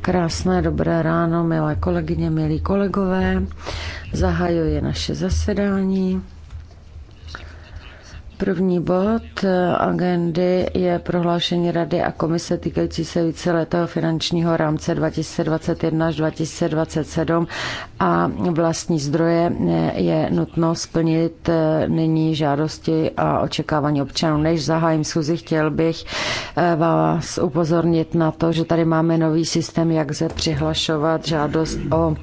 Krásné dobré ráno, milé kolegyně, milí kolegové. Zahajuji naše zasedání. První bod eh, agendy je prohlášení Rady a komise týkající se víceletého finančního rámce 2021 až 2027 a vlastní zdroje eh, je nutno splnit eh, nyní žádosti a očekávání občanů. Než zahájím schůzi, chtěl bych vás upozornit na to, že tady máme nový systém, jak se přihlašovat žádost o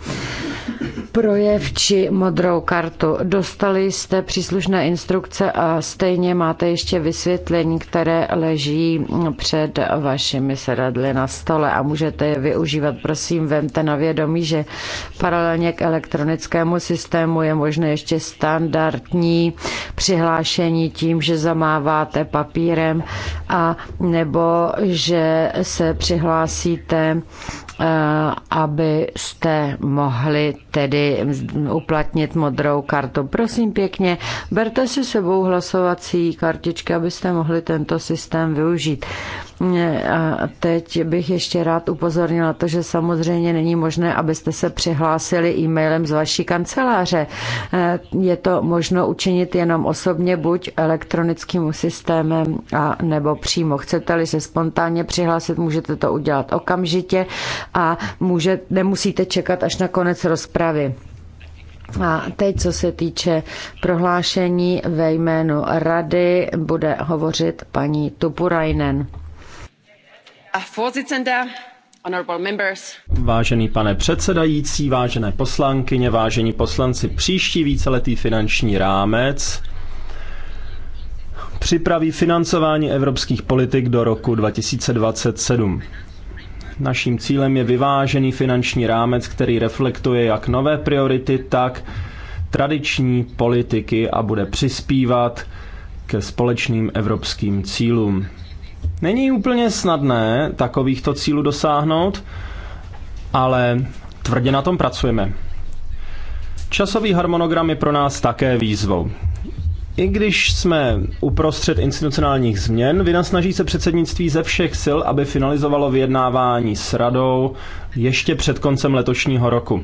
projev či modrou kartu. Dostali jste příslušné instrukce a stejně máte ještě vysvětlení, které leží před vašimi sedadly na stole a můžete je využívat. Prosím, vemte na vědomí, že paralelně k elektronickému systému je možné ještě standardní přihlášení tím, že zamáváte papírem a nebo že se přihlásíte Eh, abyste mohli tedy uplatnit modrou kartu. Prosím pěkně, berte si sebou hlasovací kartičky, abyste mohli tento systém využít. A teď bych ještě rád upozornila to, že samozřejmě není možné, abyste se přihlásili e-mailem z vaší kanceláře. E, je to možno učinit jenom osobně, buď elektronickým systémem, a nebo přímo. Chcete-li se spontánně přihlásit, můžete to udělat okamžitě a může, nemusíte čekat až na konec rozpravy. A teď, co se týče prohlášení ve jménu rady, bude hovořit paní Tupurainen. Vážený pane předsedající, vážené poslankyně, vážení poslanci, příští víceletý finanční rámec připraví financování evropských politik do roku 2027. Naším cílem je vyvážený finanční rámec, který reflektuje jak nové priority, tak tradiční politiky a bude přispívat ke společným evropským cílům. Není úplně snadné takovýchto cílů dosáhnout, ale tvrdě na tom pracujeme. Časový harmonogram je pro nás také výzvou. I když jsme uprostřed institucionálních změn, vynasnaží se předsednictví ze všech sil, aby finalizovalo vyjednávání s radou ještě před koncem letošního roku.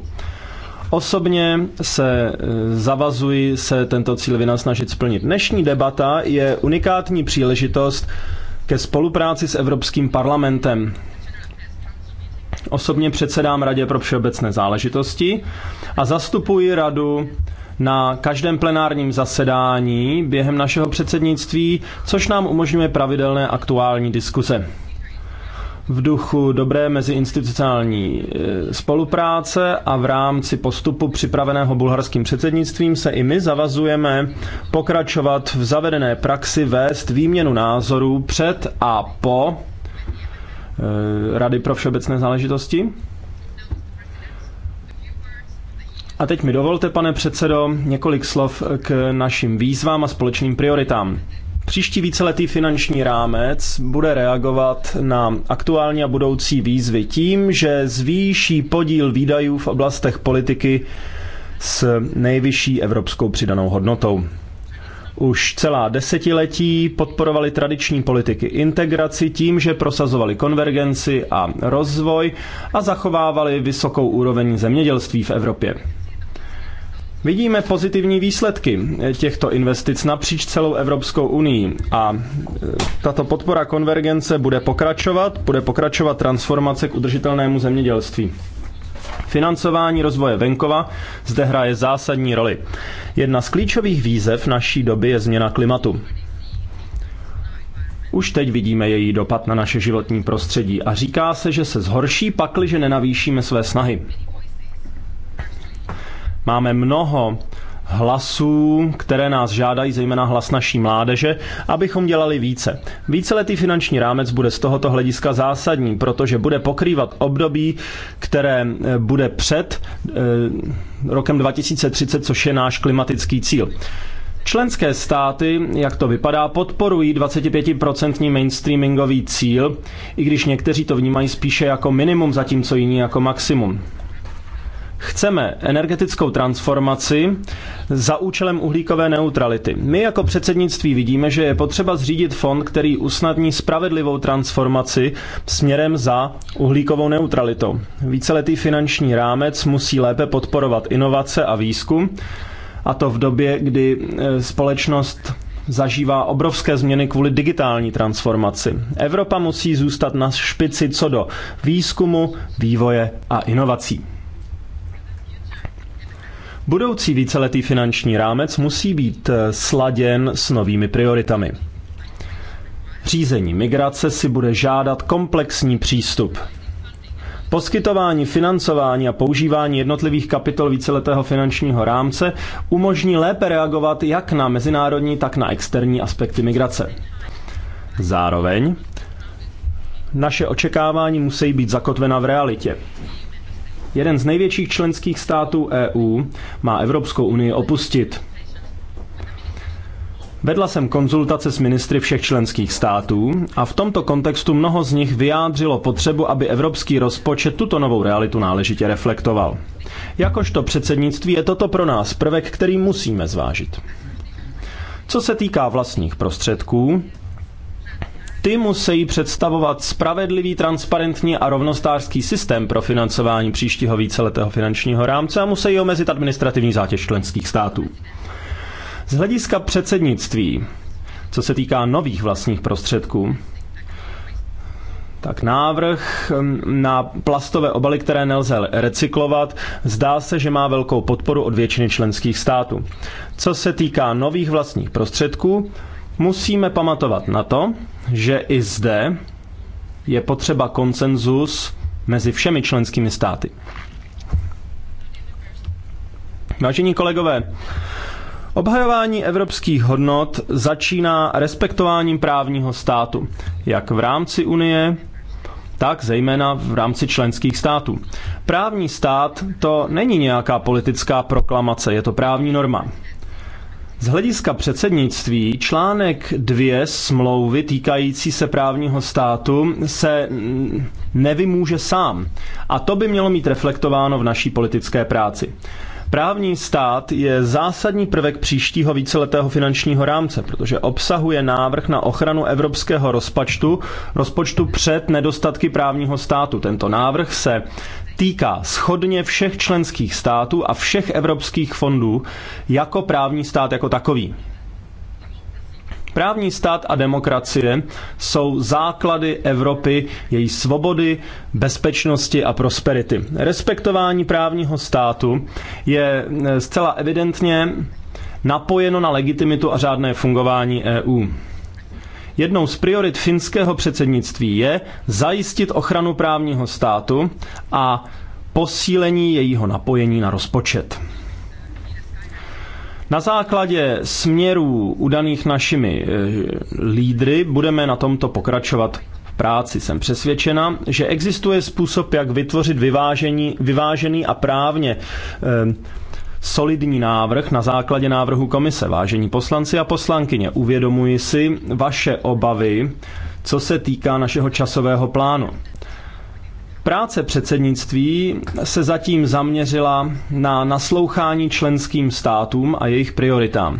Osobně se e, zavazuji se tento cíl vynasnažit splnit. Dnešní debata je unikátní příležitost ke spolupráci s Evropským parlamentem. Osobně předsedám Radě pro všeobecné záležitosti a zastupuji radu na každém plenárním zasedání během našeho předsednictví, což nám umožňuje pravidelné aktuální diskuze v duchu dobré meziinstitucionální eh, spolupráce a v rámci postupu připraveného bulharským předsednictvím se i my zavazujeme pokračovat v zavedené praxi vést výměnu názorů před a po eh, Rady pro všeobecné záležitosti. A teď mi dovolte, pane předsedo, několik slov k našim výzvám a společným prioritám. Příští víceletý finanční rámec bude reagovat na aktuální a budoucí výzvy tím, že zvýší podíl výdajů v oblastech politiky s nejvyšší evropskou přidanou hodnotou. Už celá desetiletí podporovali tradiční politiky integraci tím, že prosazovali konvergenci a rozvoj a zachovávali vysokou úroveň zemědělství v Evropě. Vidíme pozitivní výsledky eh, těchto investic napříč celou Evropskou unii a eh, tato podpora konvergence bude pokračovat, bude pokračovat transformace k udržitelnému zemědělství. Financování rozvoje venkova zde hraje zásadní roli. Jedna z klíčových výzev naší doby je změna klimatu. Už teď vidíme její dopad na naše životní prostředí a říká se, že se zhorší pakli, že nenavýšíme své snahy. Máme mnoho hlasů, které nás žádají, zejména hlas naší mládeže, abychom dělali více. Víceletý finanční rámec bude z tohoto hlediska zásadní, protože bude pokrývat období, které eh, bude před eh, rokem 2030, což je náš klimatický cíl. Členské státy, jak to vypadá, podporují 25% mainstreamingový cíl, i když někteří to vnímají spíše jako minimum, zatímco jiní jako maximum. Chceme energetickou transformaci za účelem uhlíkové neutrality. My jako předsednictví vidíme, že je potřeba zřídit fond, který usnadní spravedlivou transformaci směrem za uhlíkovou neutralitou. Víceletý finanční rámec musí lépe podporovat inovace a výzkum, a to v době, kdy e, společnost zažívá obrovské změny kvůli digitální transformaci. Evropa musí zůstat na špici co do výzkumu, vývoje a inovací. Budoucí víceletý finanční rámec musí být eh, sladěn s novými prioritami. Řízení migrace si bude žádat komplexní přístup. Poskytování financování a používání jednotlivých kapitol víceletého finančního rámce umožní lépe reagovat jak na mezinárodní, tak na externí aspekty migrace. Zároveň naše očekávání musí být zakotvena v realitě. Jeden z největších členských států EU má Evropskou unii opustit. Vedla jsem konzultace s ministry všech členských států a v tomto kontextu mnoho z nich vyjádřilo potřebu, aby evropský rozpočet tuto novou realitu náležitě reflektoval. Jakožto předsednictví je toto pro nás prvek, který musíme zvážit. Co se týká vlastních prostředků, ty musí představovat spravedlivý, transparentní a rovnostářský systém pro financování příštího víceletého finančního rámce a musí omezit administrativní zátěž členských států. Z hlediska předsednictví, co se týká nových vlastních prostředků, tak návrh hm, na plastové obaly, které nelze recyklovat, zdá se, že má velkou podporu od většiny členských států. Co se týká nových vlastních prostředků, Musíme pamatovat na to, že i zde je potřeba konsenzus mezi všemi členskými státy. Vážení kolegové, Obhajování evropských hodnot začíná respektováním právního státu, jak v rámci Unie, tak zejména v rámci členských států. Právní stát to není nějaká politická proklamace, je to právní norma. Z hlediska předsednictví článek 2 smlouvy týkající se právního státu se nevymůže sám. A to by mělo mít reflektováno v naší politické práci. Právní stát je zásadní prvek příštího víceletého finančního rámce, protože obsahuje návrh na ochranu evropského rozpočtu, rozpočtu před nedostatky právního státu. Tento návrh se týká schodně všech členských států a všech evropských fondů jako právní stát jako takový. Právní stát a demokracie jsou základy Evropy, její svobody, bezpečnosti a prosperity. Respektování právního státu je eh, zcela evidentně napojeno na legitimitu a řádné fungování EU. Jednou z priorit finského předsednictví je zajistit ochranu právního státu a posílení jejího napojení na rozpočet. Na základě směrů udaných našimi eh, lídry budeme na tomto pokračovat v práci. Jsem přesvědčena, že existuje způsob, jak vytvořit vyvážení, vyvážený a právně eh, solidní návrh na základě návrhu komise. Vážení poslanci a poslankyně, uvědomuji si vaše obavy, co se týká našeho časového plánu. Práce předsednictví se zatím zaměřila na naslouchání členským státům a jejich prioritám.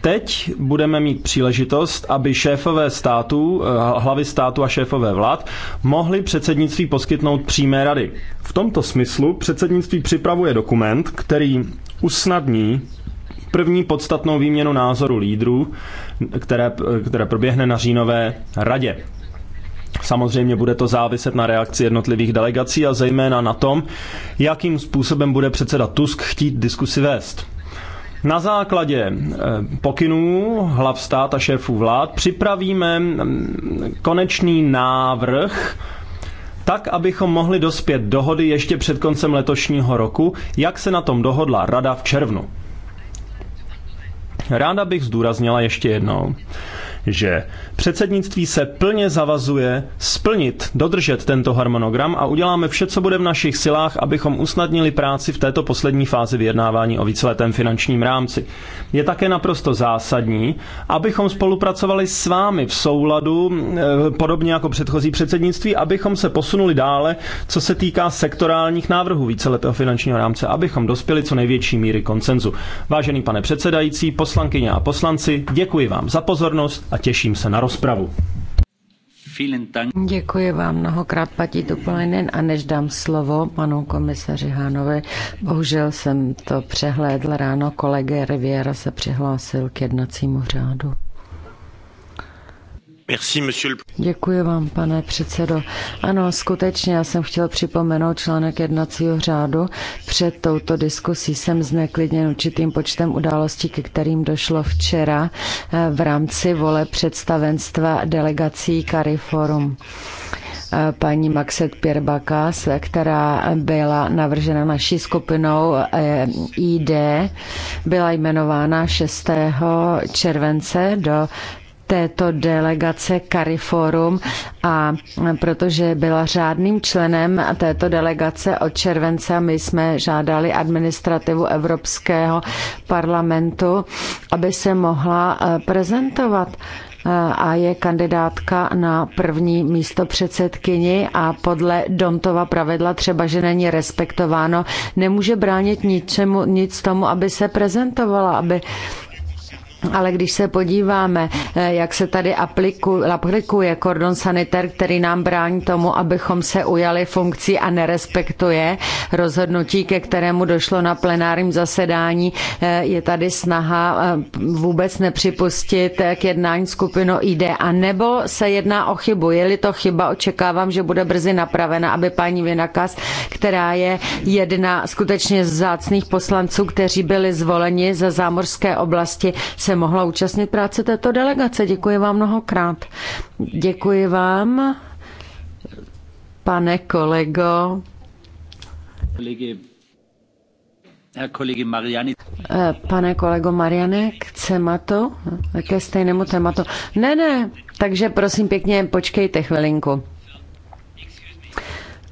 Teď budeme mít příležitost, aby šéfové států, eh, hlavy státu a šéfové vlád mohli předsednictví poskytnout přímé rady. V tomto smyslu předsednictví připravuje dokument, který usnadní první podstatnou výměnu názoru lídrů, které, eh, které proběhne na říjnové radě. Samozřejmě bude to záviset na reakci jednotlivých delegací a zejména na tom, jakým způsobem bude předseda Tusk chtít diskusi vést. Na základě eh, pokynů hlav stát a šéfů vlád připravíme mm, konečný návrh tak, abychom mohli dospět dohody ještě před koncem letošního roku, jak se na tom dohodla Rada v červnu. Ráda bych zdůraznila ještě jednou, že předsednictví se plně zavazuje splnit, dodržet tento harmonogram a uděláme vše, co bude v našich silách, abychom usnadnili práci v této poslední fázi vyjednávání o víceletém finančním rámci. Je také naprosto zásadní, abychom spolupracovali s vámi v souladu, eh, podobně jako předchozí předsednictví, abychom se posunuli dále, co se týká sektorálních návrhů víceletého finančního rámce, abychom dospěli co největší míry koncenzu. Vážený pane předsedající, poslankyně a poslanci, děkuji vám za pozornost a těším se na rozpravu. Děkuji vám mnohokrát, Patí Tupolinen. A než dám slovo panu komisaři Hánovi, bohužel jsem to přehlédl ráno, kolega Riviera se přihlásil k jednacímu řádu. Děkuji vám, pane předsedo. Ano, skutečně, já jsem chtěl připomenout článek jednacího řádu. Před touto diskusí jsem zneklidněn určitým počtem událostí, ke kterým došlo včera eh, v rámci vole představenstva delegací CARIFORUM eh, paní Maxet Pěrbakas, která byla navržena naší skupinou eh, ID, byla jmenována 6. července do této delegace Cariforum a protože byla řádným členem této delegace od července, my jsme žádali administrativu Evropského parlamentu, aby se mohla eh, prezentovat eh, a je kandidátka na první místo předsedkyni a podle Dontova pravidla třeba, že není respektováno, nemůže bránit ničemu, nic tomu, aby se prezentovala, aby ale když se podíváme, eh, jak se tady aplikuje, aplikuje kordon sanitér, který nám brání tomu, abychom se ujali funkcí a nerespektuje rozhodnutí, ke kterému došlo na plenárním zasedání, eh, je tady snaha eh, vůbec nepřipustit k jednání skupinu ID. A nebo se jedná o chybu. Je-li to chyba, očekávám, že bude brzy napravena, aby paní Vinakas, která je jedna skutečně z zácných poslanců, kteří byli zvoleni za zámořské oblasti, se se mohla účastnit práce této delegace. Děkuji vám mnohokrát. Děkuji vám, pane kolego. Pane kolego Mariane, k to? ke stejnému tématu. Ne, ne, takže prosím pěkně, počkejte chvilinku.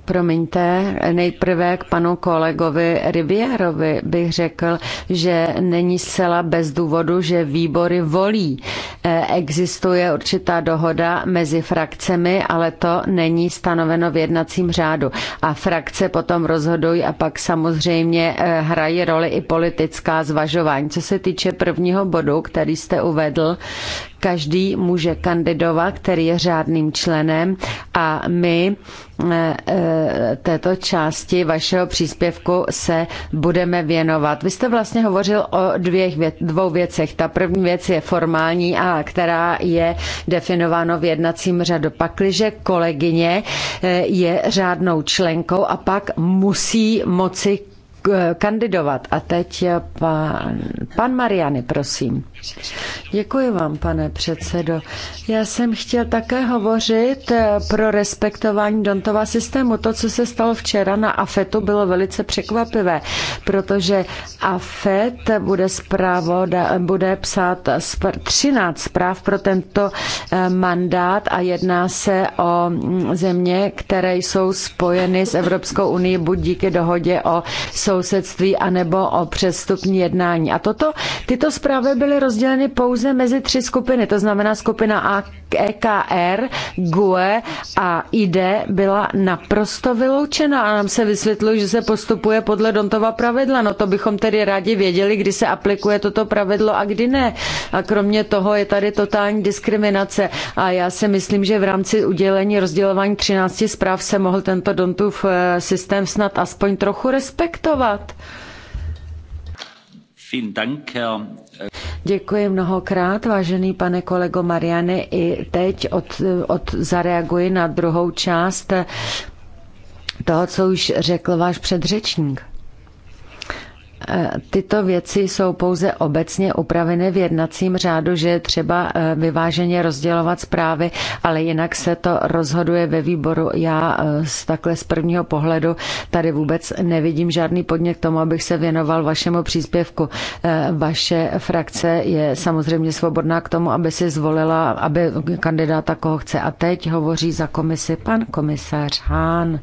Promiňte, nejprve k panu kolegovi Rivierovi bych řekl, že není zcela bez důvodu, že výbory volí. E, existuje určitá dohoda mezi frakcemi, ale to není stanoveno v jednacím řádu. A frakce potom rozhodují a pak samozřejmě e, hrají roli i politická zvažování. Co se týče prvního bodu, který jste uvedl, každý může kandidovat, který je řádným členem a my Eh, eh, této části vašeho příspěvku se budeme věnovat. Vy jste vlastně hovořil o dvěch, dvou věcech. Ta první věc je formální a která je definováno v jednacím řadu. Pakliže kolegyně eh, je řádnou členkou a pak musí moci kandidovat. A teď pan, pan Mariany, prosím. Děkuji vám, pane předsedo. Já jsem chtěl také hovořit eh, pro respektování Dontova systému. To, co se stalo včera na AFETu, bylo velice překvapivé, protože AFET bude, zprávo, bude psát 13 zpráv pro tento eh, mandát a jedná se o mm, země, které jsou spojeny s Evropskou unii buď díky dohodě o sousedství anebo o přestupní jednání. A toto, tyto zprávy byly rozděleny pouze mezi tři skupiny, to znamená skupina A, EKR, GUE a ID byla naprosto vyloučena a nám se vysvětlilo, že se postupuje podle Dontova pravidla. No to bychom tedy rádi věděli, kdy se aplikuje toto pravidlo a kdy ne. A kromě toho je tady totální diskriminace a já si myslím, že v rámci udělení rozdělování 13 zpráv se mohl tento Dontův e, systém snad aspoň trochu respektovat. Äh, Děkuji mnohokrát, vážený pane kolego Mariane. I teď od, od, zareaguji na druhou část toho, co už řekl váš předřečník tyto věci jsou pouze obecně upraveny v jednacím řádu, že je třeba eh, vyváženě rozdělovat zprávy, ale jinak se to rozhoduje ve výboru. Já eh, z takhle z prvního pohledu tady vůbec nevidím žádný podnět k tomu, abych se věnoval vašemu příspěvku. Eh, vaše frakce je samozřejmě svobodná k tomu, aby si zvolila, aby kandidáta koho chce. A teď hovoří za komisi pan komisař Hán.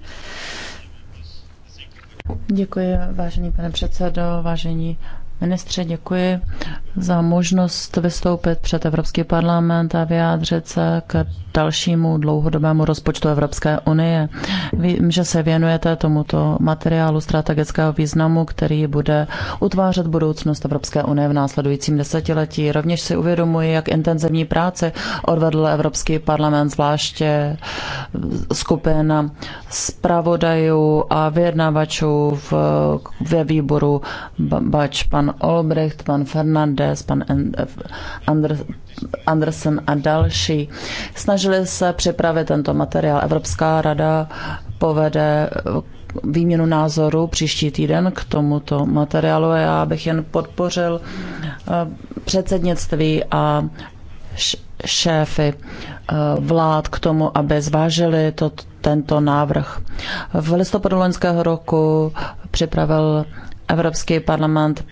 Děkuji, vážený pane předsedo, vážení ministře, děkuji za možnost vystoupit před Evropský parlament a vyjádřit se k dalšímu dlouhodobému rozpočtu Evropské unie. Vím, že se věnujete tomuto materiálu strategického významu, který bude utvářet budoucnost Evropské unie v následujícím desetiletí. Rovněž si uvědomuji, jak intenzivní práce odvedl Evropský parlament, zvláště skupina zpravodajů a vyjednavačů v, ve výboru Bač pan pan Olbrecht, pan Fernandez, pan eh, Andersen a další. Snažili se připravit tento materiál. Evropská rada povede eh, výměnu názoru příští týden k tomuto materiálu a já bych jen podpořil eh, předsednictví a šéfy vlád k tomu, aby zvážili to, tento návrh. V listopadu loňského roku připravil Evropský parlament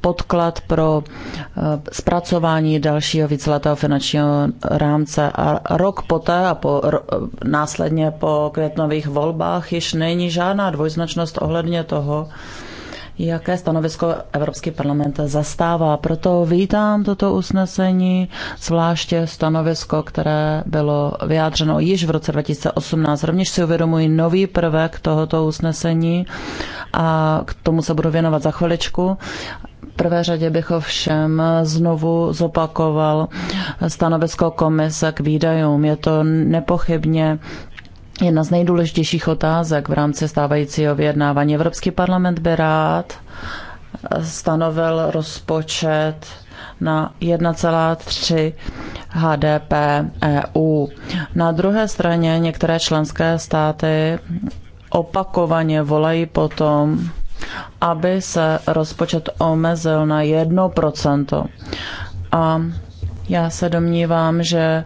podklad pro eh, zpracování dalšího víceletého finančního rámce. A rok poté a po, následně po květnových volbách již není žádná dvojznačnost ohledně toho, jaké stanovisko Evropský parlament zastává. Proto vítám toto usnesení, zvláště stanovisko, které bylo vyjádřeno již v roce 2018. Rovněž si uvědomuji nový prvek tohoto usnesení a k tomu se budu věnovat za chviličku prvé řadě bych ovšem znovu zopakoval stanovisko komise k výdajům. Je to nepochybně Jedna z nejdůležitějších otázek v rámci stávajícího vyjednávání. Evropský parlament by rád stanovil rozpočet na 1,3 HDP EU. Na druhé straně některé členské státy opakovaně volají potom, aby se rozpočet omezil na 1%. A já se domnívám, že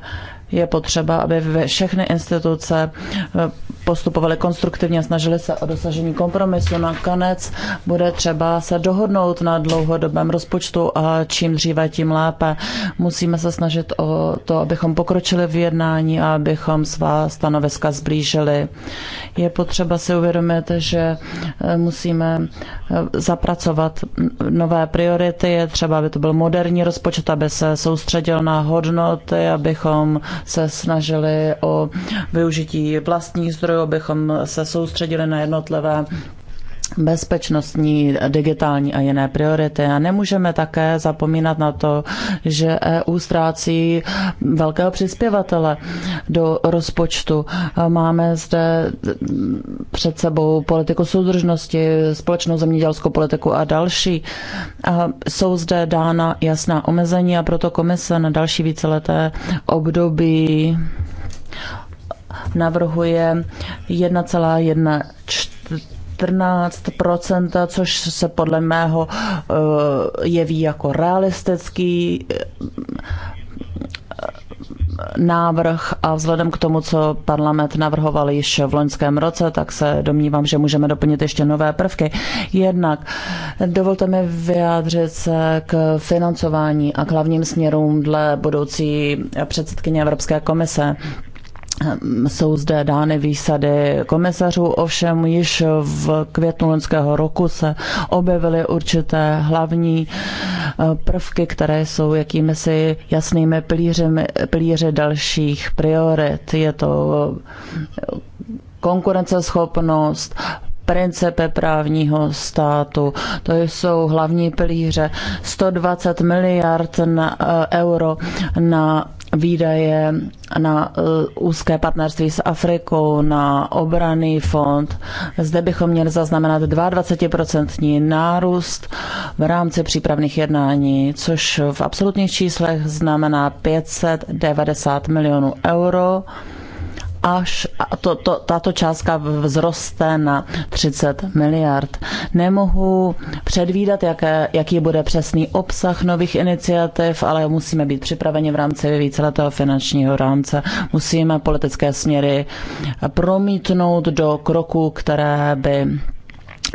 je potřeba, aby všechny instituce eh, postupovali konstruktivně a snažili se o dosažení kompromisu. Nakonec bude třeba se dohodnout na dlouhodobém rozpočtu a čím dříve, tím lépe. Musíme se snažit o to, abychom pokročili v jednání a abychom svá stanoviska zblížili. Je potřeba si uvědomit, že eh, musíme eh, zapracovat nové priority. Je třeba, aby to byl moderní rozpočet, aby se soustředil na hodnoty, abychom se snažili o využití vlastních zdrojů portfolio se soustředili na jednotlivé bezpečnostní, digitální a jiné priority. A nemůžeme také zapomínat na to, že EU ztrácí velkého přispěvatele do rozpočtu. Máme zde před sebou politiku soudržnosti, společnou zemědělskou politiku a další. A jsou zde dána jasná omezení a proto komise na další víceleté období navrhuje 1,14%, což se podle mého eh, jeví jako realistický eh, návrh a vzhledem k tomu, co parlament navrhoval již v loňském roce, tak se domnívám, že můžeme doplnit ještě nové prvky. Jednak dovolte mi vyjádřit se k financování a k hlavním směrům dle budoucí předsedkyně Evropské komise. Ehm, jsou zde dány výsady komisařů, ovšem již v květnu loňského roku se objevily určité hlavní eh, prvky, které jsou jakými si jasnými pilířemi, pilíři dalších priorit. Je to eh, konkurenceschopnost, principy právního státu. To jsou hlavní pilíře. 120 miliard na, eh, euro na výdaje na eh, úzké partnerství s Afrikou, na obraný fond. Zde bychom měli zaznamenat 22% nárůst v rámci přípravných jednání, což v absolutních číslech znamená 590 milionů euro až to, to, tato částka vzroste na 30 miliard. Nemohu předvídat, jaké, jaký bude přesný obsah nových iniciativ, ale musíme být připraveni v rámci víceletého finančního rámce. Musíme politické směry promítnout do kroků, které by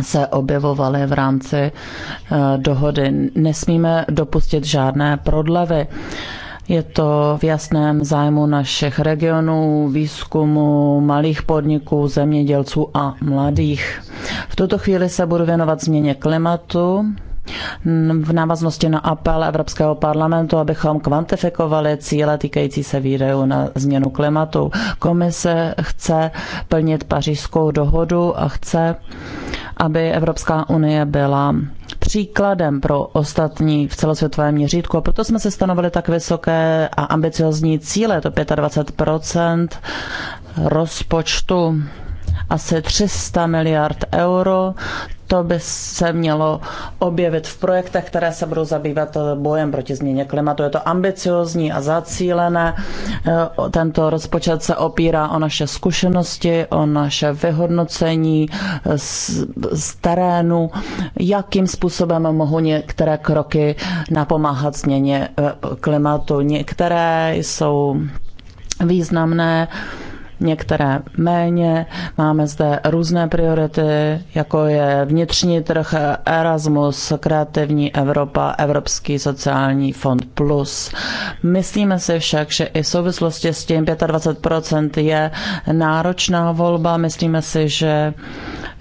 se objevovaly v rámci eh, dohody. Nesmíme dopustit žádné prodlevy. Uh, je to v jasném zájmu našich regionů, výzkumu, malých podniků, zemědělců a mladých. V tuto chvíli se budu věnovat změně klimatu v návaznosti na apel Evropského parlamentu, abychom kvantifikovali cíle týkající se výdajů na změnu klimatu. Komise chce plnit pařížskou dohodu a chce, aby Evropská unie byla příkladem pro ostatní v celosvětovém měřítku. A proto jsme se stanovili tak vysoké a ambiciozní cíle, to 25 rozpočtu asi 300 miliard euro, to by se mělo objevit v projektech, které se budou zabývat eh, bojem proti změně klimatu. Je to ambiciozní a zacílené. Eh, tento rozpočet se opírá o naše zkušenosti, o naše vyhodnocení eh, z, z terénu, jakým způsobem mohou některé kroky napomáhat změně klimatu. Některé jsou významné, některé méně. Máme zde různé priority, jako je vnitřní trh, Erasmus, kreativní Evropa, Evropský sociální fond plus. Myslíme si však, že i v souvislosti s tím 25% je náročná volba. Myslíme si, že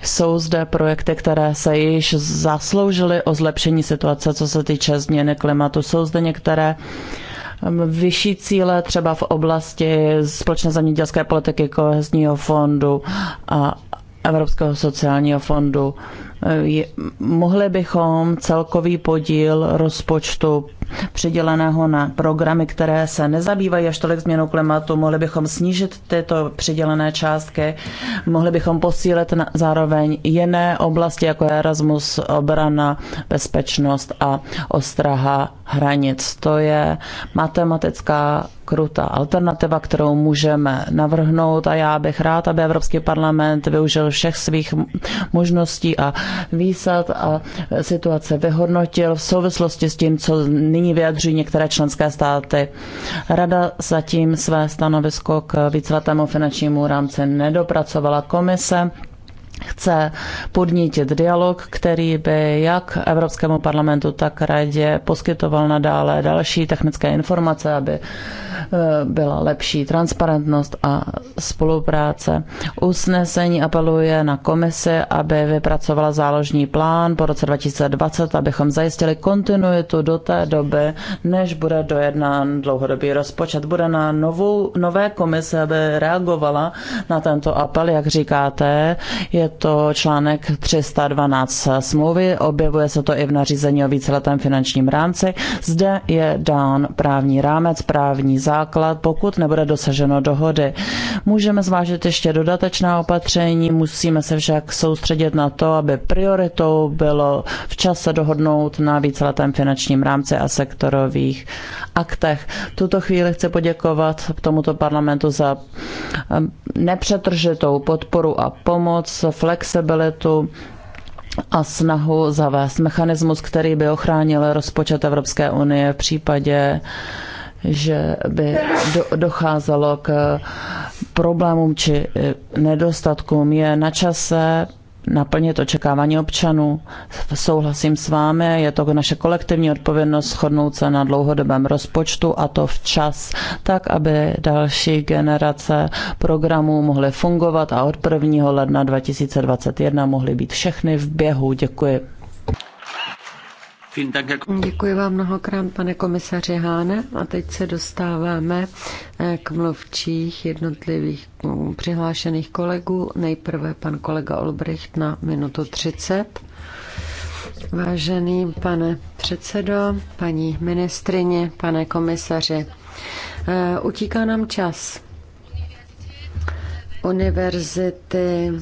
jsou zde projekty, které se již zasloužily o zlepšení situace, co se týče změny klimatu. Jsou zde některé vyšší cíle třeba v oblasti společné zemědělské politiky, kohezního fondu a Evropského sociálního fondu. Mohli bychom celkový podíl rozpočtu přiděleného na programy, které se nezabývají až tolik změnou klimatu. Mohli bychom snížit tyto přidělené částky, mohli bychom posílit na, zároveň jiné oblasti, jako je Erasmus, obrana, bezpečnost a ostraha hranic. To je matematická krutá alternativa, kterou můžeme navrhnout a já bych rád, aby Evropský parlament využil všech svých možností a výsad a situace vyhodnotil v souvislosti s tím, co nyní nyní vyjadří některé členské státy. Rada zatím své stanovisko k víceletému finančnímu rámci nedopracovala komise chce podnítit dialog, který by jak Evropskému parlamentu, tak radě poskytoval nadále další technické informace, aby eh, byla lepší transparentnost a spolupráce. Usnesení apeluje na komisi, aby vypracovala záložní plán po roce 2020, abychom zajistili kontinuitu do té doby, než bude dojednán dlouhodobý rozpočet. Bude na novou, nové komise, aby reagovala na tento apel, jak říkáte, je je to článek 312 smlouvy, objevuje se to i v nařízení o víceletém finančním rámci. Zde je dán právní rámec, právní základ, pokud nebude dosaženo dohody. Můžeme zvážit ještě dodatečná opatření, musíme se však soustředit na to, aby prioritou bylo včas se dohodnout na víceletém finančním rámci a sektorových aktech. Tuto chvíli chci poděkovat tomuto parlamentu za eh, nepřetržitou podporu a pomoc flexibilitu a snahu zavést mechanismus, který by ochránil rozpočet Evropské unie v případě, že by do, docházelo k problémům či nedostatkům. Je na čase naplnit očekávání občanů. Souhlasím s vámi, je to naše kolektivní odpovědnost shodnout se na dlouhodobém rozpočtu a to včas, tak aby další generace programů mohly fungovat a od 1. ledna 2021 mohly být všechny v běhu. Děkuji. Děkuji vám mnohokrát, pane komisaři Háne. A teď se dostáváme eh, k mluvčích jednotlivých mm, přihlášených kolegů. Nejprve pan kolega Olbricht na minutu 30. Vážený pane předsedo, paní ministrině, pane komisaři, eh, utíká nám čas. Univerzity,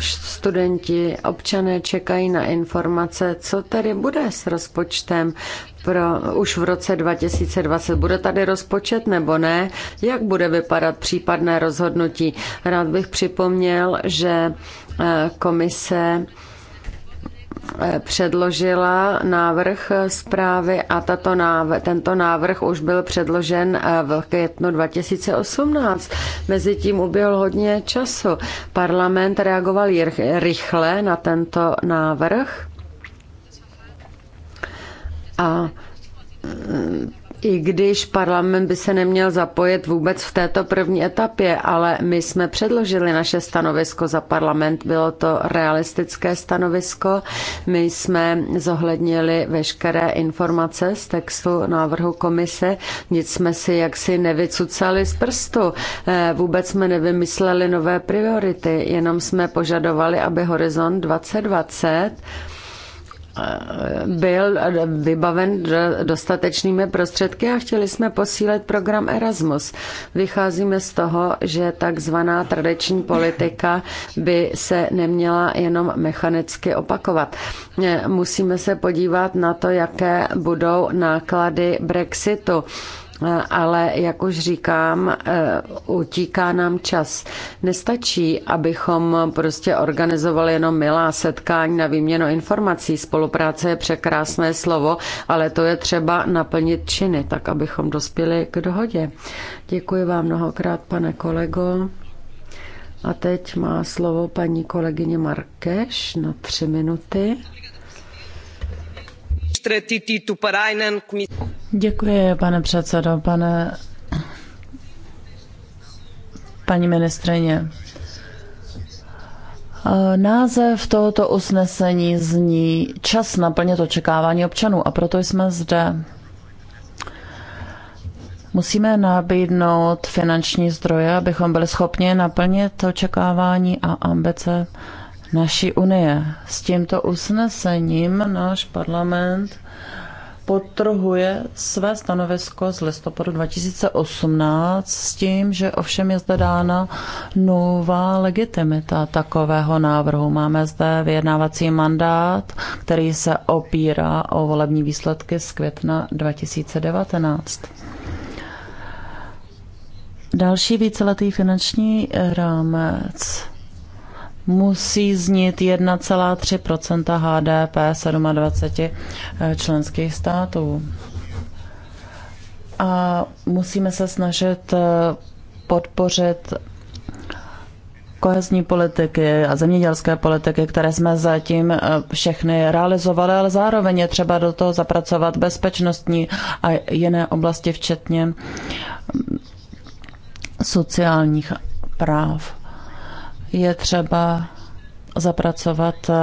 studenti, občané čekají na informace, co tady bude s rozpočtem pro, už v roce 2020. Bude tady rozpočet nebo ne? Jak bude vypadat případné rozhodnutí? Rád bych připomněl, že eh, komise Eh, předložila návrh zprávy a tato návr- tento návrh už byl předložen eh, v květnu 2018. Mezitím uběhl hodně času. Parlament reagoval rychle na tento návrh a mm, i když parlament by se neměl zapojit vůbec v této první etapě, ale my jsme předložili naše stanovisko za parlament, bylo to realistické stanovisko, my jsme zohlednili veškeré informace z textu návrhu komise, nic jsme si jaksi nevycucali z prstu, eh, vůbec jsme nevymysleli nové priority, jenom jsme požadovali, aby Horizont 2020 byl vybaven dostatečnými prostředky a chtěli jsme posílit program Erasmus. Vycházíme z toho, že takzvaná tradiční politika by se neměla jenom mechanicky opakovat. Musíme se podívat na to, jaké budou náklady Brexitu ale jak už říkám, eh, utíká nám čas. Nestačí, abychom prostě organizovali jenom milá setkání na výměnu informací. Spolupráce je překrásné slovo, ale to je třeba naplnit činy, tak abychom dospěli k dohodě. Děkuji vám mnohokrát, pane kolego. A teď má slovo paní kolegyně Markeš na tři minuty. E- Děkuji, pane předsedo, pane paní ministrině. E, název tohoto usnesení zní Čas naplnit očekávání občanů a proto jsme zde. Musíme nabídnout finanční zdroje, abychom byli schopni naplnit očekávání a ambice naší unie. S tímto usnesením náš parlament potrhuje své stanovisko z listopadu 2018 s tím, že ovšem je zde dána nová legitimita takového návrhu. Máme zde vyjednávací mandát, který se opírá o volební výsledky z května 2019. Další víceletý finanční rámec musí znít 1,3 HDP 27 členských států. A musíme se snažit eh, podpořit kohezní politiky a zemědělské politiky, které jsme zatím eh, všechny realizovali, ale zároveň je třeba do toho zapracovat bezpečnostní a jiné oblasti, včetně mm, sociálních práv je třeba zapracovat eh,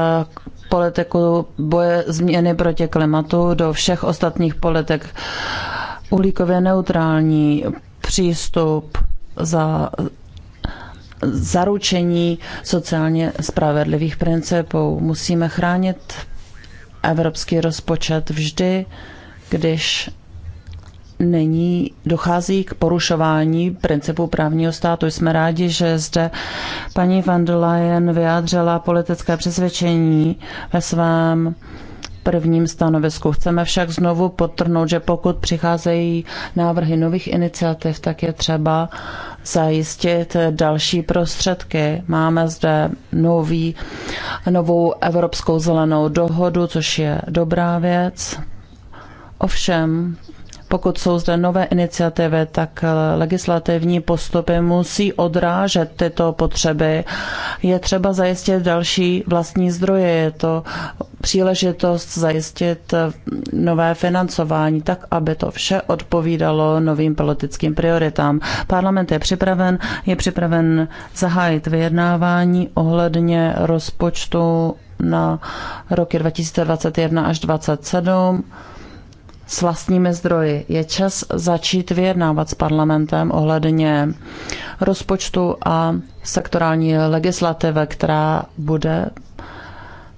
politiku boje změny proti klimatu do všech ostatních politik. Ulíkově neutrální přístup za zaručení sociálně spravedlivých principů. Musíme chránit evropský rozpočet vždy, když není, dochází k porušování principu právního státu. Jsme rádi, že zde paní van der Leyen vyjádřila politické přesvědčení ve svém prvním stanovisku. Chceme však znovu potrhnout, že pokud přicházejí návrhy nových iniciativ, tak je třeba zajistit další prostředky. Máme zde nový, novou Evropskou zelenou dohodu, což je dobrá věc. Ovšem, pokud jsou zde nové iniciativy, tak eh, legislativní postupy musí odrážet tyto potřeby. Je třeba zajistit další vlastní zdroje. Je to příležitost zajistit eh, nové financování tak, aby to vše odpovídalo novým politickým prioritám. Parlament je připraven, je připraven zahájit vyjednávání ohledně rozpočtu na roky 2021 až 2027 s vlastními zdroji. Je čas začít vyjednávat s parlamentem ohledně rozpočtu a sektorální legislativy, která bude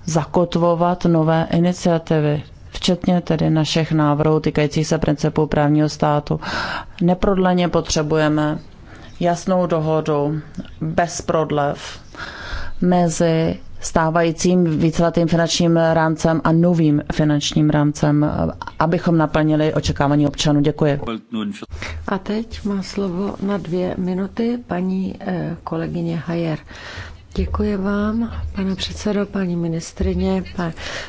zakotvovat nové iniciativy, včetně tedy našich návrhů týkajících se principů právního státu. Neprodleně potřebujeme jasnou dohodu bez prodlev mezi stávajícím víceletým finančním rámcem a novým finančním rámcem, abychom naplnili očekávání občanů. Děkuji. A teď má slovo na dvě minuty paní eh, kolegyně Hajer. Děkuji vám, pane předsedo, paní ministrině,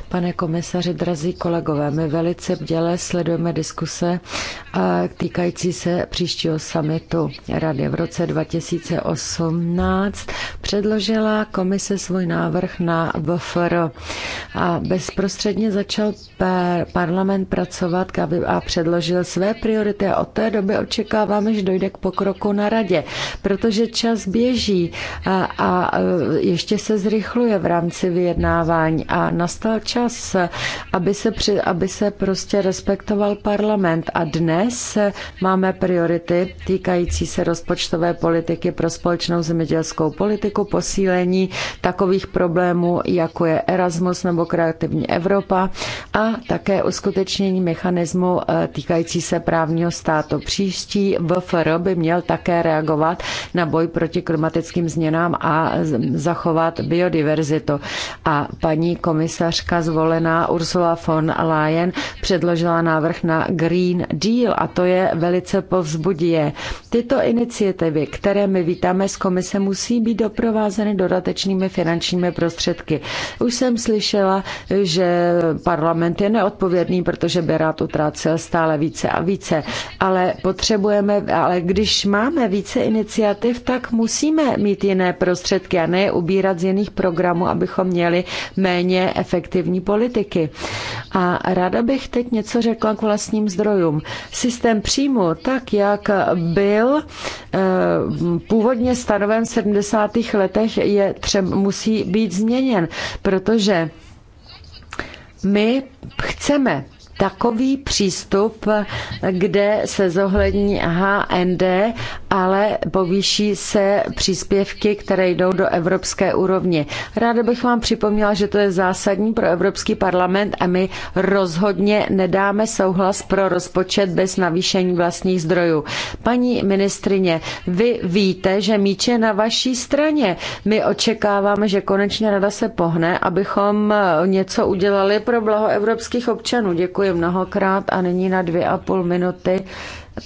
pane komisaři, drazí kolegové. My velice bděle sledujeme diskuse eh, týkající se příštího samitu Rady. V roce 2018 předložila komise svůj návrh na VFR a bezprostředně začal parlament pracovat a předložil své priority a od té doby očekáváme, že dojde k pokroku na radě, protože čas běží a, a Eh, ještě se zrychluje v rámci vyjednávání a nastal čas, aby se, při, aby se prostě respektoval parlament. A dnes máme priority týkající se rozpočtové politiky pro společnou zemědělskou politiku, posílení takových problémů, jako je Erasmus nebo Kreativní Evropa a také uskutečnění mechanismu eh, týkající se právního státu. Příští VFR by měl také reagovat na boj proti klimatickým změnám a zachovat biodiverzitu. A paní komisařka zvolená Ursula von Leyen předložila návrh na Green Deal a to je velice povzbudivé. Tyto iniciativy, které my vítáme z komise, musí být doprovázeny dodatečnými finančními prostředky. Už jsem slyšela, že parlament je neodpovědný, protože by rád utrácel stále více a více, ale potřebujeme, ale když máme více iniciativ, tak musíme mít jiné prostředky a ne je ubírat z jiných programů, abychom měli méně efektivní politiky. A ráda bych teď něco řekla k vlastním zdrojům. Systém příjmu, tak jak byl eh, původně stanoven v 70. letech, je třeba, musí být změněn, protože my chceme takový přístup, kde se zohlední HND, ale povýší se příspěvky, které jdou do evropské úrovně. Ráda bych vám připomněla, že to je zásadní pro Evropský parlament a my rozhodně nedáme souhlas pro rozpočet bez navýšení vlastních zdrojů. Paní ministrině, vy víte, že míč je na vaší straně. My očekáváme, že konečně rada se pohne, abychom něco udělali pro blaho evropských občanů. Děkuji mnohokrát a nyní na dvě a půl minuty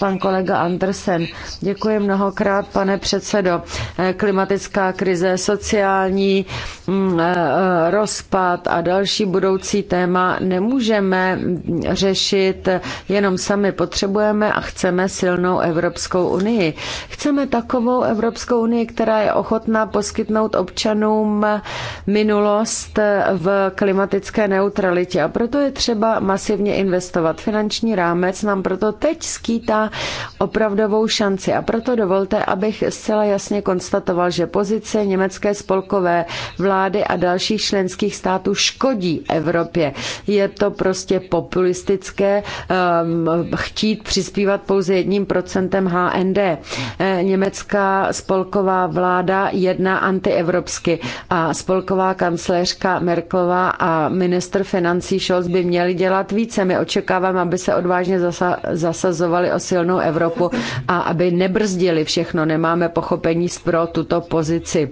Pan kolega Andersen, děkuji mnohokrát, pane předsedo. Eh, klimatická krize, sociální mm, eh, eh, rozpad a další budoucí téma nemůžeme řešit jenom sami. Potřebujeme a chceme silnou Evropskou unii. Chceme takovou Evropskou unii, která je ochotná poskytnout občanům minulost v klimatické neutralitě. A proto je třeba masivně investovat. Finanční rámec nám proto teď skýtá dá opravdovou šanci. A proto dovolte, abych zcela jasně konstatoval, že pozice německé spolkové vlády a dalších členských států škodí Evropě. Je to prostě populistické um, chtít přispívat pouze jedním procentem HND. Eh, německá spolková vláda jedná antievropsky a spolková kancléřka Merklová a minister financí Scholz by měli dělat více. My očekáváme, aby se odvážně zasa- zasazovali o silnou Evropu a aby nebrzdili všechno. Nemáme pochopení pro tuto pozici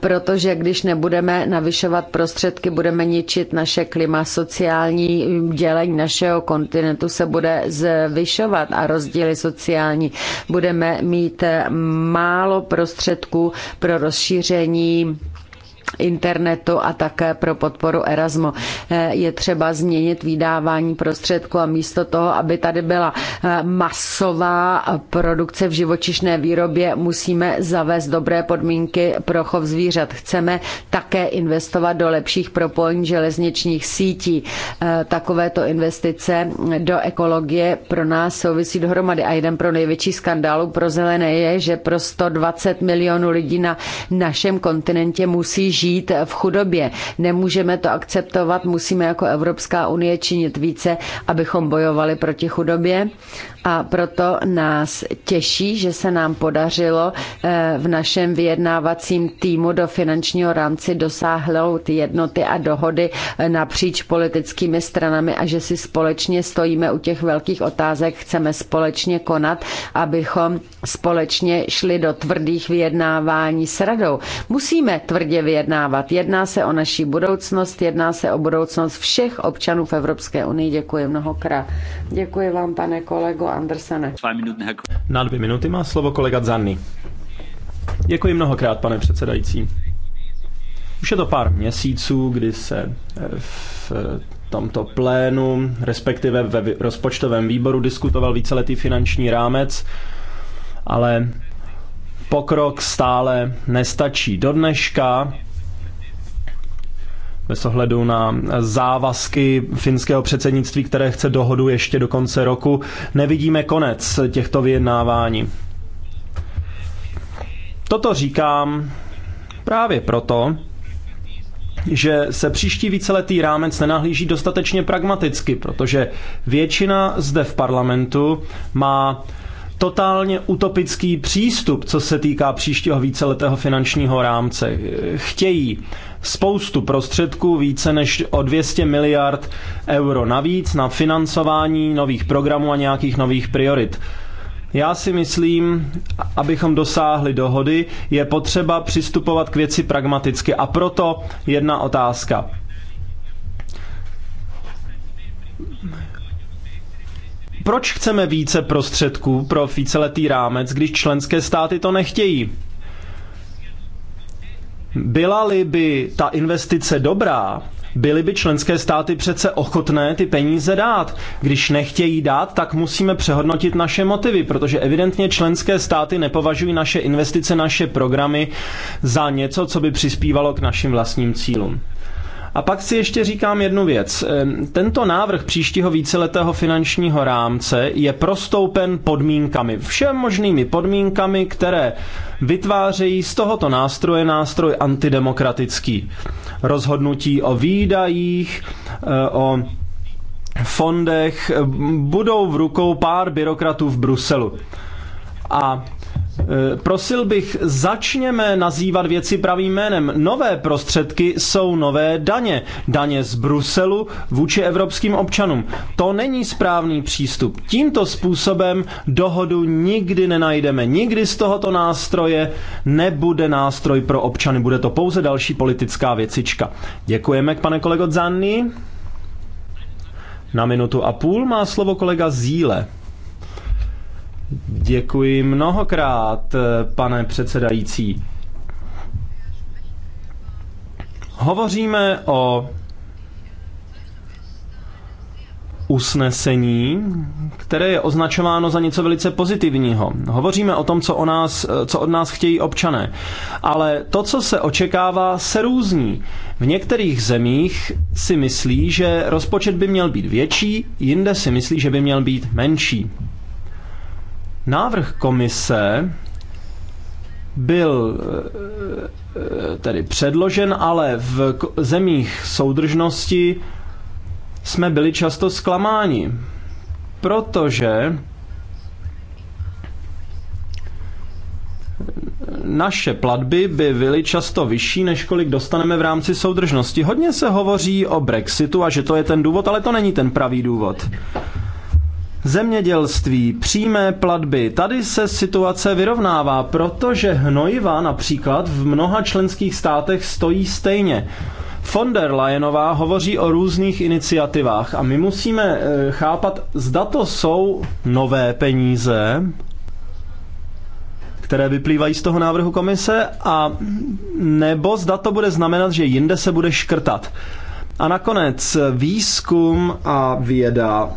protože když nebudeme navyšovat prostředky, budeme ničit naše klima, sociální dělení našeho kontinentu se bude zvyšovat a rozdíly sociální. Budeme mít málo prostředků pro rozšíření internetu a také pro podporu Erasmu. Eh, je třeba změnit vydávání prostředků a místo toho, aby tady byla eh, masová produkce v živočišné výrobě, musíme zavést dobré podmínky pro chov zvířat. Chceme také investovat do lepších propojení železničních sítí. Eh, takovéto investice do ekologie pro nás souvisí dohromady a jeden pro největší skandálů pro zelené je, že pro 120 milionů lidí na našem kontinentě musí žít žít v chudobě. Nemůžeme to akceptovat, musíme jako Evropská unie činit více, abychom bojovali proti chudobě. A proto nás těší, že se nám podařilo eh, v našem vyjednávacím týmu do finančního rámci dosáhnout jednoty a dohody eh, napříč politickými stranami a že si společně stojíme u těch velkých otázek, chceme společně konat, abychom společně šli do tvrdých vyjednávání s radou. Musíme tvrdě vyjednávat vyjednávat. Jedná se o naší budoucnost, jedná se o budoucnost všech občanů v Evropské unii. Děkuji mnohokrát. Děkuji vám, pane kolego Andersene. Jako- Na dvě minuty má slovo kolega Zanny. Děkuji mnohokrát, pane předsedající. Už je to pár měsíců, kdy se eh, v eh, tomto plénu, respektive ve rozpočtovém výboru, diskutoval víceletý finanční rámec, ale pokrok stále nestačí. Do dneška bez ohledu na závazky finského předsednictví, které chce dohodu ještě do konce roku, nevidíme konec těchto vyjednávání. Toto říkám právě proto, že se příští víceletý rámec nenahlíží dostatečně pragmaticky, protože většina zde v parlamentu má totálně utopický přístup, co se týká příštího víceletého finančního rámce. Chtějí spoustu prostředků, více než o 200 miliard euro navíc na financování nových programů a nějakých nových priorit. Já si myslím, abychom dosáhli dohody, je potřeba přistupovat k věci pragmaticky. A proto jedna otázka. Proč chceme více prostředků pro víceletý rámec, když členské státy to nechtějí? Byla-li by ta investice dobrá, byly by členské státy přece ochotné ty peníze dát. Když nechtějí dát, tak musíme přehodnotit naše motivy, protože evidentně členské státy nepovažují naše investice, naše programy za něco, co by přispívalo k našim vlastním cílům. A pak si ještě říkám jednu věc. Tento návrh příštího víceletého finančního rámce je prostoupen podmínkami. Všem možnými podmínkami, které vytvářejí z tohoto nástroje nástroj antidemokratický. Rozhodnutí o výdajích, e, o fondech budou v rukou pár byrokratů v Bruselu. A Eh, prosil bych, začněme nazývat věci pravým jménem. Nové prostředky jsou nové daně. Daně z Bruselu vůči evropským občanům. To není správný přístup. Tímto způsobem dohodu nikdy nenajdeme. Nikdy z tohoto nástroje nebude nástroj pro občany. Bude to pouze další politická věcička. Děkujeme, pane kolego Zanni. Na minutu a půl má slovo kolega Zíle. Děkuji mnohokrát, eh, pane předsedající. Hovoříme o usnesení, které je označováno za něco velice pozitivního. Hovoříme o tom, co, o nás, eh, co od nás chtějí občané. Ale to, co se očekává, se různí. V některých zemích si myslí, že rozpočet by měl být větší, jinde si myslí, že by měl být menší. Návrh komise byl eh, tedy předložen, ale v zemích soudržnosti jsme byli často zklamáni, protože naše platby by byly často vyšší, než kolik dostaneme v rámci soudržnosti. Hodně se hovoří o Brexitu a že to je ten důvod, ale to není ten pravý důvod. Zemědělství, přímé platby. Tady se situace vyrovnává, protože hnojiva například v mnoha členských státech stojí stejně. Von der Leyenová hovoří o různých iniciativách a my musíme eh, chápat, zda to jsou nové peníze, které vyplývají z toho návrhu komise, a nebo zda to bude znamenat, že jinde se bude škrtat. A nakonec eh, výzkum a věda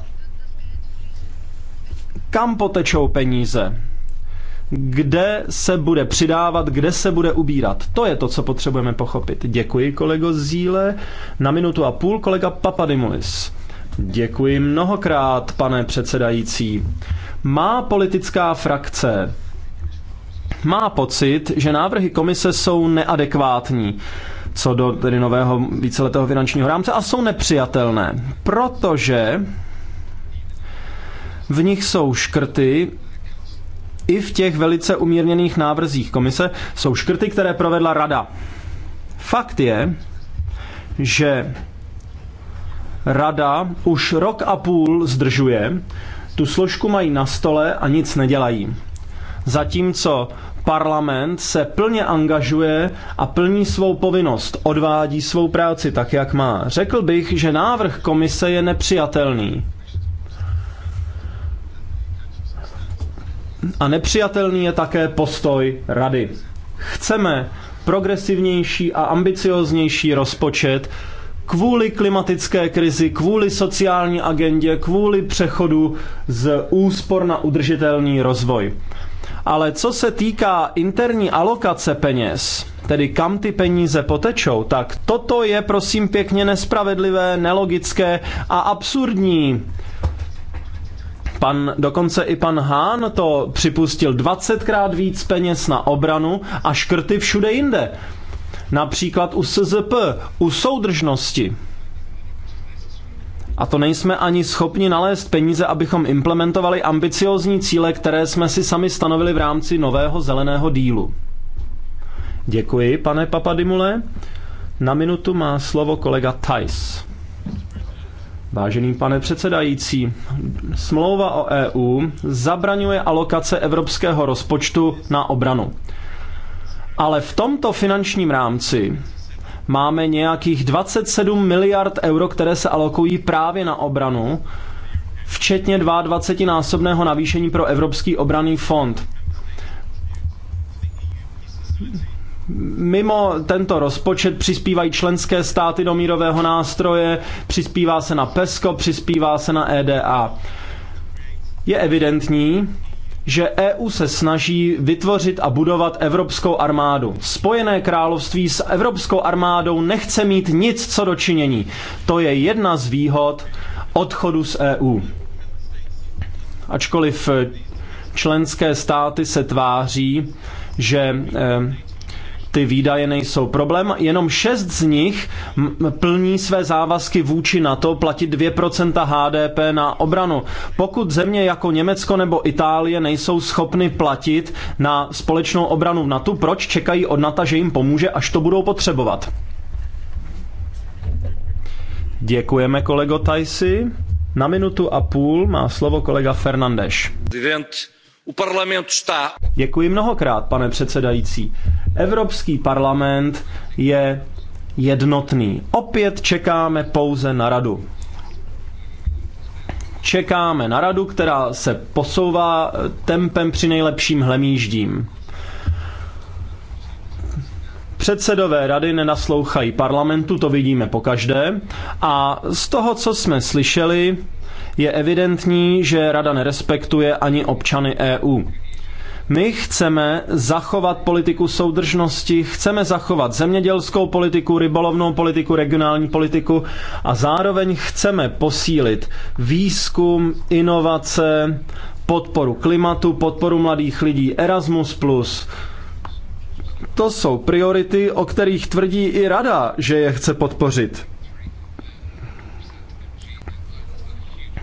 kam potečou peníze? Kde se bude přidávat, kde se bude ubírat? To je to, co potřebujeme pochopit. Děkuji, kolego Zíle. Na minutu a půl kolega Papadimulis. Děkuji mnohokrát, pane předsedající. Má politická frakce má pocit, že návrhy komise jsou neadekvátní co do tedy nového víceletého finančního rámce a jsou nepřijatelné, protože v nich jsou škrty, i v těch velice umírněných návrzích komise jsou škrty, které provedla rada. Fakt je, že rada už rok a půl zdržuje, tu složku mají na stole a nic nedělají. Zatímco parlament se plně angažuje a plní svou povinnost, odvádí svou práci tak, jak má. Řekl bych, že návrh komise je nepřijatelný. A nepřijatelný je také postoj rady. Chceme progresivnější a ambicioznější rozpočet kvůli klimatické krizi, kvůli sociální agendě, kvůli přechodu z úspor na udržitelný rozvoj. Ale co se týká interní alokace peněz, tedy kam ty peníze potečou, tak toto je prosím pěkně nespravedlivé, nelogické a absurdní. Pan, dokonce i pan Hán to připustil 20krát víc peněz na obranu a škrty všude jinde. Například u SZP, u soudržnosti. A to nejsme ani schopni nalézt peníze, abychom implementovali ambiciozní cíle, které jsme si sami stanovili v rámci nového zeleného dílu. Děkuji, pane Papadimule. Na minutu má slovo kolega Tice. Vážený pane předsedající, smlouva o EU zabraňuje alokace evropského rozpočtu na obranu. Ale v tomto finančním rámci máme nějakých 27 miliard euro, které se alokují právě na obranu, včetně 22-násobného navýšení pro Evropský obranný fond. Mimo tento rozpočet přispívají členské státy do mírového nástroje, přispívá se na PESCO, přispívá se na EDA. Je evidentní, že EU se snaží vytvořit a budovat evropskou armádu. Spojené království s evropskou armádou nechce mít nic co dočinění. To je jedna z výhod odchodu z EU. Ačkoliv členské státy se tváří, že eh, ty výdaje nejsou problém. Jenom šest z nich plní své závazky vůči NATO platit 2% HDP na obranu. Pokud země jako Německo nebo Itálie nejsou schopny platit na společnou obranu v NATO, proč čekají od NATO, že jim pomůže, až to budou potřebovat? Děkujeme, kolego Tajsi. Na minutu a půl má slovo kolega Fernandeš u parlamentu está. Děkuji mnohokrát, pane předsedající. Evropský parlament je jednotný. Opět čekáme pouze na radu. Čekáme na radu, která se posouvá tempem při nejlepším hlemíždím. Předsedové rady nenaslouchají parlamentu, to vidíme pokaždé. A z toho, co jsme slyšeli, je evidentní, že Rada nerespektuje ani občany EU. My chceme zachovat politiku soudržnosti, chceme zachovat zemědělskou politiku, rybolovnou politiku, regionální politiku a zároveň chceme posílit výzkum, inovace, podporu klimatu, podporu mladých lidí, Erasmus+, to jsou priority, o kterých tvrdí i rada, že je chce podpořit.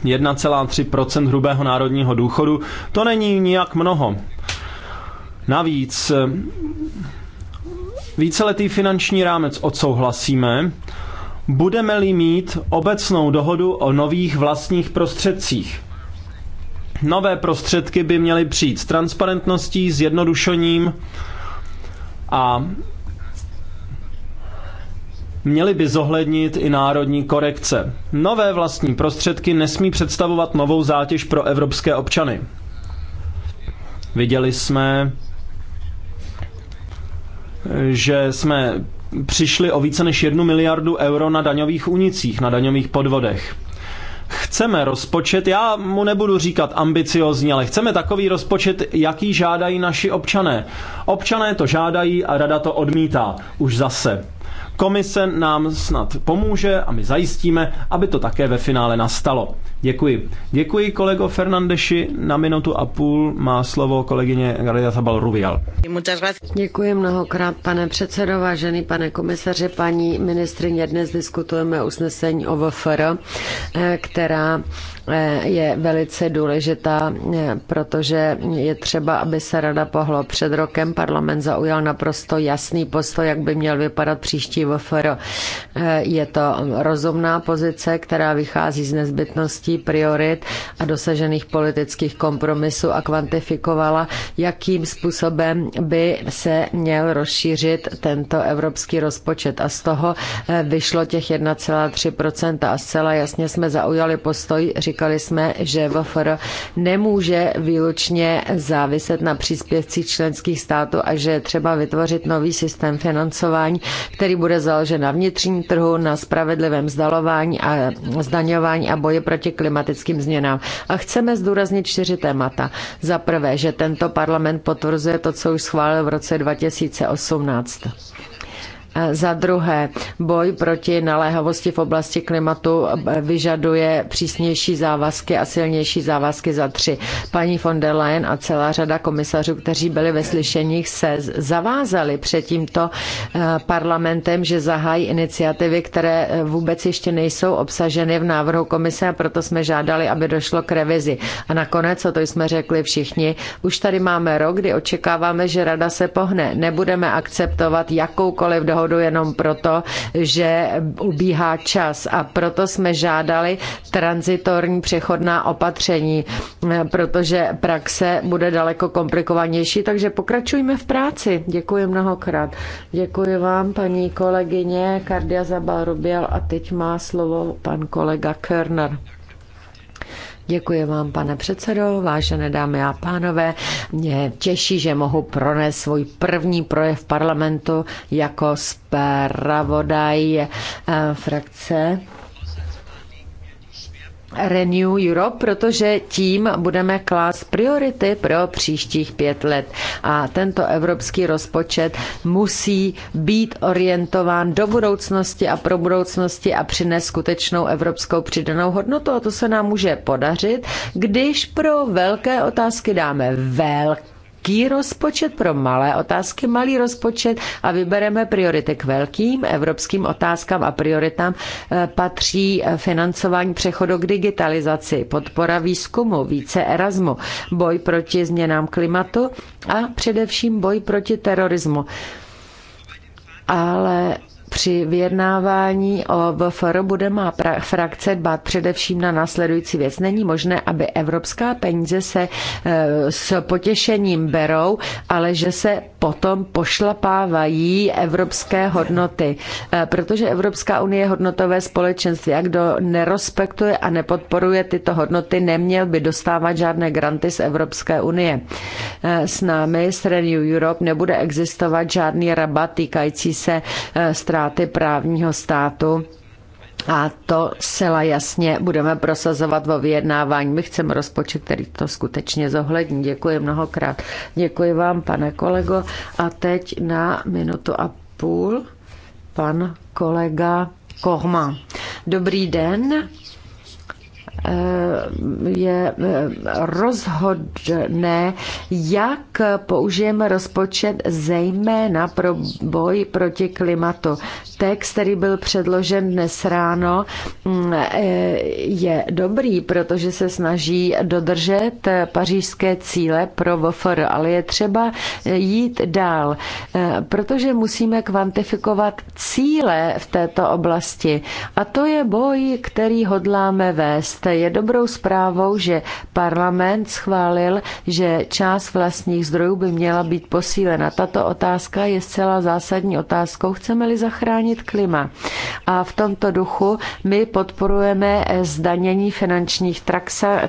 1,3 hrubého národního důchodu, to není nijak mnoho. Navíc eh, víceletý finanční rámec odsouhlasíme, budeme-li mít obecnou dohodu o nových vlastních prostředcích. Nové prostředky by měly přijít s transparentností, jednodušením a měly by zohlednit i národní korekce. Nové vlastní prostředky nesmí představovat novou zátěž pro evropské občany. Viděli jsme, že jsme přišli o více než jednu miliardu euro na daňových unicích, na daňových podvodech. Chceme rozpočet, já mu nebudu říkat ambiciozní, ale chceme takový rozpočet, jaký žádají naši občané. Občané to žádají a rada to odmítá. Už zase. Komise nám snad pomůže a my zajistíme, aby to také ve finále nastalo. Děkuji. Děkuji kolego Fernandeši. Na minutu a půl má slovo kolegyně Garida Zabal Ruvial. Děkuji mnohokrát, pane předsedo, vážený pane komisaři, paní ministrině. Dnes diskutujeme usnesení o VFR, eh, která Eh, je velice důležitá, eh, protože je třeba, aby se rada pohlo. Před rokem parlament zaujal naprosto jasný postoj, jak by měl vypadat příští VFR. Eh, je to rozumná pozice, která vychází z nezbytností priorit a dosažených politických kompromisů a kvantifikovala, jakým způsobem by se měl rozšířit tento evropský rozpočet. A z toho vyšlo těch 1,3% a zcela jasně jsme zaujali postoj, Říkali jsme, že VFR nemůže výlučně záviset na příspěvcích členských států a že je třeba vytvořit nový systém financování, který bude založen na vnitřním trhu, na spravedlivém zdalování a zdaňování a boji proti klimatickým změnám. A chceme zdůraznit čtyři témata. Za prvé, že tento parlament potvrzuje to, co už schválil v roce 2018. Za druhé, boj proti naléhavosti v oblasti klimatu vyžaduje přísnější závazky a silnější závazky za tři. Paní von der Leyen a celá řada komisařů, kteří byli ve slyšeních, se zavázali před tímto eh, parlamentem, že zahájí iniciativy, které eh, vůbec ještě nejsou obsaženy v návrhu komise a proto jsme žádali, aby došlo k revizi. A nakonec, co to jsme řekli všichni, už tady máme rok, kdy očekáváme, že rada se pohne. Nebudeme akceptovat jakoukoliv dohodu dohodu jenom proto, že ubíhá čas a proto jsme žádali transitorní přechodná opatření, protože praxe bude daleko komplikovanější, takže pokračujme v práci. Děkuji mnohokrát. Děkuji vám, paní kolegyně Kardia Zabal Rubiel a teď má slovo pan kolega Körner. Děkuji vám, pane předsedo, vážené dámy a pánové. Mě těší, že mohu pronést svůj první projev parlamentu jako zpravodaj eh, frakce Renew Europe, protože tím budeme klást priority pro příštích pět let. A tento evropský rozpočet musí být orientován do budoucnosti a pro budoucnosti a přinést skutečnou evropskou přidanou hodnotu. A to se nám může podařit, když pro velké otázky dáme velké velký rozpočet pro malé otázky, malý rozpočet a vybereme priority k velkým evropským otázkám a prioritám eh, patří eh, financování přechodu k digitalizaci, podpora výzkumu, více Erasmu, boj proti změnám klimatu a především boj proti terorismu. Ale při vyjednávání o VFR bude má frakce dbát především na následující věc. Není možné, aby evropská peníze se e, s potěšením berou, ale že se potom pošlapávají evropské hodnoty. E, protože Evropská unie je hodnotové společenství a kdo nerespektuje a nepodporuje tyto hodnoty, neměl by dostávat žádné granty z Evropské unie. E, s námi, s Renew Europe, nebude existovat žádný rabat týkající se strávy ztráty právního státu a to zcela jasně budeme prosazovat vo vyjednávání. My chceme rozpočet, který to skutečně zohlední. Děkuji mnohokrát. Děkuji vám, pane kolego. A teď na minutu a půl pan kolega Kohma. Dobrý den je eh, rozhodné, jak použijeme rozpočet zejména pro boj proti klimatu. Text, který byl předložen dnes ráno, mm, eh, je dobrý, protože se snaží dodržet pařížské cíle pro VFR, ale je třeba jít dál, eh, protože musíme kvantifikovat cíle v této oblasti. A to je boj, který hodláme vést je dobrou zprávou, že parlament schválil, že část vlastních zdrojů by měla být posílena. Tato otázka je zcela zásadní otázkou, chceme-li zachránit klima. A v tomto duchu my podporujeme zdanění finančních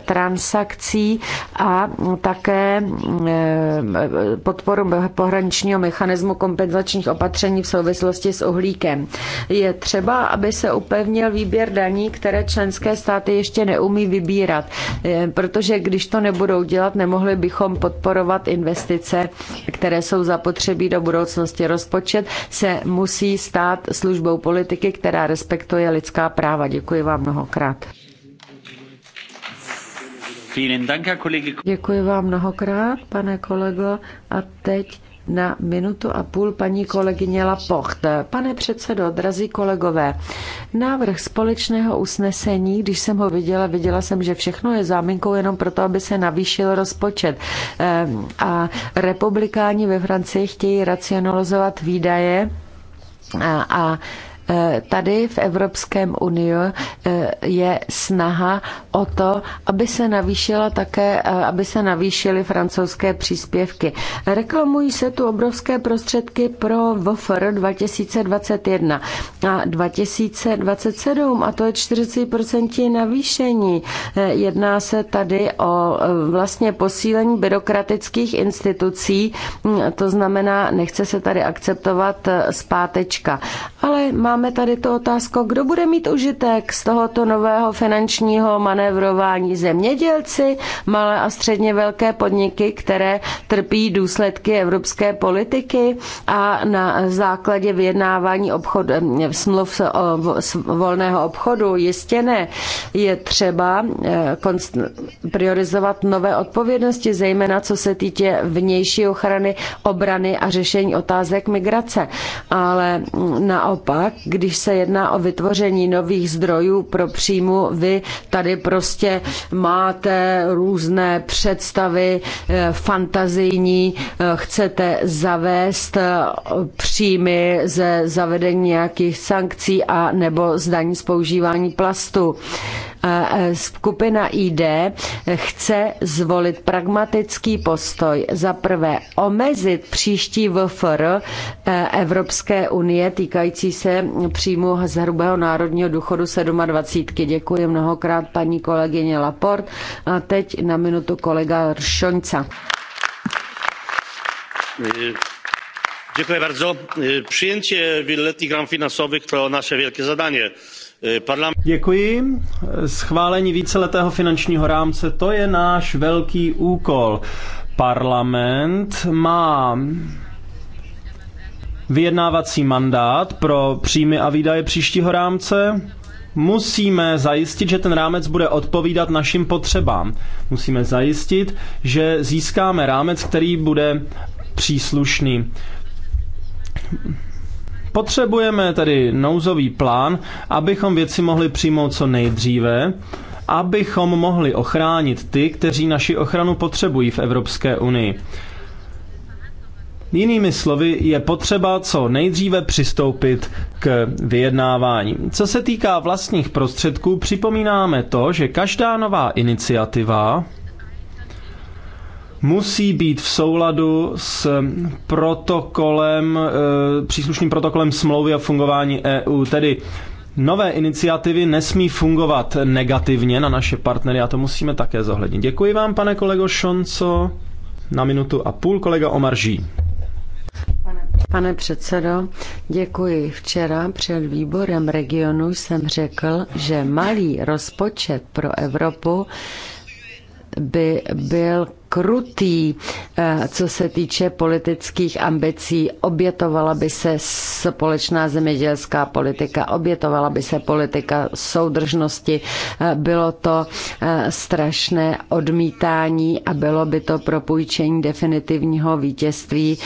transakcí a také eh, podporu pohraničního mechanismu kompenzačních opatření v souvislosti s uhlíkem. Je třeba, aby se upevnil výběr daní, které členské státy ještě prostě neumí vybírat, eh, protože když to nebudou dělat, nemohli bychom podporovat investice, které jsou zapotřebí do budoucnosti. Rozpočet se musí stát službou politiky, která respektuje lidská práva. Děkuji vám mnohokrát. Děkuji vám mnohokrát, pane kolego. A teď na minutu a půl paní kolegyně Lapocht. Pane předsedo, drazí kolegové, návrh společného usnesení, když jsem ho viděla, viděla jsem, že všechno je záminkou jenom proto, aby se navýšil rozpočet. Ehm, a republikáni ve Francii chtějí racionalizovat výdaje a, a Eh, tady v Evropském unii eh, je snaha o to, aby se navýšila také, eh, aby se navýšily francouzské příspěvky. Reklamují se tu obrovské prostředky pro VFR 2021 a 2027 a to je 40% navýšení. Jedná se tady o vlastně posílení byrokratických institucí, hm, to znamená, nechce se tady akceptovat zpátečka, ale má máme tady tu otázku, kdo bude mít užitek z tohoto nového finančního manévrování zemědělci, malé a středně velké podniky, které trpí důsledky evropské politiky a na základě vyjednávání obchod, smluv volného obchodu. Jistě ne. Je třeba eh, priorizovat nové odpovědnosti, zejména co se týče vnější ochrany, obrany a řešení otázek migrace. Ale naopak když se jedná o vytvoření nových zdrojů pro příjmu, vy tady prostě máte různé představy eh, fantazijní, eh, chcete zavést eh, příjmy ze zavedení nějakých sankcí a nebo zdaní z používání plastu. Skupina ID chce zvolit pragmatický postoj. Za prvé omezit příští VFR e, Evropské unie týkající se příjmu z hrubého národního důchodu 27. Děkuji mnohokrát paní kolegyně Laport. A teď na minutu kolega Ršoňca. Dziękuję bardzo. Przyjęcie wieloletnich ram finansowych to nasze wielkie zadanie Děkuji. Schválení víceletého finančního rámce, to je náš velký úkol. Parlament má vyjednávací mandát pro příjmy a výdaje příštího rámce. Musíme zajistit, že ten rámec bude odpovídat našim potřebám. Musíme zajistit, že získáme rámec, který bude příslušný Potřebujeme tedy nouzový plán, abychom věci mohli přijmout co nejdříve, abychom mohli ochránit ty, kteří naši ochranu potřebují v Evropské unii. Jinými slovy, je potřeba co nejdříve přistoupit k vyjednávání. Co se týká vlastních prostředků, připomínáme to, že každá nová iniciativa musí být v souladu s protokolem, eh, příslušným protokolem smlouvy a fungování EU, tedy Nové iniciativy nesmí fungovat negativně na naše partnery a to musíme také zohlednit. Děkuji vám, pane kolego Šonco. Na minutu a půl kolega Omar Ží. Pane předsedo, děkuji. Včera před výborem regionu jsem řekl, že malý rozpočet pro Evropu by byl krutý, eh, co se týče politických ambicí. Obětovala by se společná zemědělská politika, obětovala by se politika soudržnosti. Eh, bylo to eh, strašné odmítání a bylo by to propůjčení definitivního vítězství hm,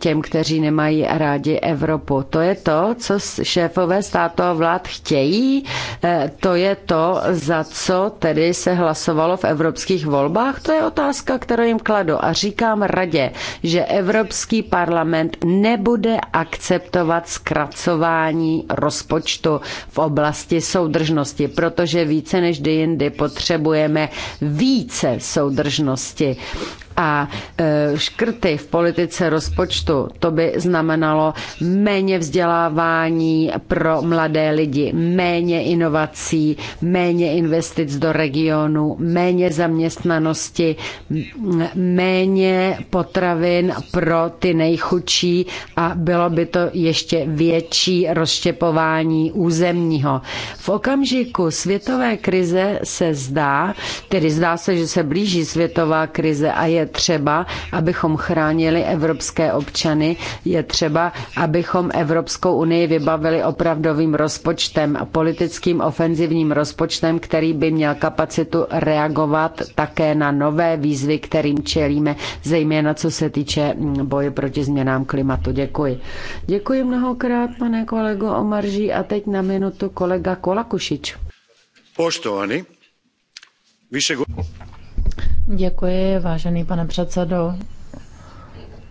těm, kteří nemají rádi Evropu. To je to, co šéfové státu a vlád chtějí. To je to, za co tedy se hlasovalo v evropských volbách. To je otázka otázka, kterou jim kladu a říkám radě, že Evropský parlament nebude akceptovat zkracování rozpočtu v oblasti soudržnosti, protože více než jindy potřebujeme více soudržnosti a e, škrty v politice rozpočtu, to by znamenalo méně vzdělávání pro mladé lidi, méně inovací, méně investic do regionu, méně zaměstnanosti, méně potravin pro ty nejchudší a bylo by to ještě větší rozštěpování územního. V okamžiku světové krize se zdá, tedy zdá se, že se blíží světová krize a je je třeba, abychom chránili evropské občany, je třeba, abychom Evropskou unii vybavili opravdovým rozpočtem, politickým ofenzivním rozpočtem, který by měl kapacitu reagovat také na nové výzvy, kterým čelíme, zejména co se týče mm, boje proti změnám klimatu. Děkuji. Děkuji mnohokrát, pane kolego Omarží, a teď na minutu kolega Kolakušič. Poštovani, vyšegod... Děkuji, vážený pane předsedo.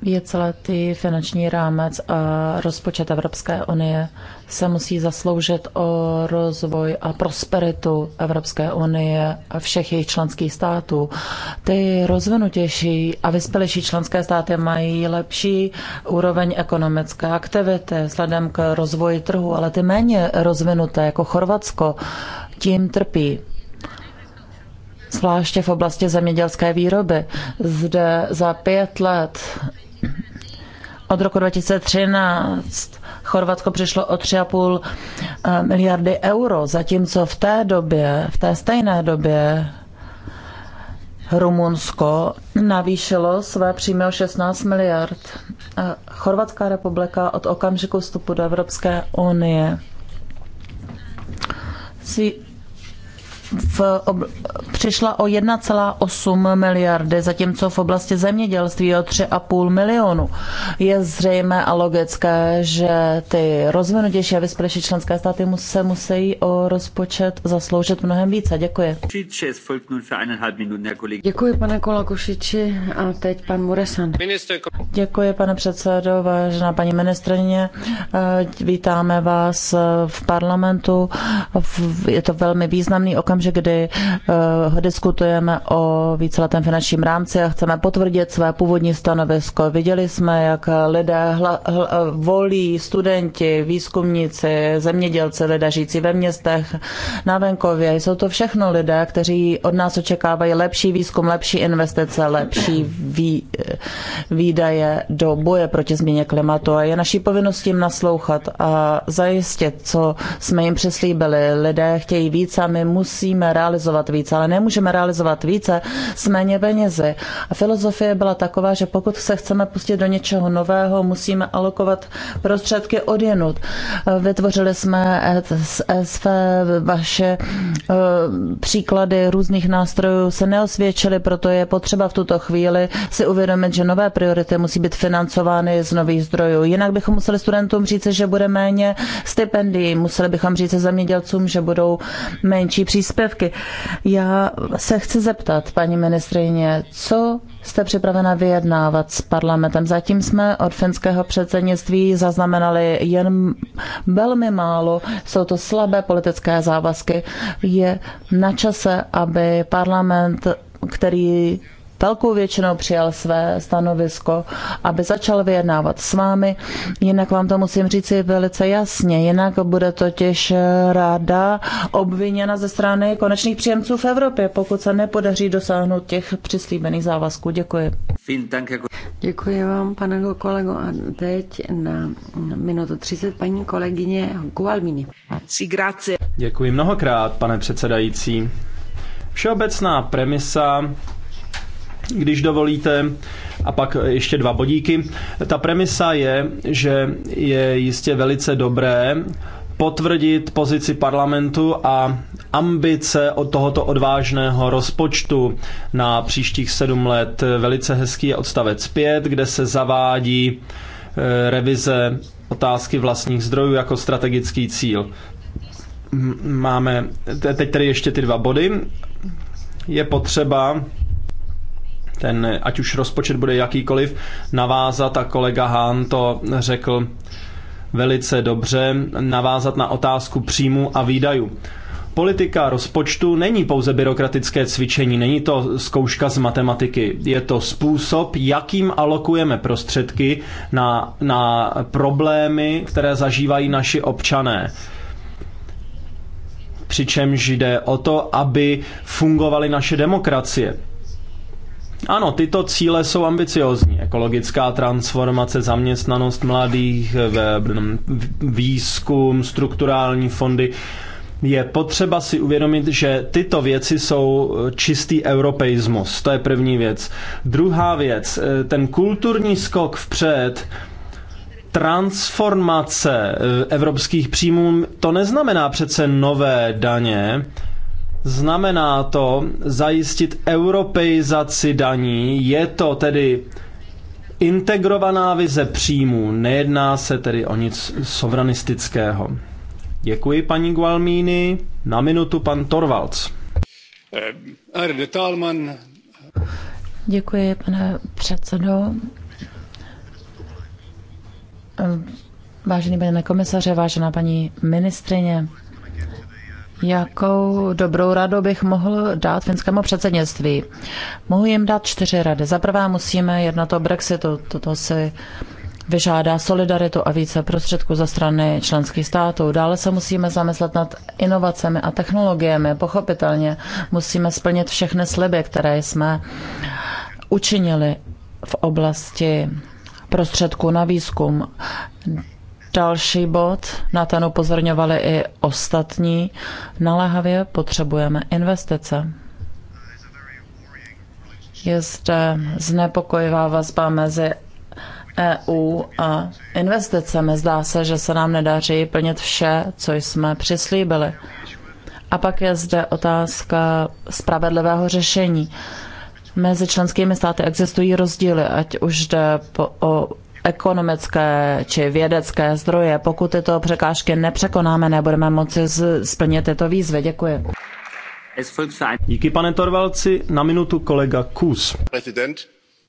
Víceletý finanční rámec a rozpočet Evropské unie se musí zasloužit o rozvoj a prosperitu Evropské unie a všech jejich členských států. Ty rozvinutější a vyspělejší členské státy mají lepší úroveň ekonomické aktivity vzhledem k rozvoji trhu, ale ty méně rozvinuté, jako Chorvatsko, tím trpí zvláště v oblasti zemědělské výroby. Zde za pět let od roku 2013 Chorvatsko přišlo o 3,5 eh, miliardy euro, zatímco v té době, v té stejné době Rumunsko navýšilo své příjmy o 16 miliard. Eh, Chorvatská republika od okamžiku vstupu do Evropské unie v, ob, přišla o 1,8 miliardy, zatímco v oblasti zemědělství o 3,5 milionu. Je zřejmé a logické, že ty rozvinutější a vyspělejší členské státy se musí o rozpočet zasloužit mnohem více. Děkuji. Děkuji, pane Kolakušiči. A teď pan Muresan. Děkuji, pane předsedo, vážená paní ministrině. Eh, vítáme vás v parlamentu. Je to velmi významný okamžik okamžik, kdy uh, diskutujeme o víceletém finančním rámci a chceme potvrdit své původní stanovisko. Viděli jsme, jak lidé hla, hla, volí, studenti, výzkumníci, zemědělci, lidé žijící ve městech, na venkově. Jsou to všechno lidé, kteří od nás očekávají lepší výzkum, lepší investice, lepší vý, výdaje do boje proti změně klimatu. A je naší povinností jim naslouchat a zajistit, co jsme jim přislíbili. Lidé chtějí víc a my musíme musíme realizovat více, ale nemůžeme realizovat více s méně penězi. A filozofie byla taková, že pokud se chceme pustit do něčeho nového, musíme alokovat prostředky od jenut. Vytvořili jsme ESF, vaše eh, příklady různých nástrojů se neosvědčily, proto je potřeba v tuto chvíli si uvědomit, že nové priority musí být financovány z nových zdrojů. Jinak bychom museli studentům říct, že bude méně stipendií, museli bychom říct zemědělcům, že budou menší příspěvky příspěvky. Já se chci zeptat, paní ministrině, co jste připravena vyjednávat s parlamentem? Zatím jsme od finského předsednictví zaznamenali jen velmi málo, jsou to slabé politické závazky. Je na čase, aby parlament který velkou většinou přijal své stanovisko, aby začal vyjednávat s vámi. Jinak vám to musím říct velice jasně, jinak bude totiž ráda obviněna ze strany konečných příjemců v Evropě, pokud se nepodaří dosáhnout těch přislíbených závazků. Děkuji. Děkuji vám, pane kolego. A teď na minutu 30 paní kolegyně Gualmini. Děkuji mnohokrát, pane předsedající. Všeobecná premisa když dovolíte. A pak ještě dva bodíky. Ta premisa je, že je jistě velice dobré potvrdit pozici parlamentu a ambice od tohoto odvážného rozpočtu na příštích sedm let. Velice hezký je odstavec 5, kde se zavádí e, revize otázky vlastních zdrojů jako strategický cíl. Máme teď tady ještě ty dva body. Je potřeba ten, ať už rozpočet bude jakýkoliv, navázat a kolega Hán to řekl velice dobře, navázat na otázku příjmu a výdajů. Politika rozpočtu není pouze byrokratické cvičení, není to zkouška z matematiky. Je to způsob, jakým alokujeme prostředky na, na problémy, které zažívají naši občané přičemž jde o to, aby fungovaly naše demokracie. Ano, tyto cíle jsou ambiciozní. Ekologická transformace, zaměstnanost mladých, výzkum, strukturální fondy. Je potřeba si uvědomit, že tyto věci jsou čistý europeismus. To je první věc. Druhá věc, eh, ten kulturní skok vpřed, transformace eh, evropských příjmů, to neznamená přece nové daně, Znamená to zajistit europeizaci daní, je to tedy integrovaná vize příjmů, nejedná se tedy o nic sovranistického. Děkuji paní Gualmíny. Na minutu pan Torvalds. Eh, Děkuji, pane předsedo. Eh, vážený pane komisaře, vážená paní ministrině, Jakou dobrou radu bych mohl dát finskému předsednictví? Mohu jim dát čtyři rady. Za prvé musíme jednat o Brexitu. Toto si vyžádá solidaritu a více prostředků ze strany členských států. Dále se musíme zamyslet nad inovacemi a technologiemi. Pochopitelně musíme splnit všechny sliby, které jsme učinili v oblasti prostředků na výzkum. Další bod, na ten upozorňovali i ostatní. Naléhavě potřebujeme investice. Je zde znepokojivá vazba mezi EU a investicemi. Zdá se, že se nám nedaří plnit vše, co jsme přislíbili. A pak je zde otázka spravedlivého řešení. Mezi členskými státy existují rozdíly, ať už jde po, o ekonomické či vědecké zdroje. Pokud tyto překážky nepřekonáme, nebudeme moci splnit tyto výzvy. Děkuji. Díky, pane Torvalci. Na minutu kolega Kus. Prezident.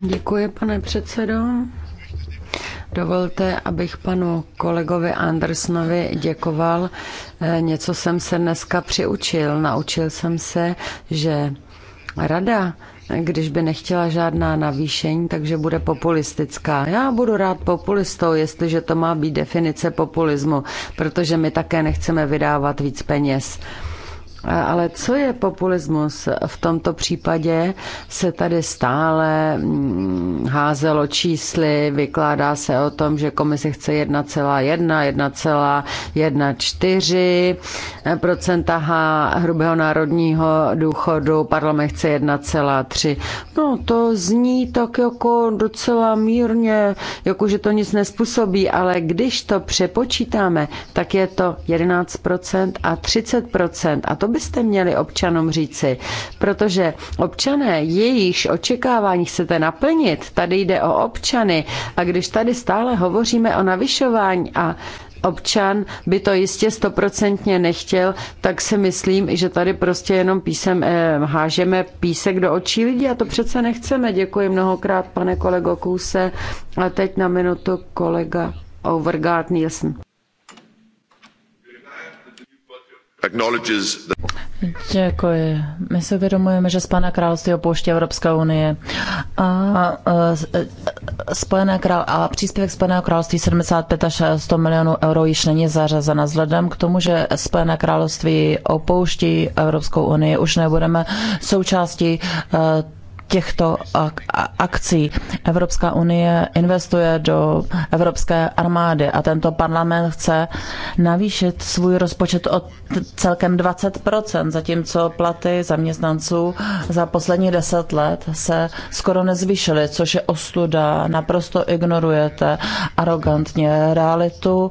Děkuji, pane předsedo. Dovolte, abych panu kolegovi Andersnovi děkoval. Eh, něco jsem se dneska přiučil. Naučil jsem se, že rada když by nechtěla žádná navýšení, takže bude populistická. Já budu rád populistou, jestliže to má být definice populismu, protože my také nechceme vydávat víc peněz. Ale co je populismus? V tomto případě se tady stále mm, házelo čísly, vykládá se o tom, že komise chce 1,1, 1,14 hrubého národního důchodu, parlament chce 1,3. No to zní tak jako docela mírně, jako že to nic nespůsobí, ale když to přepočítáme, tak je to 11% a 30%. A to byste měli občanům říci, protože občané, jejichž očekávání chcete naplnit, tady jde o občany a když tady stále hovoříme o navyšování a občan by to jistě stoprocentně nechtěl, tak si myslím, že tady prostě jenom písem eh, hážeme písek do očí lidí a to přece nechceme. Děkuji mnohokrát, pane kolego Kůse. A teď na minutu kolega Overgaard Nielsen. Děkuji. My si uvědomujeme, že Spojené království opouští Evropská unie a, a, e, e, a příspěvek Spojeného království 75 až 100 milionů euro již není zařazena. Vzhledem k tomu, že Spojené království opouští Evropskou unii, už nebudeme součástí uh, těchto akcí. Evropská unie investuje do Evropské armády a tento parlament chce navýšit svůj rozpočet o celkem 20%, zatímco platy zaměstnanců za poslední deset let se skoro nezvýšily, což je ostuda, naprosto ignorujete arrogantně realitu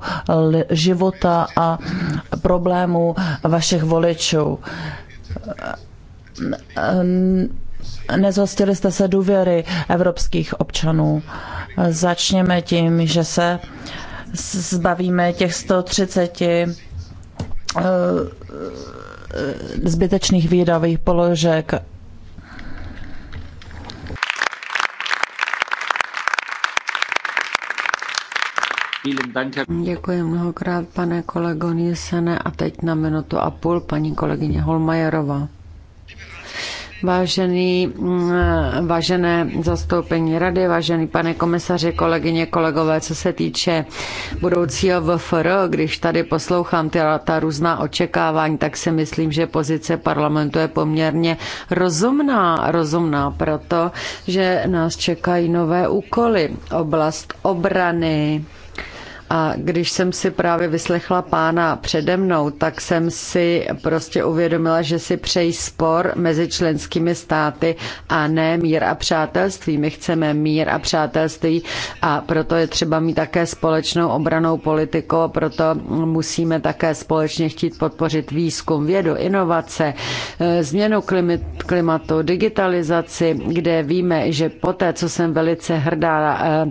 života a problémů vašich voličů nezhostili jste se důvěry evropských občanů. Začněme tím, že se zbavíme těch 130 eh, eh, zbytečných výdavých položek Děkuji mnohokrát, pane kolego Niesene. A teď na minutu a půl paní kolegyně Holmajerová. Vážený, mm, vážené zastoupení rady, vážený pane komisaři, kolegyně, kolegové, co se týče budoucího VFR, když tady poslouchám ty, ta různá očekávání, tak si myslím, že pozice parlamentu je poměrně rozumná, rozumná proto, že nás čekají nové úkoly. Oblast obrany, a když jsem si právě vyslechla pána přede mnou, tak jsem si prostě uvědomila, že si přejí spor mezi členskými státy a ne mír a přátelství. My chceme mír a přátelství a proto je třeba mít také společnou obranou politiku a proto musíme také společně chtít podpořit výzkum, vědu, inovace, eh, změnu klimatu, digitalizaci, kde víme, že poté, co jsem velice hrdá eh,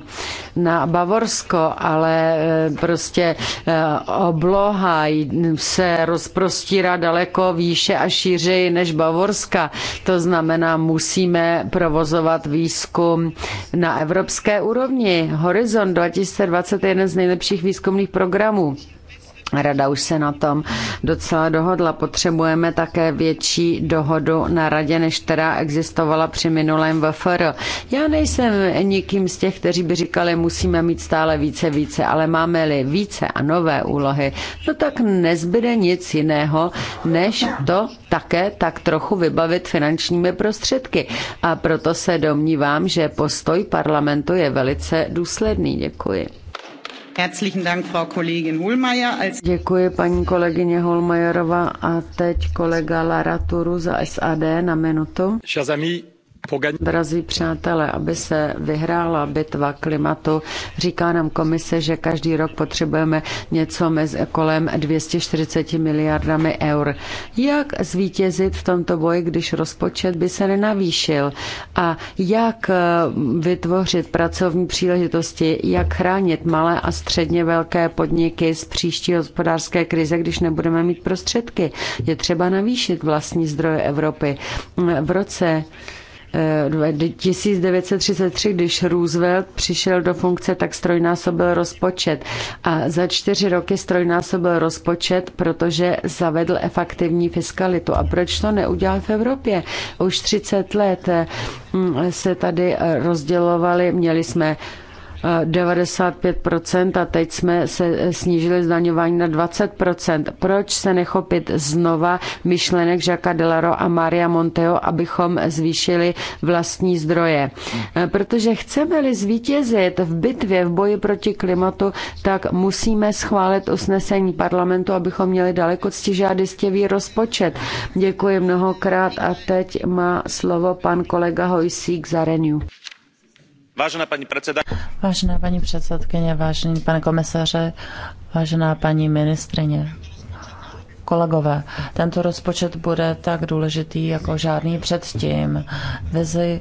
na Bavorsko, ale Eh, prostě eh, obloha se rozprostírá daleko výše a šířeji než Bavorska. To znamená, musíme provozovat výzkum na evropské úrovni. Horizont 2021 z nejlepších výzkumných programů. Rada už se na tom docela dohodla. Potřebujeme také větší dohodu na radě, než která existovala při minulém VFR. Já nejsem nikým z těch, kteří by říkali, musíme mít stále více, více, ale máme-li více a nové úlohy, no tak nezbyde nic jiného, než to také tak trochu vybavit finančními prostředky. A proto se domnívám, že postoj parlamentu je velice důsledný. Děkuji. Děkuji paní kolegyně Holmajerová a teď kolega Lara Turu za SAD na minutu. Chers amis, Drazí přátelé, aby se vyhrála bitva klimatu, říká nám komise, že každý rok potřebujeme něco mezi kolem 240 miliardami eur. Jak zvítězit v tomto boji, když rozpočet by se nenavýšil? A jak eh, vytvořit pracovní příležitosti, jak chránit malé a středně velké podniky z příští hospodářské krize, když nebudeme mít prostředky? Je třeba navýšit vlastní zdroje Evropy. V roce 1933, eh, když Roosevelt přišel do funkce, tak strojnásobil rozpočet. A za čtyři roky strojnásobil rozpočet, protože zavedl efektivní fiskalitu. A proč to neudělal v Evropě? Už 30 let eh, hm, se tady eh, rozdělovali, měli jsme 95% a teď jsme se snížili zdaňování na 20%. Proč se nechopit znova myšlenek Žaka Delaro a Maria Monteo, abychom zvýšili vlastní zdroje? Protože chceme-li zvítězit v bitvě, v boji proti klimatu, tak musíme schválit usnesení parlamentu, abychom měli daleko ctižádistěvý rozpočet. Děkuji mnohokrát a teď má slovo pan kolega Hojsík za Renew. Vážená paní předsedkyně. vážený pane komisaře, vážená paní ministrině kolegové, tento rozpočet bude tak důležitý jako žádný předtím. Vizi,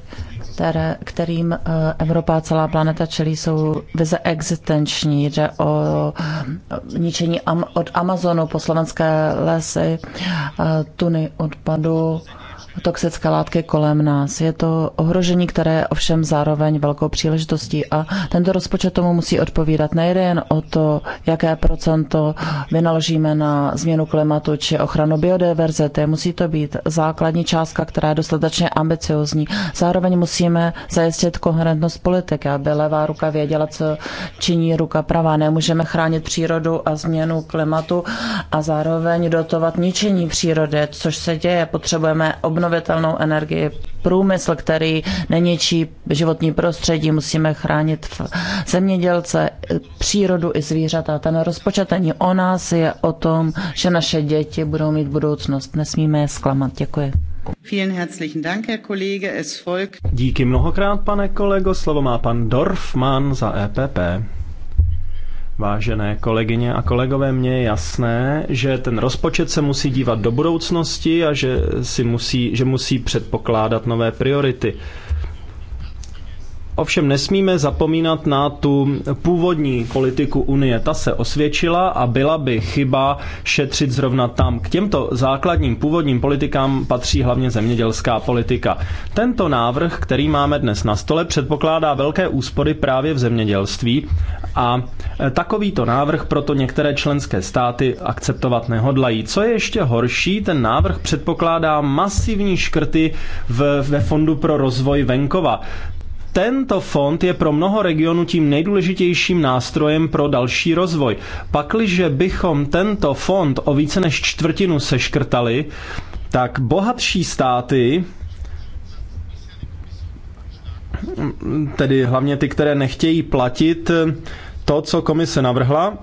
které, kterým eh, Evropa a celá planeta čelí, jsou vize existenční. Jde o eh, ničení od Amazonu po slovenské lesy, eh, tuny odpadu, toxické látky kolem nás. Je to ohrožení, které je ovšem zároveň velkou příležitostí a tento rozpočet tomu musí odpovídat. Nejde jen o to, jaké procento vynaložíme na změnu klimatu či ochranu biodiverzity. Musí to být základní částka, která je dostatečně ambiciozní. Zároveň musíme zajistit koherentnost politiky, aby levá ruka věděla, co činí ruka pravá. Nemůžeme chránit přírodu a změnu klimatu a zároveň dotovat ničení přírody, což se děje. Potřebujeme obnovit obnovitelnou energii. Průmysl, který neničí životní prostředí, musíme chránit v zemědělce, přírodu i zvířata. Ten rozpočet není o nás, je o tom, že naše děti budou mít budoucnost. Nesmíme je zklamat. Děkuji. Díky mnohokrát, pane kolego. Slovo má pan Dorfman za EPP. Vážené kolegyně a kolegové, mně je jasné, že ten rozpočet se musí dívat do budoucnosti a že, si musí, že musí předpokládat nové priority. Ovšem nesmíme zapomínat na tu původní politiku Unie. Ta se osvědčila a byla by chyba šetřit zrovna tam. K těmto základním původním politikám patří hlavně zemědělská politika. Tento návrh, který máme dnes na stole, předpokládá velké úspory právě v zemědělství a e, takovýto návrh proto některé členské státy akceptovat nehodlají. Co je ještě horší, ten návrh předpokládá masivní škrty v, ve Fondu pro rozvoj venkova. Tento fond je pro mnoho regionů tím nejdůležitějším nástrojem pro další rozvoj. Pakliže bychom tento fond o více než čtvrtinu seškrtali, tak bohatší státy tedy hlavně ty, které nechtějí platit to, co komise navrhla,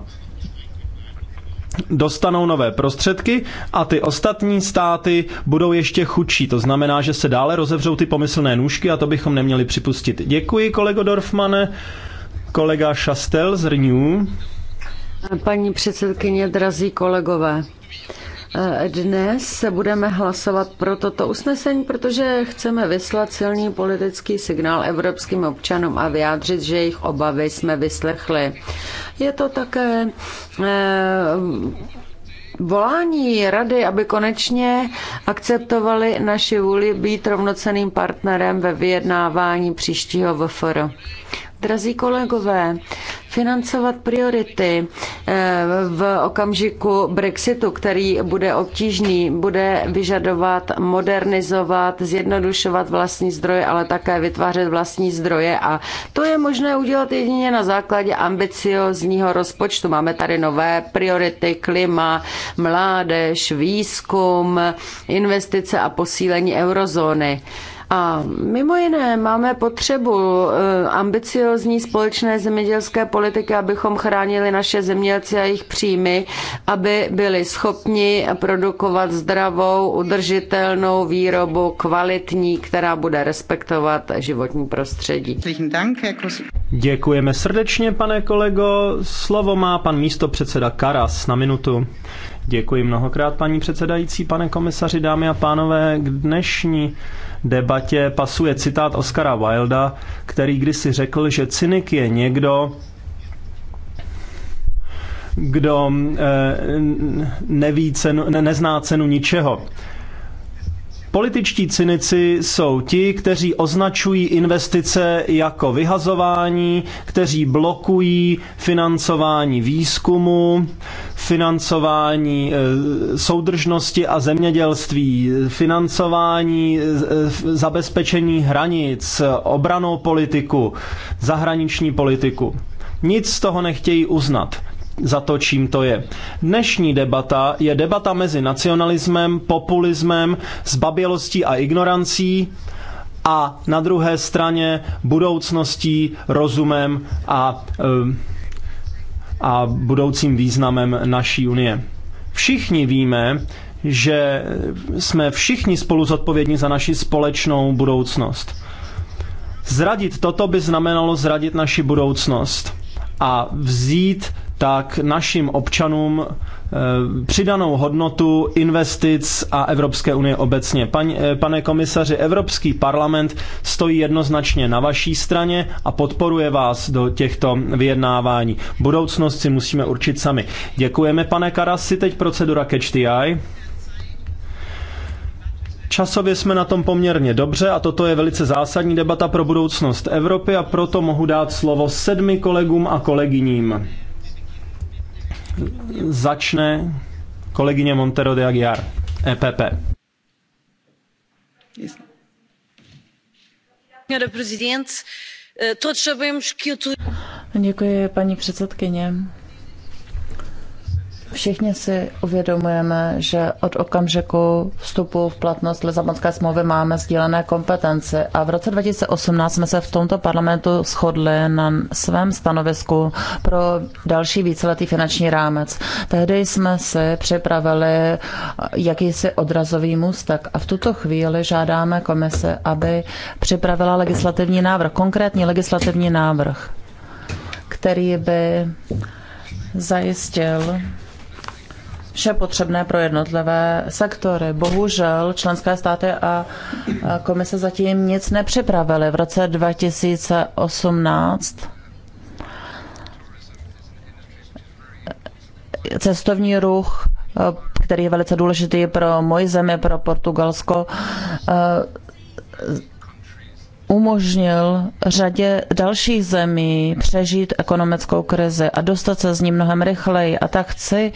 dostanou nové prostředky a ty ostatní státy budou ještě chudší. To znamená, že se dále rozevřou ty pomyslné nůžky a to bychom neměli připustit. Děkuji, kolego Dorfmane. Kolega Šastel z Renew. Paní předsedkyně, drazí kolegové, dnes budeme hlasovat pro toto usnesení, protože chceme vyslat silný politický signál evropským občanům a vyjádřit, že jejich obavy jsme vyslechli. Je to také eh, volání rady, aby konečně akceptovali naši vůli být rovnoceným partnerem ve vyjednávání příštího VFR. Drazí kolegové, financovat priority eh, v okamžiku Brexitu, který bude obtížný, bude vyžadovat, modernizovat, zjednodušovat vlastní zdroje, ale také vytvářet vlastní zdroje. A to je možné udělat jedině na základě ambiciozního rozpočtu. Máme tady nové priority, klima, mládež, výzkum, investice a posílení eurozóny. A mimo jiné máme potřebu eh, ambiciozní společné zemědělské politiky, abychom chránili naše zemědělce a jejich příjmy, aby byli schopni produkovat zdravou, udržitelnou výrobu, kvalitní, která bude respektovat životní prostředí. Děkujeme srdečně, pane kolego. Slovo má pan místo předseda Karas na minutu. Děkuji mnohokrát, paní předsedající, pane komisaři, dámy a pánové. K dnešní debatě pasuje citát Oscara Wilda, který kdysi řekl, že cynik je někdo, kdo eh, neví cenu, ne, nezná cenu ničeho. Političtí cynici jsou ti, kteří označují investice jako vyhazování, kteří blokují financování výzkumu, financování eh, soudržnosti a zemědělství, financování eh, zabezpečení hranic, obranou politiku, zahraniční politiku. Nic z toho nechtějí uznat za to, čím to je. Dnešní debata je debata mezi nacionalismem, populismem, zbabělostí a ignorancí a na druhé straně budoucností, rozumem a, eh, a budoucím významem naší unie. Všichni víme, že jsme všichni spolu zodpovědní za naši společnou budoucnost. Zradit toto by znamenalo zradit naši budoucnost a vzít tak našim občanům eh, přidanou hodnotu investic a Evropské unie obecně. Eh, pane komisaři, Evropský parlament stojí jednoznačně na vaší straně a podporuje vás do těchto vyjednávání. Budoucnost si musíme určit sami. Děkujeme, pane Karasi. Teď procedura Catch the Eye. Časově jsme na tom poměrně dobře a toto je velice zásadní debata pro budoucnost Evropy a proto mohu dát slovo sedmi kolegům a kolegyním. Začne kolegyně Montero de Aguiar, EPP. Eh, Děkuji, paní předsedkyně. Všichni si uvědomujeme, že od okamžiku vstupu v platnost Lizabonské smlouvy máme sdílené kompetence a v roce 2018 jsme se v tomto parlamentu shodli na svém stanovisku pro další víceletý finanční rámec. Tehdy jsme si připravili jakýsi odrazový můstek a v tuto chvíli žádáme komise, aby připravila legislativní návrh, konkrétní legislativní návrh, který by zajistil vše potřebné pro jednotlivé sektory. Bohužel členské státy a komise zatím nic nepřipravily. V roce 2018 cestovní ruch, který je velice důležitý pro moji zemi, pro Portugalsko, umožnil řadě dalších zemí přežít ekonomickou krizi a dostat se z ní mnohem rychleji. A tak chci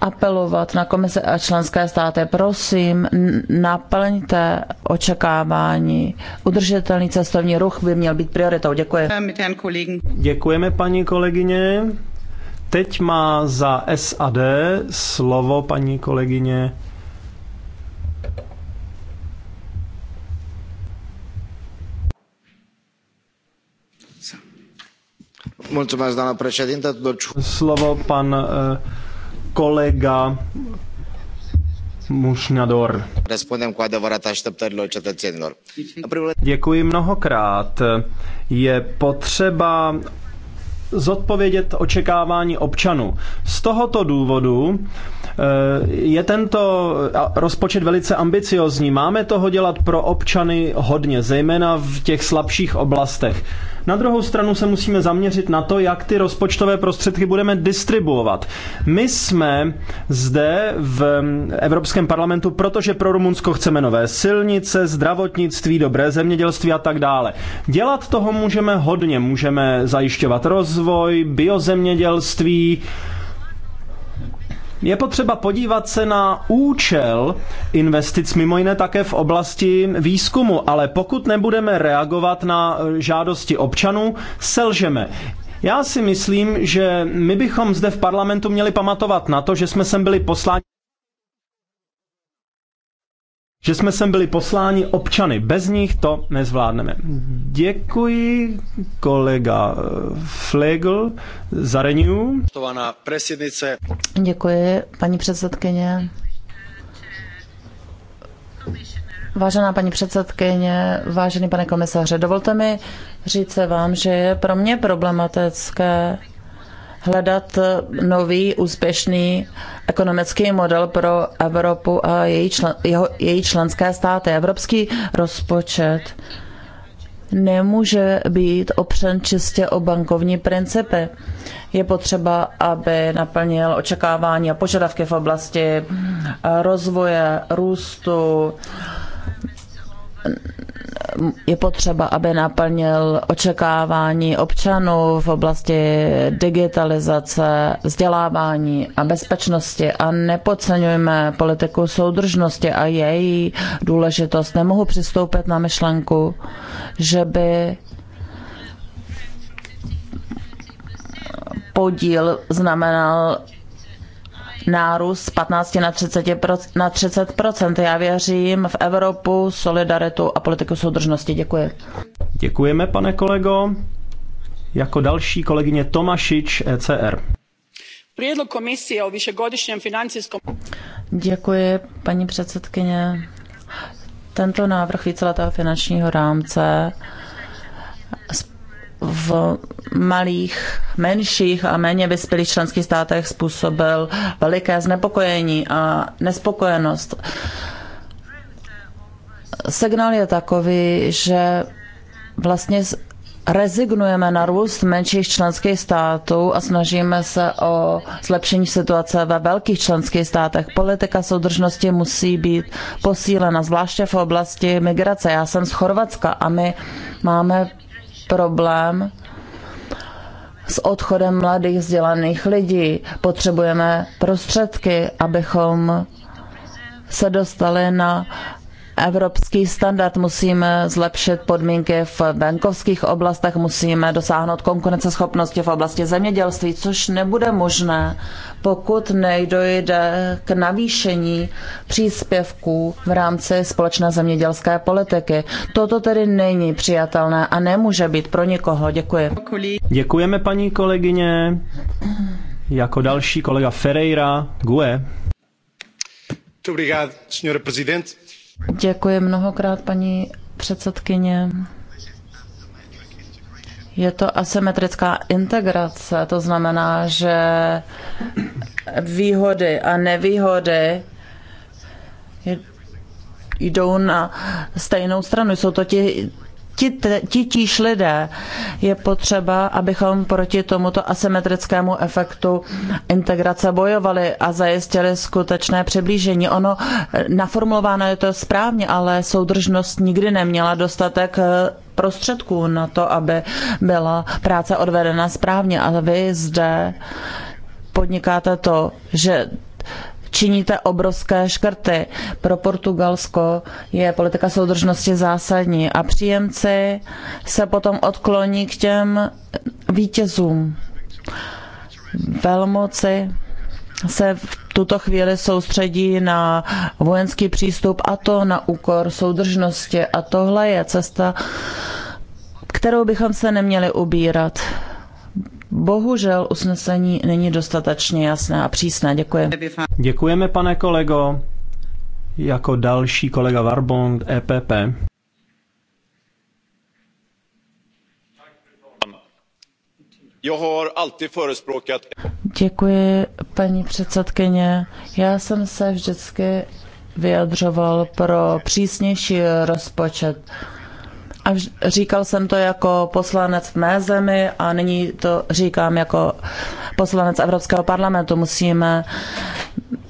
apelovat na komise a členské státy. Prosím, naplňte očekávání. Udržitelný cestovní ruch by měl být prioritou. Děkuji. Děkujeme, paní kolegyně. Teď má za SAD slovo paní kolegyně doamnă președintă. Slovo pan kolega e, Mušnador. Răspundem cu adevărat așteptărilor cetățenilor. Děkuji mnohokrát. Je potřeba zodpovědět očekávání občanů. Z tohoto důvodu e, je tento rozpočet velice ambiciozní. Máme toho dělat pro občany hodně, zejména v těch slabších oblastech. Na druhou stranu se musíme zaměřit na to, jak ty rozpočtové prostředky budeme distribuovat. My jsme zde v Evropském parlamentu, protože pro Rumunsko chceme nové silnice, zdravotnictví, dobré zemědělství a tak dále. Dělat toho můžeme hodně. Můžeme zajišťovat rozvoj, biozemědělství, je potřeba podívat se na účel investic, mimo jiné také v oblasti výzkumu, ale pokud nebudeme reagovat na eh, žádosti občanů, selžeme. Já si myslím, že my bychom zde v parlamentu měli pamatovat na to, že jsme sem byli posláni že jsme sem byli posláni občany. Bez nich to nezvládneme. Děkuji kolega eh, Flegel za Renew. Děkuji, paní předsedkyně. Vážená paní předsedkyně, vážený pane komisaře, dovolte mi říct se vám, že je pro mě problematické hledat nový úspěšný ekonomický model pro Evropu a její, člen, jeho, její členské státy. Evropský rozpočet nemůže být opřen čistě o bankovní principy. Je potřeba, aby naplnil očekávání a požadavky v oblasti rozvoje, růstu, je potřeba, aby naplnil očekávání občanů v oblasti digitalizace, vzdělávání a bezpečnosti a nepodceňujeme politiku soudržnosti a její důležitost. Nemohu přistoupit na myšlenku, že by podíl znamenal nárůst 15 na 30, na 30 Já věřím v Evropu, solidaritu a politiku soudržnosti. Děkuji. Děkujeme, pane kolego. Jako další kolegyně Tomašič, ECR. Prijedlog komisije o višegodišnjem financijskom... Děkuji, paní předsedkyně. Tento návrh víceletého finančního rámce v malých, menších a méně vyspělých členských státech způsobil veliké znepokojení a nespokojenost. Signál je takový, že vlastně rezignujeme na růst menších členských států a snažíme se o zlepšení situace ve velkých členských státech. Politika soudržnosti musí být posílena, zvláště v oblasti migrace. Já jsem z Chorvatska a my máme problém s odchodem mladých vzdělaných lidí. Potřebujeme prostředky, abychom se dostali na evropský standard, musíme zlepšit podmínky v venkovských oblastech, musíme dosáhnout konkurenceschopnosti v oblasti zemědělství, což nebude možné, pokud nejdojde k navýšení příspěvků v rámci společné zemědělské politiky. Toto tedy není přijatelné a nemůže být pro nikoho. Děkuji. Děkujeme paní kolegyně. Jako další kolega Ferreira, GUE. Muito obrigado, senhora Presidente. Děkuji mnohokrát, paní předsedkyně. Je to asymetrická integrace, to znamená, že výhody a nevýhody jdou na stejnou stranu. Jsou to ti titíž lidé, je potřeba, abychom proti tomuto asymetrickému efektu integrace bojovali a zajistili skutečné přiblížení. Ono eh, naformulováno je to správně, ale soudržnost nikdy neměla dostatek eh, prostředků na to, aby byla práce odvedena správně. A vy zde podnikáte to, že činíte obrovské škrty. Pro Portugalsko je politika soudržnosti zásadní a příjemci se potom odkloní k těm vítězům. Velmoci se v tuto chvíli soustředí na vojenský přístup a to na úkor soudržnosti. A tohle je cesta, kterou bychom se neměli ubírat. Bohužel usnesení není dostatečně jasné a přísné. Děkuji. Děkujeme, pane kolego. Jako další kolega Varbond, EPP. Děkuji, paní předsedkyně. Já jsem se vždycky vyjadřoval pro přísnější rozpočet a říkal jsem to jako poslanec v mé zemi a nyní to říkám jako poslanec Evropského parlamentu. Musíme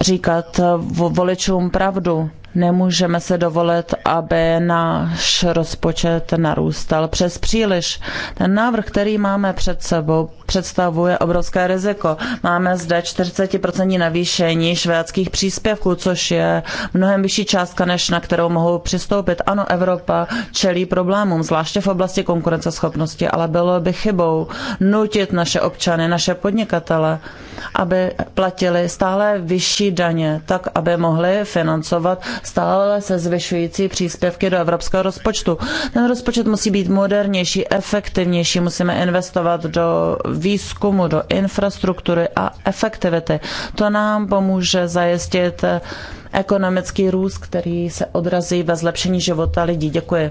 říkat voličům pravdu. Nemůžeme se dovolit, aby náš rozpočet narůstal přes příliš. Ten návrh, který máme před sebou, představuje obrovské riziko. Máme zde 40% navýšení švédských příspěvků, což je mnohem vyšší částka, než na kterou mohou přistoupit. Ano, Evropa čelí problémům, zvláště v oblasti konkurenceschopnosti, ale bylo by chybou nutit naše občany, naše podnikatele, aby platili stále vyšší daně, tak aby mohli financovat stále se zvyšující příspěvky do evropského rozpočtu. Ten rozpočet musí být modernější, efektivnější, musíme investovat do výzkumu, do infrastruktury a efektivity. To nám pomůže zajistit ekonomický růst, který se odrazí ve zlepšení života lidí. Děkuji.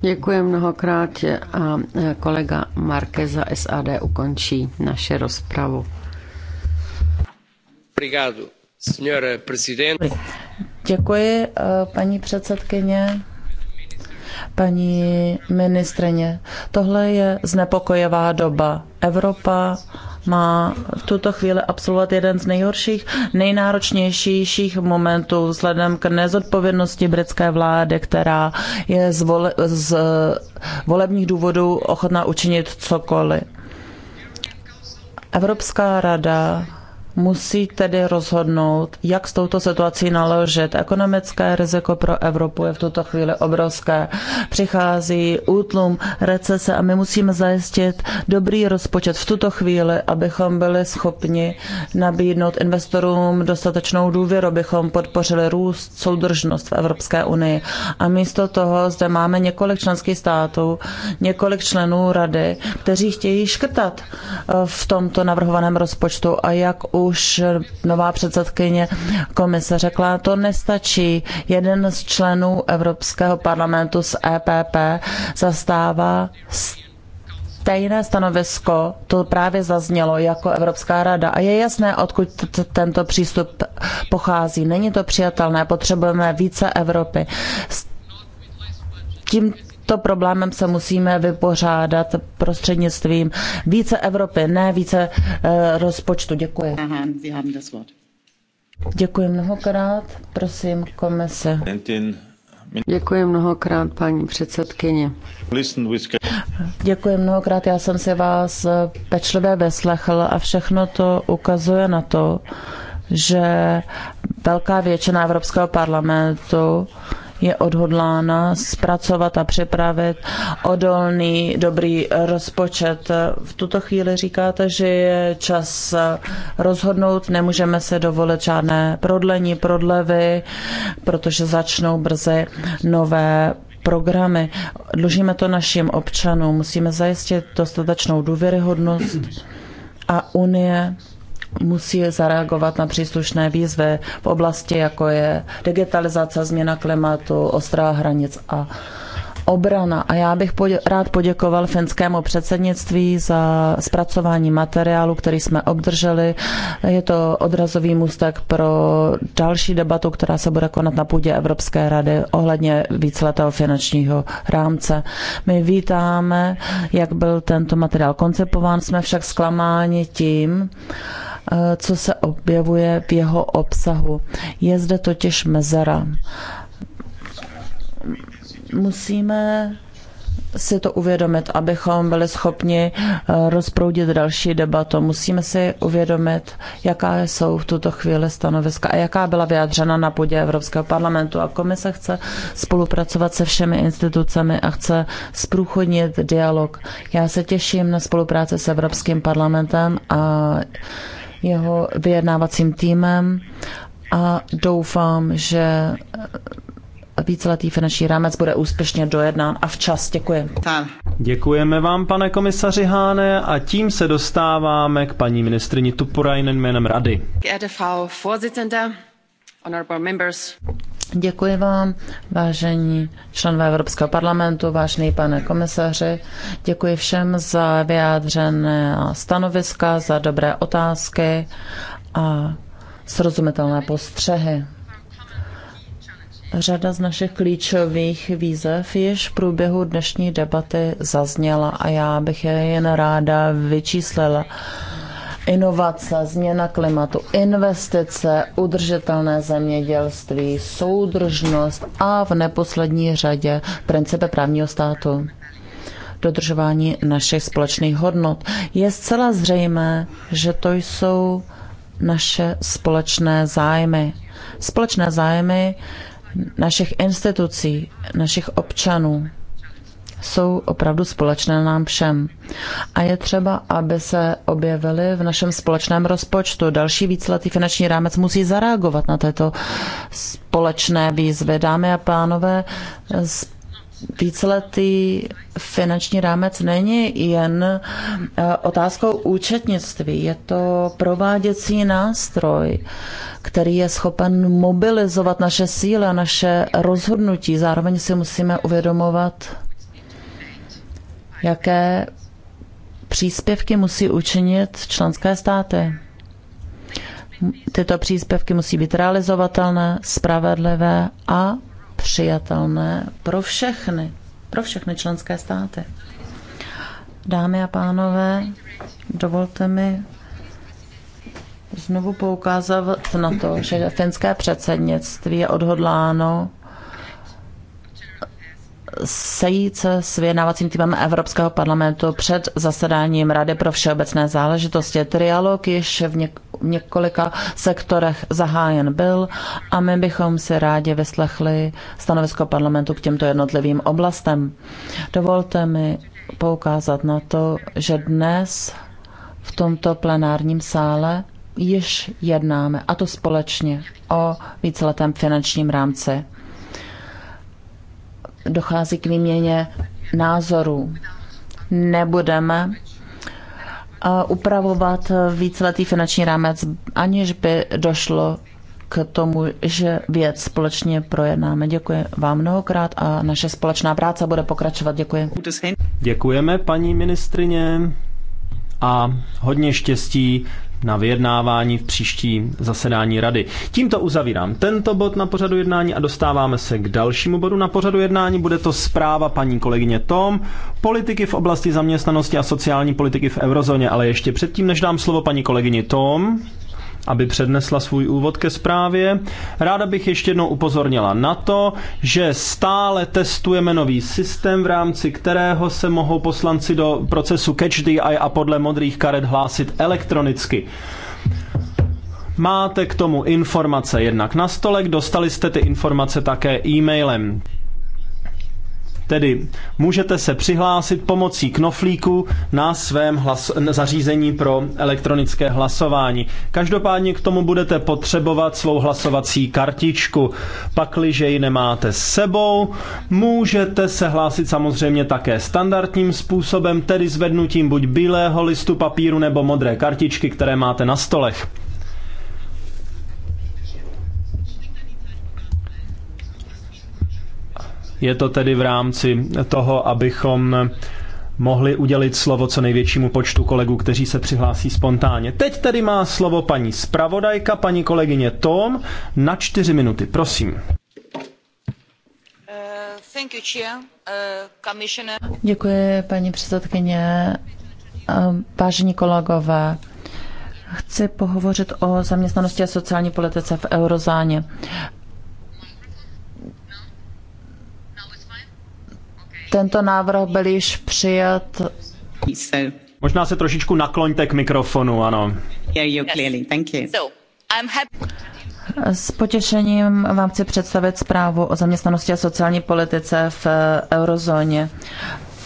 Děkuji mnohokrát a kolega Markeza SAD ukončí naše rozpravu. Obrigado, senhora presidente. Děkuji, eh, paní předsedkyně paní ministrině. Tohle je znepokojivá doba. Evropa má v tuto chvíli absolvovat jeden z nejhorších, nejnáročnějších momentů vzhledem k nezodpovědnosti britské vlády, která je z, vole, z eh, volebních důvodů ochotná učinit cokoliv. Evropská rada musí tedy rozhodnout, jak s touto situací naložit. Ekonomické riziko pro Evropu je v tuto chvíli obrovské. Přichází útlum, recese a my musíme zajistit dobrý rozpočet v tuto chvíli, abychom byli schopni nabídnout investorům dostatečnou důvěru, abychom podpořili růst, soudržnost v Evropské unii. A místo toho zde máme několik členských států, několik členů rady, kteří chtějí škrtat eh, v tomto navrhovaném rozpočtu a jak u už nová předsedkyně komise řekla, to nestačí. Jeden z členů Evropského parlamentu z EPP zastává stejné stanovisko, to právě zaznělo jako Evropská rada a je jasné, odkud tento přístup pochází. Není to přijatelné, potřebujeme více Evropy. S tím tímto problémem se musíme vypořádat prostřednictvím více Evropy, ne více eh, rozpočtu. Děkuji. Uh-huh. Děkuji mnohokrát. Prosím, komise. Děkuji mnohokrát, paní předsedkyně. Děkuji mnohokrát, já jsem si vás eh, pečlivě vyslechl a všechno to ukazuje na to, že velká většina Evropského parlamentu je odhodlána zpracovat a připravit odolný, dobrý rozpočet. V tuto chvíli říkáte, že je čas rozhodnout, nemůžeme se dovolit žádné prodlení, prodlevy, protože začnou brzy nové programy. Dlužíme to našim občanům, musíme zajistit dostatečnou důvěryhodnost a Unie musí zareagovat na příslušné výzvy v oblasti, jako je digitalizace, změna klimatu, ostrá hranic a obrana. A já bych rád poděkoval finskému předsednictví za zpracování materiálu, který jsme obdrželi. Je to odrazový můstek pro další debatu, která se bude konat na půdě Evropské rady ohledně víceletého finančního rámce. My vítáme, jak byl tento materiál koncipován, jsme však zklamáni tím, Eh, co se objevuje v jeho obsahu. Je zde totiž mezera. Musíme si to uvědomit, abychom byli schopni eh, rozproudit další debatu. Musíme si uvědomit, jaká jsou v tuto chvíli stanoviska a jaká byla vyjádřena na půdě Evropského parlamentu. A komise chce spolupracovat se všemi institucemi a chce zprůchodnit dialog. Já se těším na spolupráci s Evropským parlamentem a jeho vyjednávacím týmem a doufám, že víceletý finanční rámec bude úspěšně dojednán a včas. Děkuji. Děkujeme vám, pane komisaři Háne, a tím se dostáváme k paní ministrině Tupurajnen jménem Rady. Děkuji vám, vážení členové Evropského parlamentu, vážený pane komisaři. Děkuji všem za vyjádřené stanoviska, za dobré otázky a srozumitelné postřehy. Řada z našich klíčových výzev již v průběhu dnešní debaty zazněla a já bych je jen ráda vyčíslila inovace, změna klimatu, investice, udržitelné zemědělství, soudržnost a v neposlední řadě principy právního státu. Dodržování našich společných hodnot. Je zcela zřejmé, že to jsou naše společné zájmy. Společné zájmy našich institucí, našich občanů jsou opravdu společné nám všem. A je třeba, aby se objevily v našem společném rozpočtu. Další víceletý finanční rámec musí zareagovat na této společné výzvy. Dámy a pánové, víceletý finanční rámec není jen eh, otázkou účetnictví, je to prováděcí nástroj, který je schopen mobilizovat naše síly a naše rozhodnutí. Zároveň si musíme uvědomovat, jaké příspěvky musí učinit členské státy. Tyto příspěvky musí být realizovatelné, spravedlivé a přijatelné pro všechny, pro všechny členské státy. Dámy a pánové, dovolte mi znovu poukázat na to, že finské předsednictví je odhodláno sejít se s vyjednávacím týmem Evropského parlamentu před zasedáním Rady pro všeobecné záležitosti. Trialog již v, něk- v několika sektorech zahájen byl a my bychom si rádi vyslechli stanovisko parlamentu k těmto jednotlivým oblastem. Dovolte mi poukázat na to, že dnes v tomto plenárním sále již jednáme, a to společně, o víceletém finančním rámci dochází k výměně názorů. Nebudeme eh, upravovat víceletý finanční rámec, aniž by došlo k tomu, že věc společně projednáme. Děkuji vám mnohokrát a naše společná práce bude pokračovat. Děkuji. Děkujeme, paní ministrině, a hodně štěstí na vyjednávání v příští zasedání rady. Tímto uzavírám tento bod na pořadu jednání a dostáváme se k dalšímu bodu na pořadu jednání. Bude to zpráva paní kolegyně Tom, politiky v oblasti zaměstnanosti a sociální politiky v eurozóně, ale ještě předtím, než dám slovo paní kolegyni Tom, aby přednesla svůj úvod ke zprávě. Ráda bych ještě jednou upozornila na to, že stále testujeme nový systém, v rámci kterého se mohou poslanci do procesu Catch the Eye a podle modrých karet hlásit elektronicky. Máte k tomu informace jednak na stolek, dostali jste ty informace také e-mailem. Tedy můžete se přihlásit pomocí knoflíku na svém hlas- zařízení pro elektronické hlasování. Každopádně k tomu budete potřebovat svou hlasovací kartičku. Pakliže ji nemáte s sebou, můžete se hlásit samozřejmě také standardním způsobem, tedy zvednutím buď bílého listu papíru nebo modré kartičky, které máte na stolech. Je to tedy v rámci toho, abychom mohli udělit slovo co největšímu počtu kolegů, kteří se přihlásí spontánně. Teď tedy má slovo paní zpravodajka, paní kolegyně Tom, na čtyři minuty, prosím. Uh, uh, Děkuji, paní předsedkyně. Uh, vážení kolegové, chci pohovořit o zaměstnanosti a sociální politice v eurozóně. Tento návrh byl již přijat. Možná se trošičku nakloňte k mikrofonu, ano. S potěšením vám chci představit zprávu o zaměstnanosti a sociální politice v eh, eurozóně.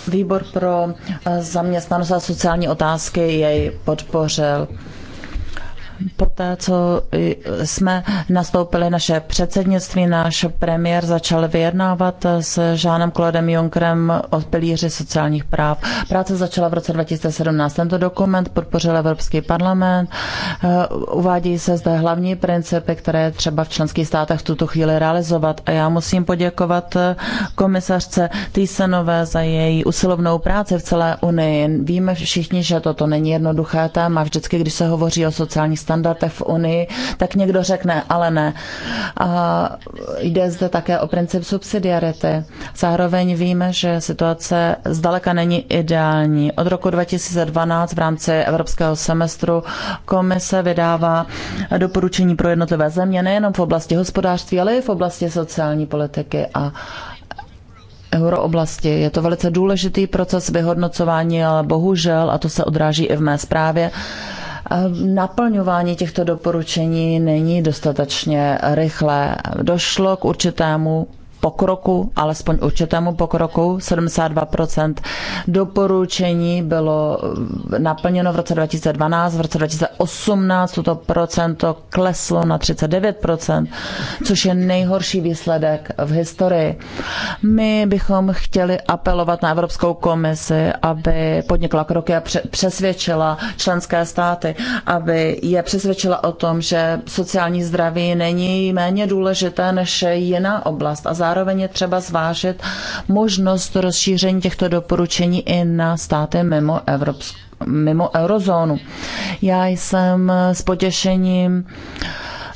Výbor pro eh, zaměstnanost a sociální otázky jej podpořil. Poté, co jsme nastoupili naše předsednictví, náš premiér začal vyjednávat s Žánem Klodem Junkrem o pilíři sociálních práv. Práce začala v roce 2017. Tento dokument podpořil Evropský parlament. Eh, uvádí se zde hlavní principy, které třeba v členských státech v tuto chvíli realizovat. A já musím poděkovat eh, komisařce Týsenové za její usilovnou práci v celé Unii. Víme všichni, že toto není jednoduché téma. Vždycky, když se hovoří o sociálních státech, standardech v Unii, tak někdo řekne, ale ne. A jde zde také o princip subsidiarity. Zároveň víme, že situace zdaleka není ideální. Od roku 2012 v rámci evropského semestru komise vydává doporučení pro jednotlivé země nejenom v oblasti hospodářství, ale i v oblasti sociální politiky a eurooblasti. Je to velice důležitý proces vyhodnocování, ale bohužel, a to se odráží i v mé zprávě, Ehm, naplňování těchto doporučení není dostatečně rychlé. Došlo k určitému pokroku, alespoň určitému pokroku. 72% doporučení bylo eh, naplněno v roce 2012, v roce 2018 toto procento kleslo na 39%, což je nejhorší výsledek v historii. My bychom chtěli apelovat na Evropskou komisi, aby podnikla kroky a přesvědčila členské státy, aby je přesvědčila o tom, že sociální zdraví není méně důležité než jiná oblast a zároveň zároveň je třeba zvážit možnost rozšíření těchto doporučení i na státy mimo Evropskou mimo eurozónu. Já jsem s potěšením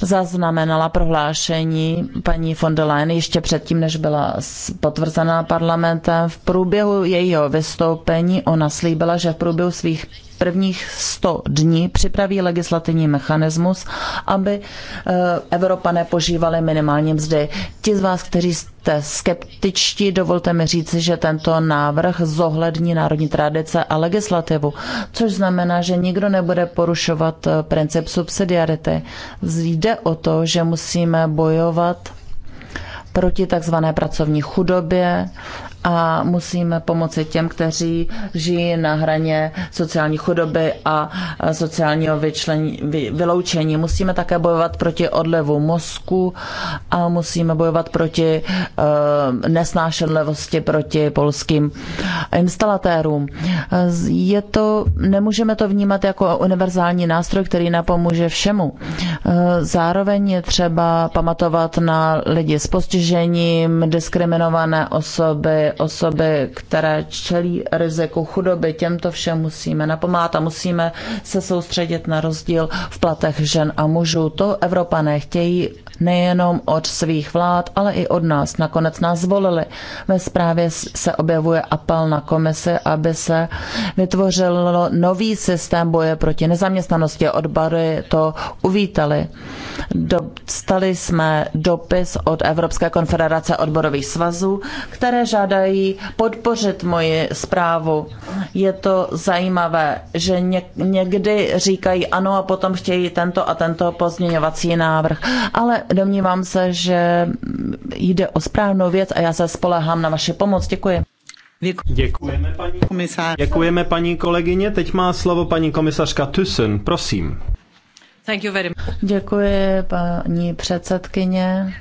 zaznamenala prohlášení paní von der Leyen ještě předtím, než byla potvrzená parlamentem. V průběhu jejího vystoupení ona slíbila, že v průběhu svých prvních 100 dní připraví legislativní mechanismus, aby eh, Evropa nepožívaly minimální mzdy. Ti z vás, kteří jste skeptičtí, dovolte mi říci, že tento návrh zohlední národní tradice a legislativu, což znamená, že nikdo nebude porušovat eh, princip subsidiarity. Jde o to, že musíme bojovat proti takzvané pracovní chudobě a musíme pomoci těm, kteří žijí na hraně sociální chudoby a sociálního vyčlení, vy, vyloučení. Musíme také bojovat proti odlevu mozku a musíme bojovat proti uh, nesnášenlivosti proti polským instalatérům. Eh, je to, nemůžeme to vnímat jako univerzální nástroj, který napomůže všemu. Uh, zároveň je třeba pamatovat na lidi s postižením, diskriminované osoby, osoby, které čelí riziku chudoby, těmto všem musíme napomáhat a musíme se soustředit na rozdíl v platech žen a mužů. To Evropané chtějí nejenom od svých vlád, ale i od nás. Nakonec nás volili. Ve zprávě se objevuje apel na komise, aby se vytvořil nový systém boje proti nezaměstnanosti. Odbory to uvítali. Dostali jsme dopis od Evropské konfederace odborových svazů, které žádají dají podpořit moji zprávu. Je to zajímavé, že někdy říkají ano a potom chtějí tento a tento pozměňovací návrh. Ale domnívám se, že jde o správnou věc a já se spolehám na vaši pomoc. Děkuji. Děkujeme paní, komisář. Děkujeme paní kolegyně. Teď má slovo paní komisařka Thyssen. Prosím. Thank you very much. Děkuji paní předsedkyně.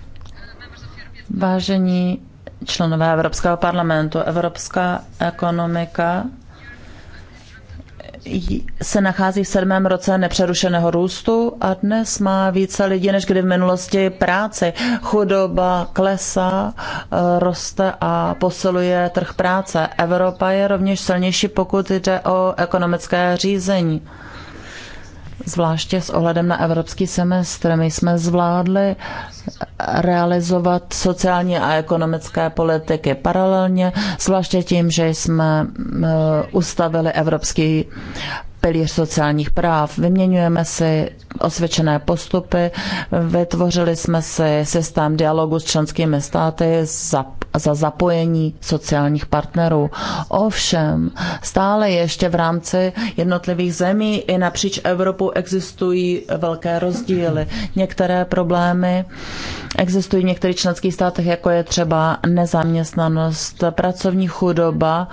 Vážení členové Evropského parlamentu. Evropská ekonomika se nachází v sedmém roce nepřerušeného růstu a dnes má více lidí než kdy v minulosti práci. Chudoba klesá, eh, roste a posiluje trh práce. Evropa je rovněž silnější, pokud jde o ekonomické řízení zvláště s ohledem na evropský semestr. My jsme zvládli realizovat sociální a ekonomické politiky paralelně, zvláště tím, že jsme ustavili evropský pilíř sociálních práv. Vyměňujeme si osvědčené postupy. Vytvořili jsme si systém dialogu s členskými státy za, za zapojení sociálních partnerů. Ovšem, stále ještě v rámci jednotlivých zemí i napříč Evropu existují velké rozdíly. Některé problémy existují v některých členských státech, jako je třeba nezaměstnanost, pracovní chudoba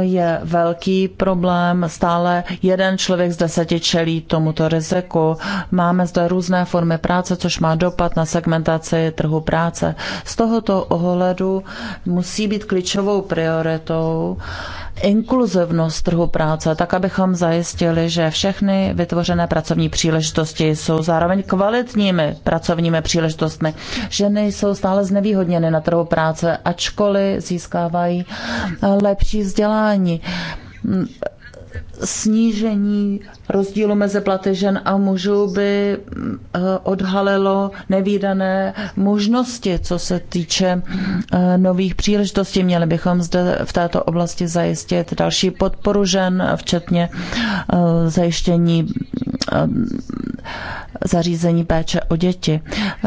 je velký problém. Stále jeden člověk z deseti čelí tomuto riziku. Máme zde různé formy práce, což má dopad na segmentaci trhu práce. Z tohoto ohledu musí být klíčovou prioritou inkluzivnost trhu práce, tak abychom zajistili, že všechny vytvořené pracovní příležitosti jsou zároveň kvalitními pracovními příležitostmi. Ženy jsou stále znevýhodněny na trhu práce, ačkoliv získávají lepší vzdělání snížení rozdílu mezi platy žen a mužů by eh, odhalilo nevýdané možnosti, co se týče eh, nových příležitostí. Měli bychom zde v této oblasti zajistit další podporu žen, včetně eh, zajištění zařízení péče o děti.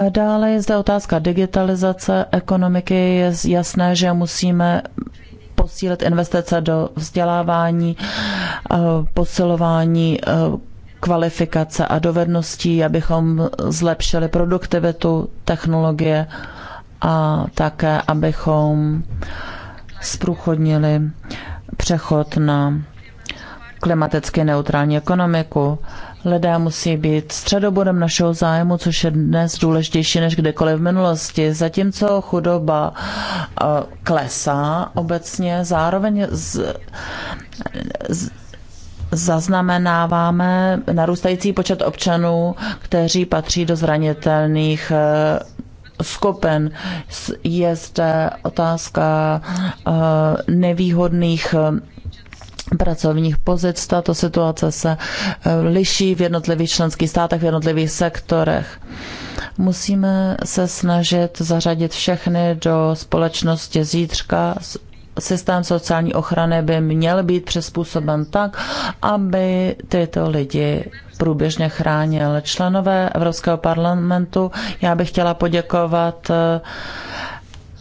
Dále je zde otázka digitalizace ekonomiky. Je jasné, že musíme posílit investice do vzdělávání, Eh, posilování eh, kvalifikace a dovedností, abychom zlepšili produktivitu technologie a také, abychom zprůchodnili přechod na klimaticky neutrální ekonomiku. Lidé musí být středobodem našeho zájmu, což je dnes důležitější než kdykoliv v minulosti. Zatímco chudoba eh, klesá obecně, zároveň z, z, zaznamenáváme narůstající počet občanů, kteří patří do zranitelných eh, skupin. Je zde otázka eh, nevýhodných eh, pracovních pozic. Tato situace se liší v jednotlivých členských státech, v jednotlivých sektorech. Musíme se snažit zařadit všechny do společnosti zítřka systém sociální ochrany by měl být přizpůsoben tak, aby tyto lidi průběžně chránil. Členové Evropského parlamentu, já bych chtěla poděkovat eh,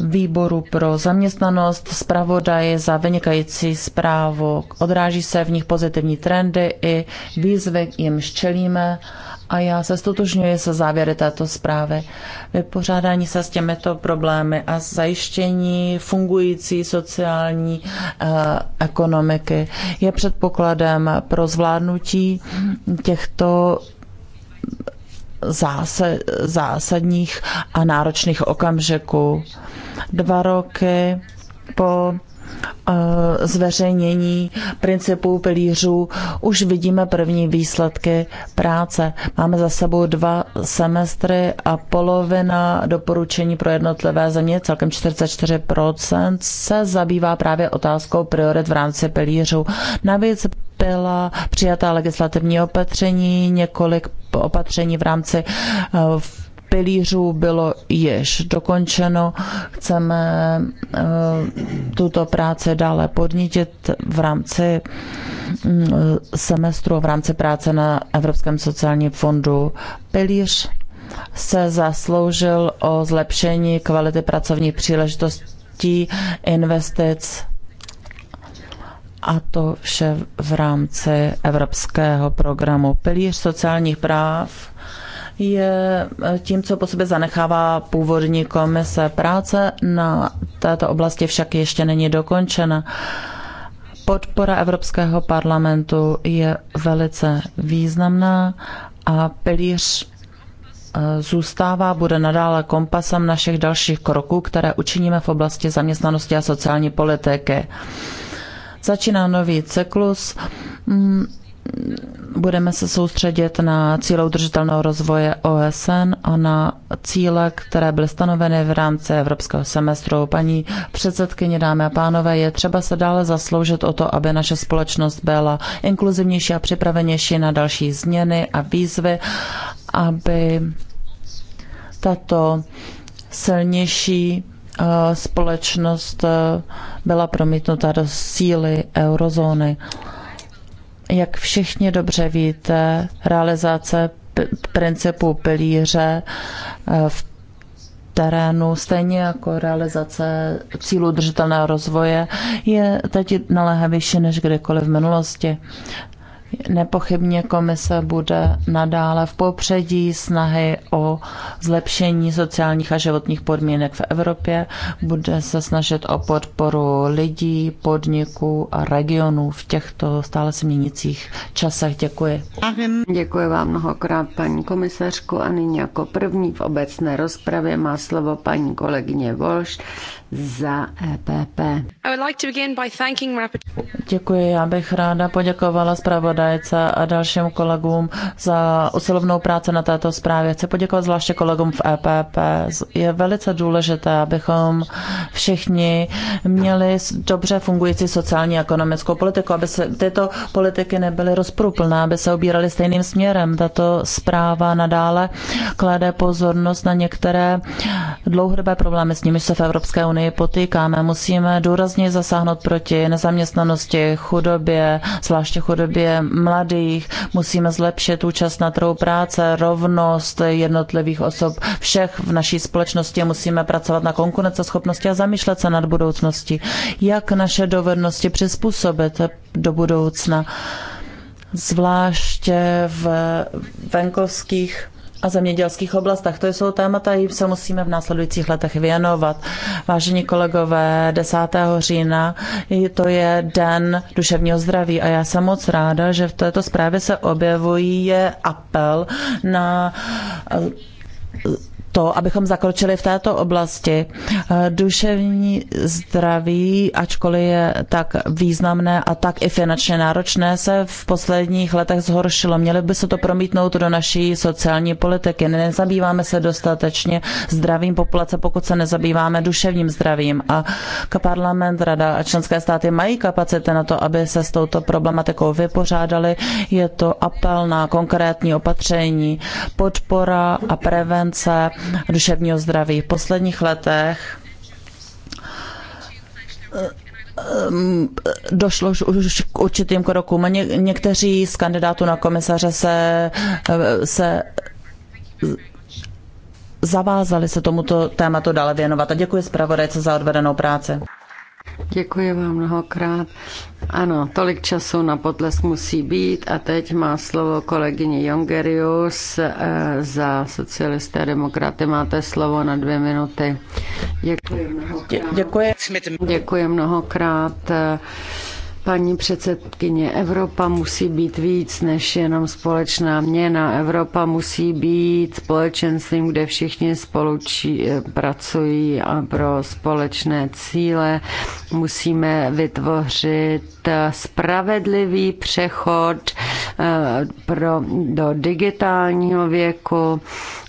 výboru pro zaměstnanost, zpravodaji za vynikající zprávu. Odráží se v nich pozitivní trendy i výzvy, jim čelíme a já se stotožňuji se závěry této zprávy. Vypořádání se s těmito problémy a zajištění fungující sociální eh, ekonomiky je předpokladem pro zvládnutí těchto zásadních a náročných okamžiků. Dva roky po zveřejnění principů pilířů už vidíme první výsledky práce. Máme za sebou dva semestry a polovina doporučení pro jednotlivé země, celkem 44%, se zabývá právě otázkou priorit v rámci pilířů. Navíc byla přijatá legislativní opatření, několik opatření v rámci eh, pilířů bylo již dokončeno. Chceme eh, tuto práci dále podnítit v rámci mm, semestru, v rámci práce na Evropském sociálním fondu pilíř se zasloužil o zlepšení kvality pracovních příležitostí, investic a to vše v rámci evropského programu Pilíř sociálních práv je tím, co po sobě zanechává původní komise. Práce na této oblasti však ještě není dokončena. Podpora Evropského parlamentu je velice významná a pilíř e, zůstává, bude nadále kompasem našich dalších kroků, které učiníme v oblasti zaměstnanosti a sociální politiky. Začíná nový cyklus mm, budeme se soustředit na cíle udržitelného rozvoje OSN a na cíle, které byly stanoveny v rámci evropského semestru. Paní předsedkyně, dámy a pánové, je třeba se dále zasloužit o to, aby naše společnost byla inkluzivnější a připravenější na další změny a výzvy, aby tato silnější eh, společnost eh, byla promítnuta do síly eurozóny. Jak všichni dobře víte, realizace principu pilíře eh, v terénu, stejně jako realizace cílu držitelného rozvoje, je teď naléhavější než kdykoliv v minulosti. Nepochybně komise bude nadále v popředí snahy o zlepšení sociálních a životních podmínek v Evropě. Bude se snažit o podporu lidí, podniků a regionů v těchto stále se měnících časech. Děkuji. Děkuji vám mnohokrát, paní komisařku. A nyní jako první v obecné rozpravě má slovo paní kolegyně Volš za EPP. Děkuji, já bych ráda poděkovala zpravodajce a dalším kolegům za usilovnou práci na této zprávě. Chci poděkovat zvláště kolegům v EPP. Je velice důležité, abychom všichni měli dobře fungující sociální a ekonomickou politiku, aby se tyto politiky nebyly rozprůplné, aby se obíraly stejným směrem. Tato zpráva nadále klade pozornost na některé dlouhodobé problémy, s nimiž se v Evropské unii unii potýkáme. Musíme důrazně zasáhnout proti nezaměstnanosti, chudobě, zvláště chudobě mladých. Musíme zlepšit účast na trhu práce, rovnost jednotlivých osob, všech v naší společnosti. Musíme pracovat na konkurenceschopnosti a zamýšlet se nad budoucností. Jak naše dovednosti přizpůsobit do budoucna, zvláště v venkovských a zemědělských oblastech. To jsou témata, jim se musíme v následujících letech věnovat. Vážení kolegové, 10. října to je den duševního zdraví a já jsem moc ráda, že v této zprávě se objevují apel na to, abychom zakročili v této oblasti. Eh, duševní zdraví, ačkoliv je tak významné a tak i finančně náročné, se v posledních letech zhoršilo. Měli by se to promítnout do naší sociální politiky. Nezabýváme se dostatečně zdravím populace, pokud se nezabýváme duševním zdravím. A parlament, rada a členské státy mají kapacity na to, aby se s touto problematikou vypořádali. Je to apel na konkrétní opatření, podpora a prevence duševního zdraví. V posledních letech eh, došlo už k určitým krokům. Ně, někteří z kandidátů na komisaře se, eh, se zavázali se tomuto tématu dále věnovat. A děkuji zpravodajce za odvedenou práci. Děkuji vám mnohokrát. Ano, tolik času na potlesk musí být a teď má slovo kolegyně Jongerius eh, za socialisté demokraty. Máte slovo na dvě minuty. Děkuji mnohokrát. Děkuji. Děkuji mnohokrát Paní předsedkyně, Evropa musí být víc než jenom společná měna. Evropa musí být společenstvím, kde všichni spolučí, eh, pracují a pro společné cíle. Musíme vytvořit eh, spravedlivý přechod Eh, pro, do digitálního věku,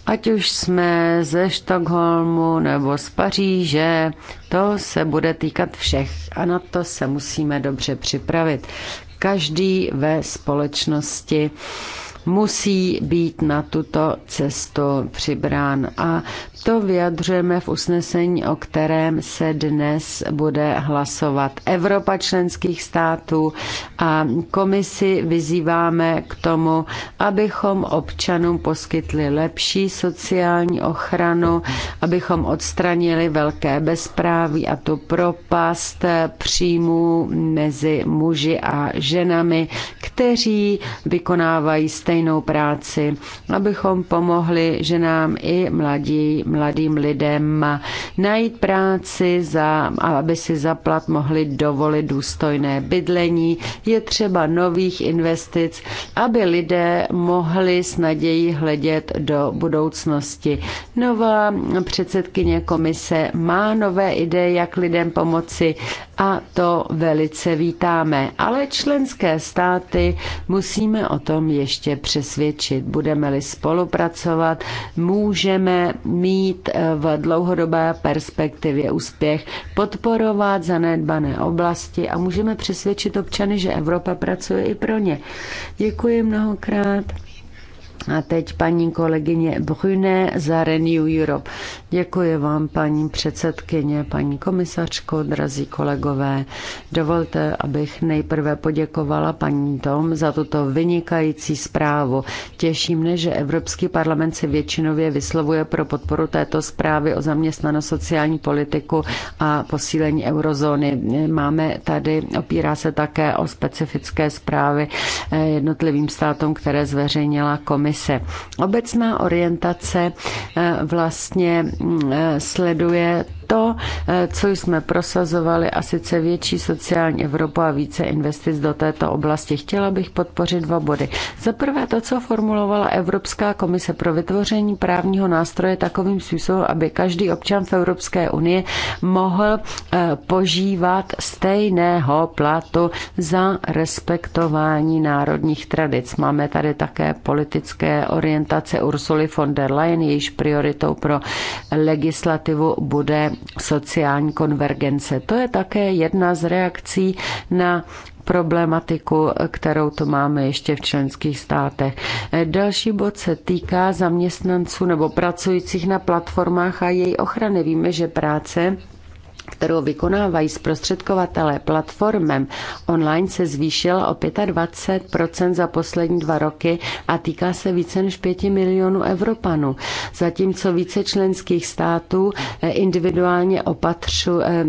ať už jsme ze Štokholmu nebo z Paříže, to se bude týkat všech a na to se musíme dobře připravit. Každý ve společnosti musí být na tuto cestu přibrán a to vyjadřujeme v usnesení, o kterém se dnes bude hlasovat Evropa členských států a komisi vyzýváme k tomu, abychom občanům poskytli lepší sociální ochranu, abychom odstranili velké bezpráví a tu propast příjmů mezi muži a ženami, kteří vykonávají stejnou práci, abychom pomohli ženám i mladí mladým lidem najít práci, za, aby si zaplat mohli dovolit důstojné bydlení. Je třeba nových investic, aby lidé mohli s nadějí hledět do budoucnosti. Nová předsedkyně komise má nové ideje, jak lidem pomoci a to velice vítáme. Ale členské státy musíme o tom ještě přesvědčit. Budeme-li spolupracovat, můžeme mít mít eh, v dlouhodobé perspektivě úspěch, podporovat zanedbané oblasti a můžeme přesvědčit občany, že Evropa pracuje i pro ně. Děkuji mnohokrát. A teď paní kolegyně Brune za Renew Europe. Děkuji vám, paní předsedkyně, paní komisařko, drazí kolegové. Dovolte, abych nejprve poděkovala paní Tom za tuto vynikající zprávu. Těší mne, že Evropský parlament se většinově vyslovuje pro podporu této zprávy o zaměstnanost sociální politiku a posílení eurozóny. Máme tady, opírá se také o specifické zprávy eh, jednotlivým státům, které zveřejnila komise komise. Obecná orientace eh, vlastně mm, eh, sleduje to, eh, co jsme prosazovali, a sice větší sociální Evropu a více investic do této oblasti. Chtěla bych podpořit dva body. Za prvé to, co formulovala Evropská komise pro vytvoření právního nástroje takovým způsobem, aby každý občan v Evropské unii mohl eh, požívat stejného platu za respektování národních tradic. Máme tady také politické orientace Ursuly von der Leyen, jejíž prioritou pro legislativu bude sociální konvergence. To je také jedna z reakcí na problematiku, kterou to máme ještě v členských státech. Další bod se týká zaměstnanců nebo pracujících na platformách a její ochrany. Víme, že práce kterou vykonávají zprostředkovatelé platformem online, se zvýšila o 25 za poslední dva roky a týká se více než 5 milionů Evropanů. Zatímco více členských států eh, individuálně opatřu, eh,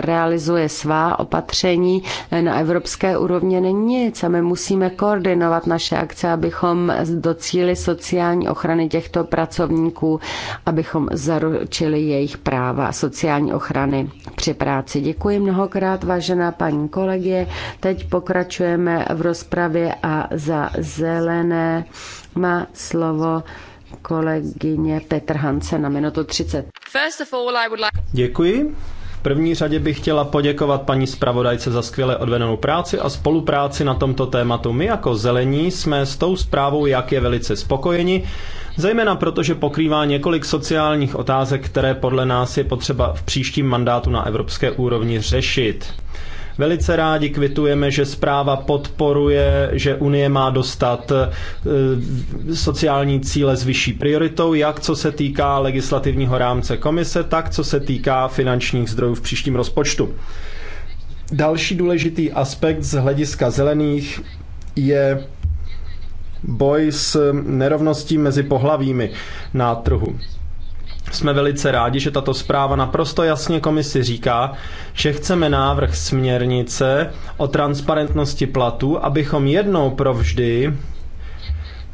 realizuje svá opatření eh, na evropské úrovně není nic a my musíme koordinovat naše akce, abychom docíli sociální ochrany těchto pracovníků, abychom zaručili jejich práva sociální ochrany při práci. Děkuji mnohokrát, vážená paní kolegie. Teď pokračujeme v rozpravě a za zelené má slovo kolegyně Petr Hance na minutu 30. Děkuji první řadě bych chtěla poděkovat paní zpravodajce za skvěle odvedenou práci a spolupráci na tomto tématu. My jako zelení jsme s tou zprávou, jak je velice spokojeni, zejména protože pokrývá několik sociálních otázek, které podle nás je potřeba v příštím mandátu na evropské úrovni řešit. Velice rádi kvitujeme, že zpráva podporuje, že Unie má dostat e, sociální cíle s vyšší prioritou, jak co se týká legislativního rámce komise, tak co se týká finančních zdrojů v příštím rozpočtu. Další důležitý aspekt z hlediska zelených je boj s nerovností mezi pohlavími na trhu jsme velice rádi, že tato zpráva naprosto jasně komisi říká, že chceme návrh směrnice o transparentnosti platů, abychom jednou provždy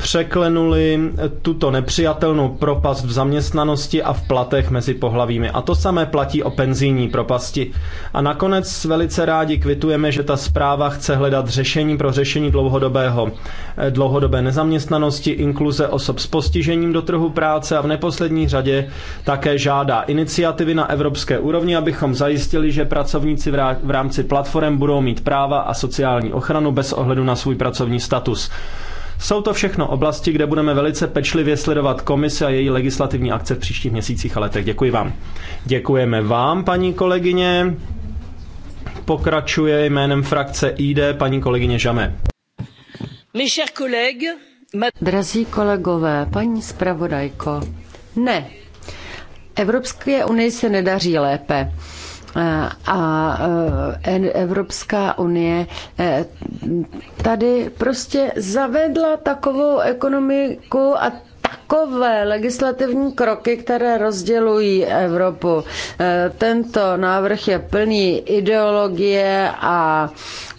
překlenuli tuto nepřijatelnou propast v zaměstnanosti a v platech mezi pohlavími. A to samé platí o penzijní propasti. A nakonec velice rádi kvitujeme, že ta zpráva chce hledat řešení pro řešení dlouhodobého, eh, dlouhodobé nezaměstnanosti, inkluze osob s postižením do trhu práce a v neposlední řadě také žádá iniciativy na evropské úrovni, abychom zajistili, že pracovníci v rámci platform budou mít práva a sociální ochranu bez ohledu na svůj pracovní status. Jsou to všechno oblasti, kde budeme velice pečlivě sledovat komise a její legislativní akce v příštích měsících a letech. Děkuji vám. Děkujeme vám, paní kolegyně. Pokračuje jménem frakce ID paní kolegyně Žame. Drazí kolegové, paní zpravodajko, ne, Evropské unii se nedaří lépe a e, Evropská unie e, tady prostě zavedla takovou ekonomiku a takové legislativní kroky, které rozdělují Evropu. E, tento návrh je plný ideologie a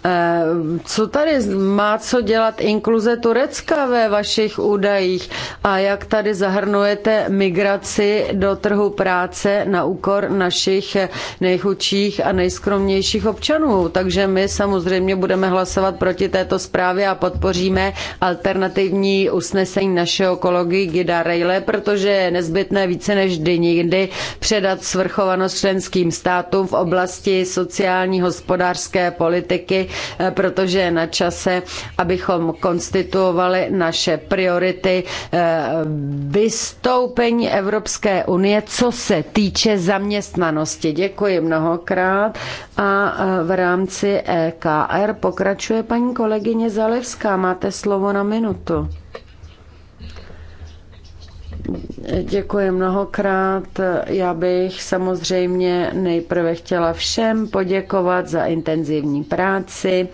e, co tady má co dělat inkluze Turecka ve vašich údajích a jak tady zahrnujete migraci do trhu práce na úkor našich nejchudších a nejskromnějších občanů. Takže my samozřejmě budeme hlasovat proti této zprávě a podpoříme alternativní usnesení našeho kolegy Davida Rejle, protože je nezbytné více než kdy nikdy předat svrchovanost členským státům v oblasti sociální hospodářské politiky, eh, protože je na čase, abychom konstituovali naše priority eh, vystoupení Evropské unie, co se týče zaměstnanosti. Děkuji mnohokrát a eh, v rámci EKR pokračuje paní kolegyně Zalevská. Máte slovo na minutu. Děkuji mnohokrát. Já bych samozřejmě nejprve chtěla všem poděkovat za intenzivní práci,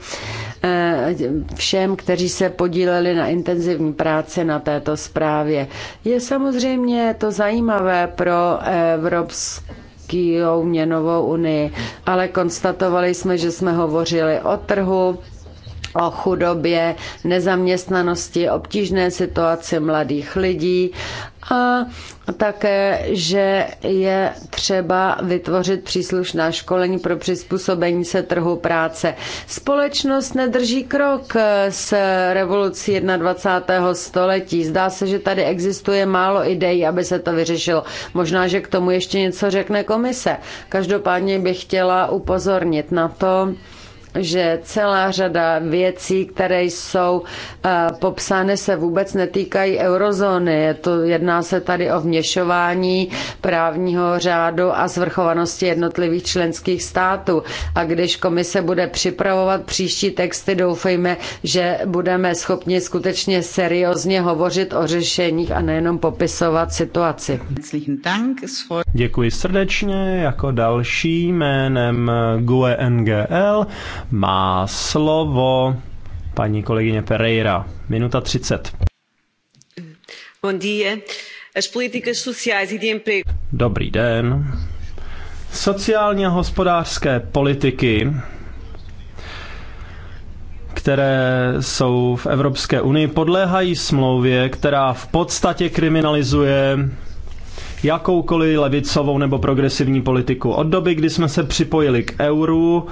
eh, všem, kteří se podíleli na intenzivní práci na této zprávě. Je samozřejmě to zajímavé pro Evropskou měnovou unii, ale konstatovali jsme, že jsme hovořili o trhu, o chudobě, nezaměstnanosti, obtížné situaci mladých lidí a také, že je třeba vytvořit příslušná školení pro přizpůsobení se trhu práce. Společnost nedrží krok s revolucí 21. století. Zdá se, že tady existuje málo ideí, aby se to vyřešilo. Možná, že k tomu ještě něco řekne komise. Každopádně bych chtěla upozornit na to, že celá řada věcí, které jsou eh, popsány, se vůbec netýkají eurozóny. Je to, jedná se tady o vměšování právního řádu a svrchovanosti jednotlivých členských států. A když komise bude připravovat příští texty, doufejme, že budeme schopni skutečně seriózně hovořit o řešeních a nejenom popisovat situaci. Děkuji srdečně. Jako další jménem GUE NGL má slovo paní kolegyně Pereira. Minuta 30. Bon dia. As políticas sociais e de emprego. Dobrý den. Sociální a hospodářské politiky které jsou v Evropské unii, podléhají smlouvě, která v podstatě kriminalizuje jakoukoliv levicovou nebo progresivní politiku. Od doby, kdy jsme se připojili k euru,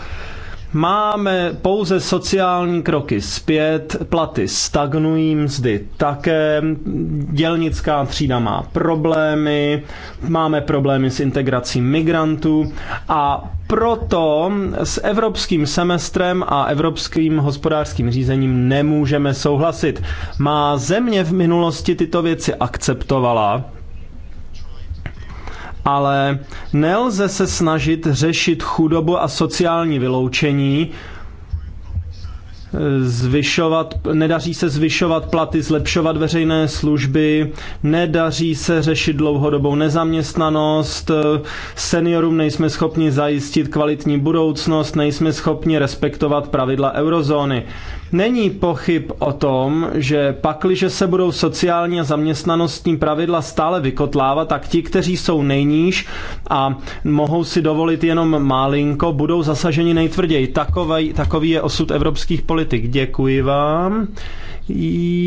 Máme pouze sociální kroky zpět, platy stagnují, mzdy také, dělnická třída má problémy, máme problémy s integrací migrantů a proto s evropským semestrem a evropským hospodářským řízením nemůžeme souhlasit. Má země v minulosti tyto věci akceptovala ale nelze se snažit řešit chudobu a sociální vyloučení, e, zvyšovat, nedaří se zvyšovat platy, zlepšovat veřejné služby, nedaří se řešit dlouhodobou nezaměstnanost, e, seniorům nejsme schopni zajistit kvalitní budoucnost, nejsme schopni respektovat pravidla eurozóny. Není pochyb o tom, že pakliže se budou sociální a zaměstnanostní pravidla stále vykotlávat, tak ti, kteří jsou nejníž a mohou si dovolit jenom malinko, budou zasaženi nejtvrději. Takový, takový je osud evropských politik. Děkuji vám.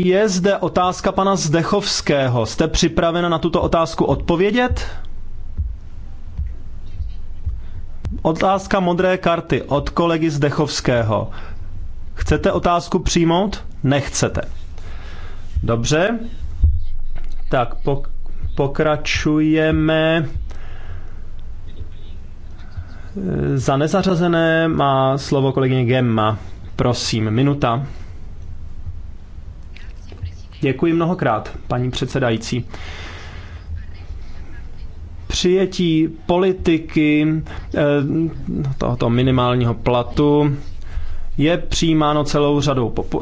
Je zde otázka pana Zdechovského. Jste připravena na tuto otázku odpovědět? Otázka modré karty od kolegy Zdechovského. Chcete otázku přijmout? Nechcete. Dobře. Tak pok- pokračujeme. E, za nezařazené má slovo kolegyně Gemma. Prosím, minuta. Děkuji mnohokrát, paní předsedající. Přijetí politiky e, tohoto minimálního platu je přijímáno celou řadou eh,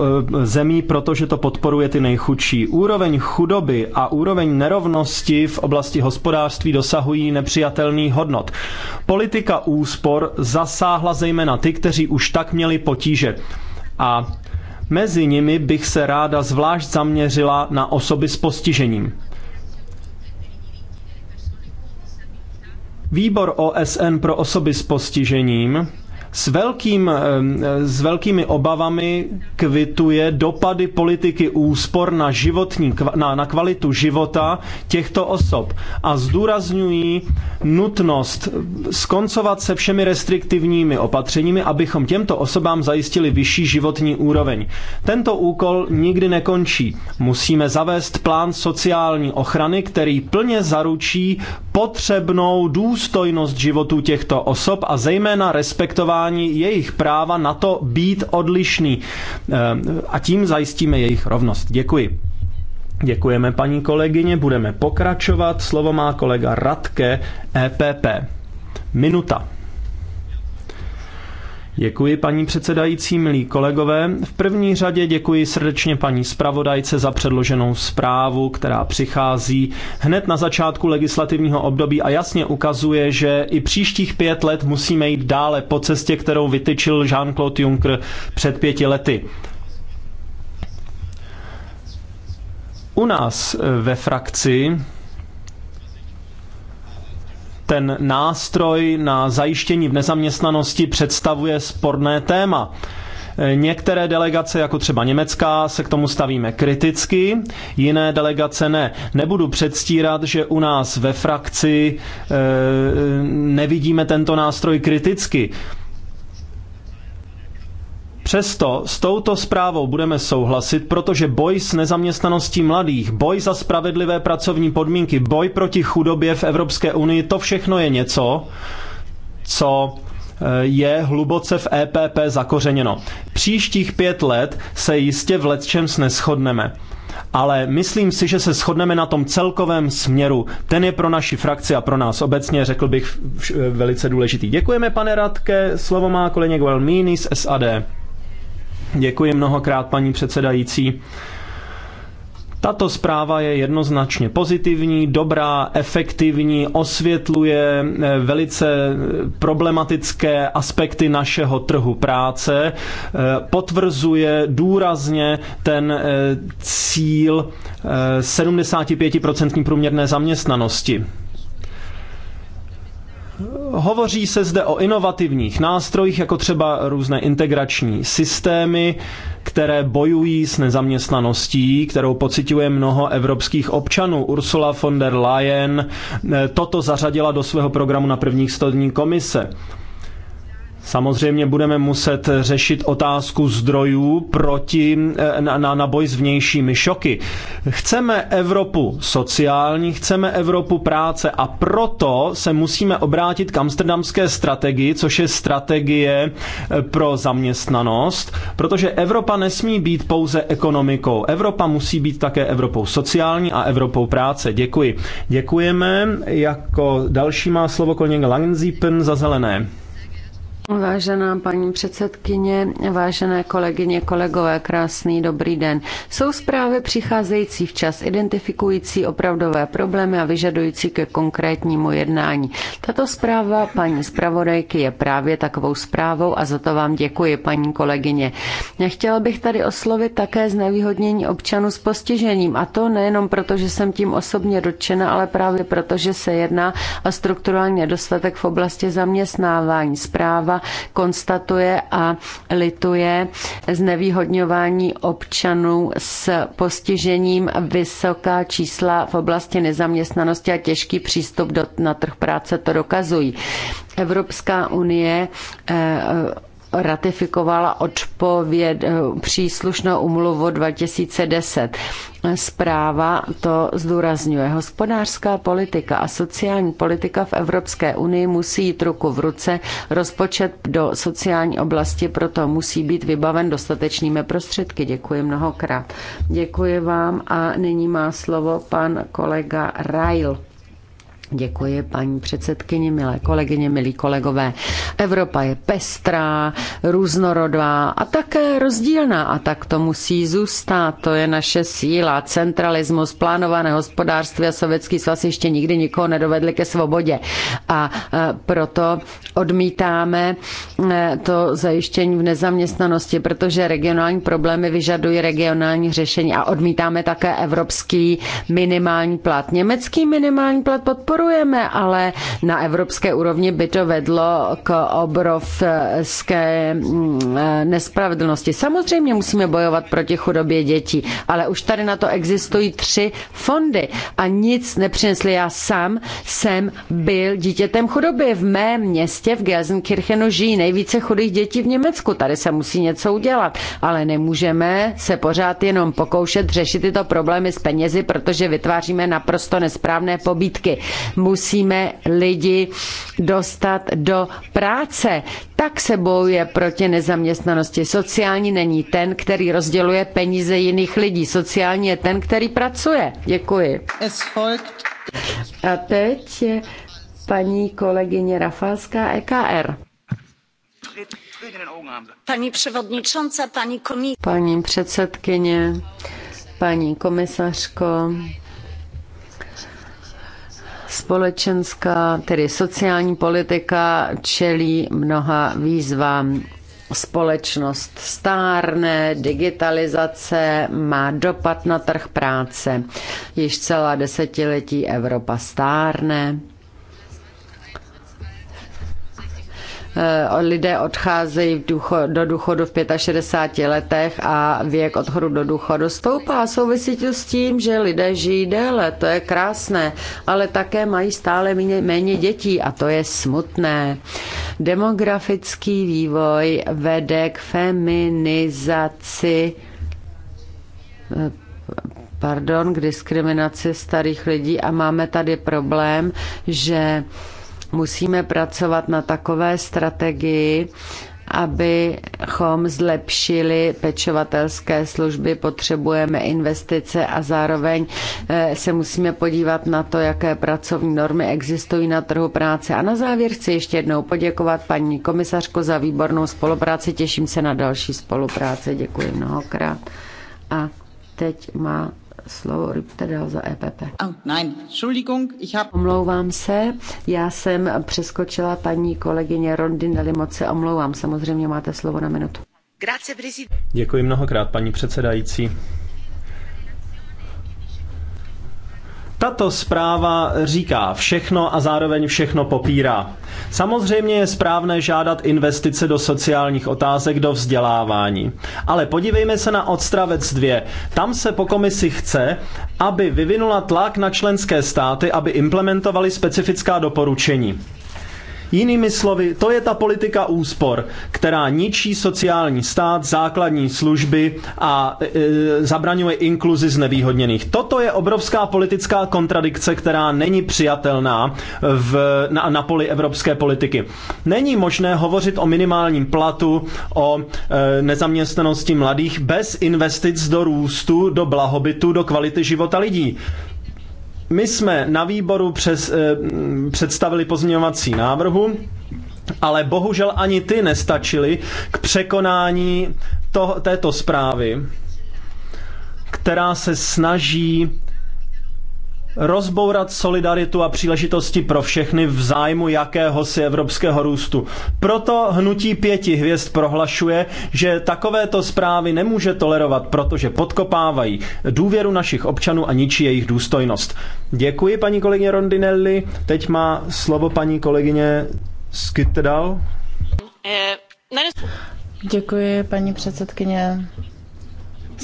zemí, protože to podporuje ty nejchudší. Úroveň chudoby a úroveň nerovnosti v oblasti hospodářství dosahují nepřijatelných hodnot. Politika úspor zasáhla zejména ty, kteří už tak měli potíže. A mezi nimi bych se ráda zvlášť zaměřila na osoby s postižením. Výbor OSN pro osoby s postižením s, velkým, eh, s velkými obavami kvituje dopady politiky úspor na, životní, na, na kvalitu života těchto osob a zdůrazňují nutnost skoncovat se všemi restriktivními opatřeními, abychom těmto osobám zajistili vyšší životní úroveň. Tento úkol nikdy nekončí. Musíme zavést plán sociální ochrany, který plně zaručí potřebnou důstojnost životů těchto osob a zejména respektování respektování jejich práva na to být odlišný. Eh, a tím zajistíme jejich rovnost. Děkuji. Děkujeme paní kolegyně, budeme pokračovat. Slovo má kolega Radke, EPP. Minuta. Děkuji paní předsedající, milí kolegové. V první řadě děkuji srdečně paní zpravodajce za předloženou zprávu, která přichází hned na začátku legislativního období a jasně ukazuje, že i příštích pět let musíme jít dále po cestě, kterou vytyčil Jean-Claude Juncker před pěti lety. U nás ve frakci ten nástroj na zajištění v nezaměstnanosti představuje sporné téma. E, některé delegace, jako třeba německá, se k tomu stavíme kriticky, jiné delegace ne. Nebudu předstírat, že u nás ve frakci e, e nevidíme tento nástroj kriticky. Přesto s touto zprávou budeme souhlasit, protože boj s nezaměstnaností mladých, boj za spravedlivé pracovní podmínky, boj proti chudobě v Evropské unii, to všechno je něco, co eh, je hluboce v EPP zakořeněno. Příštích pět let se jistě v letčem neschodneme. Ale myslím si, že se shodneme na tom celkovém směru. Ten je pro naši frakci a pro nás obecně, řekl bych, velice důležitý. Děkujeme, pane Radke. Slovo má kolega Gualmini z SAD. Děkuji mnohokrát, paní předsedající. Tato zpráva je jednoznačně pozitivní, dobrá, efektivní, osvětluje eh, velice eh, problematické aspekty našeho trhu práce, eh, potvrzuje důrazně ten cíl 75% průměrné zaměstnanosti. Hovoří se zde o inovativních nástrojích, jako třeba různé integrační systémy, které bojují s nezaměstnaností, kterou pocituje mnoho evropských občanů. Ursula von der Leyen eh, toto zařadila do svého programu na prvních 100 dní komise. Samozřejmě budeme muset řešit otázku zdrojů proti, eh, na, na, na boj s vnějšími šoky. Chceme Evropu sociální, chceme Evropu práce a proto se musíme obrátit k amsterdamské strategii, což je strategie eh, pro zaměstnanost, protože Evropa nesmí být pouze ekonomikou. Evropa musí být také Evropou sociální a Evropou práce. Děkuji. Děkujeme. Jako další má slovo kolega Langenziepen za zelené. Vážená paní předsedkyně, vážené kolegyně, kolegové, krásný dobrý den. Jsou zprávy přicházející včas, identifikující opravdové problémy a vyžadující ke konkrétnímu jednání. Tato zpráva paní zpravodajky je právě takovou zprávou a za to vám děkuji, paní kolegyně. Já chtěla bych tady oslovit také znevýhodnění občanů s postižením a to nejenom proto, že jsem tím osobně dotčena, ale právě proto, že se jedná o strukturální nedostatek v oblasti zaměstnávání. Zpráva konstatuje a lituje znevýhodňování občanů s postižením vysoká čísla v oblasti nezaměstnanosti a těžký přístup do, na trh práce to dokazují. Evropská unie eh, ratifikovala odpověd, eh, příslušnou umluvu 2010. Zpráva to zdůrazňuje. Hospodářská politika a sociální politika v Evropské unii musí jít ruku v ruce. Rozpočet do sociální oblasti proto musí být vybaven dostatečnými prostředky. Děkuji mnohokrát. Děkuji vám a nyní má slovo pan kolega Rajl. Děkuji paní předsedkyni, milé kolegyně, milí kolegové. Evropa je pestrá, různorodá a také rozdílná a tak to musí zůstat. To je naše síla. Centralismus, plánované hospodářství a sovětský svaz ještě nikdy nikoho nedovedli ke svobodě. A proto odmítáme e, to zajištění v nezaměstnanosti, protože regionální problémy vyžadují regionální řešení a odmítáme také evropský minimální plat. Německý minimální plat podporuje podporujeme, ale na evropské úrovni by to vedlo k obrovské mm, eh, nespravedlnosti. Samozřejmě musíme bojovat proti chudobě dětí, ale už tady na to existují tři fondy a nic nepřinesli. Já sám jsem byl dítětem chudoby v mém městě v Gelsenkirchenu žijí nejvíce chudých dětí v Německu. Tady se musí něco udělat, ale nemůžeme se pořád jenom pokoušet řešit tyto problémy s penězi, protože vytváříme naprosto nesprávné pobídky. Musíme lidi dostat do práce. Tak se bojuje proti nezaměstnanosti. Sociální není ten, který rozděluje peníze jiných lidí. Sociální je ten, který pracuje. Děkuji. A teď je paní kolegyně Rafalská EKR. Paní předsedkyně, paní předsedkyně, paní komisařko, Společenská, tedy sociální politika čelí mnoha výzvám. Společnost stárne, digitalizace má dopad na trh práce. Již celá desetiletí Evropa stárne Eh, lidé odcházejí do důchodu v 65 letech a věk odchodu do důchodu stoupá. Souvisí to s tím, že lidé žijí déle, to je krásné, ale také mají stále méně, méně dětí a to je smutné. Demografický vývoj vede k feminizaci eh, pardon, k diskriminaci starých lidí a máme tady problém, že Musíme pracovat na takové strategii, abychom zlepšili pečovatelské služby, potřebujeme investice a zároveň eh, se musíme podívat na to, jaké pracovní normy existují na trhu práce. A na závěr chci ještě jednou poděkovat paní komisařko za výbornou spolupráci. Těším se na další spolupráce. Děkuji mnohokrát. A teď má slovo Rübtedal za EPP. Oh, nein, Entschuldigung, ich hab... Omlouvám se, já jsem přeskočila paní kolegyně Rondinelli, moc se omlouvám. Samozřejmě máte slovo na minutu. Grazie, Děkuji mnohokrát, paní předsedající. Tato zpráva říká všechno a zároveň všechno popírá. Samozřejmě je správné žádat investice do sociálních otázek do vzdělávání. Ale podívejme se na odstravec 2. Tam se po komisi chce, aby vyvinula tlak na členské státy, aby implementovali specifická doporučení. Jinými slovy, to je ta politika úspor, která ničí sociální stát, základní služby a e, zabraňuje inkluzi znevýhodněných. Toto je obrovská politická kontradikce, která není přijatelná v, na, na poli evropské politiky. Není možné hovořit o minimálním platu, o e, nezaměstnanosti mladých bez investic do růstu, do blahobytu, do kvality života lidí. My jsme na výboru přes, eh, představili pozměňovací návrhu, ale bohužel ani ty nestačily k překonání to, této zprávy, která se snaží rozbourat solidaritu a příležitosti pro všechny v zájmu jakéhosi evropského růstu. Proto hnutí pěti hvězd prohlašuje, že takovéto zprávy nemůže tolerovat, protože podkopávají důvěru našich občanů a ničí jejich důstojnost. Děkuji paní kolegyně Rondinelli. Teď má slovo paní kolegyně Skytedal. Eh, Děkuji, paní předsedkyně.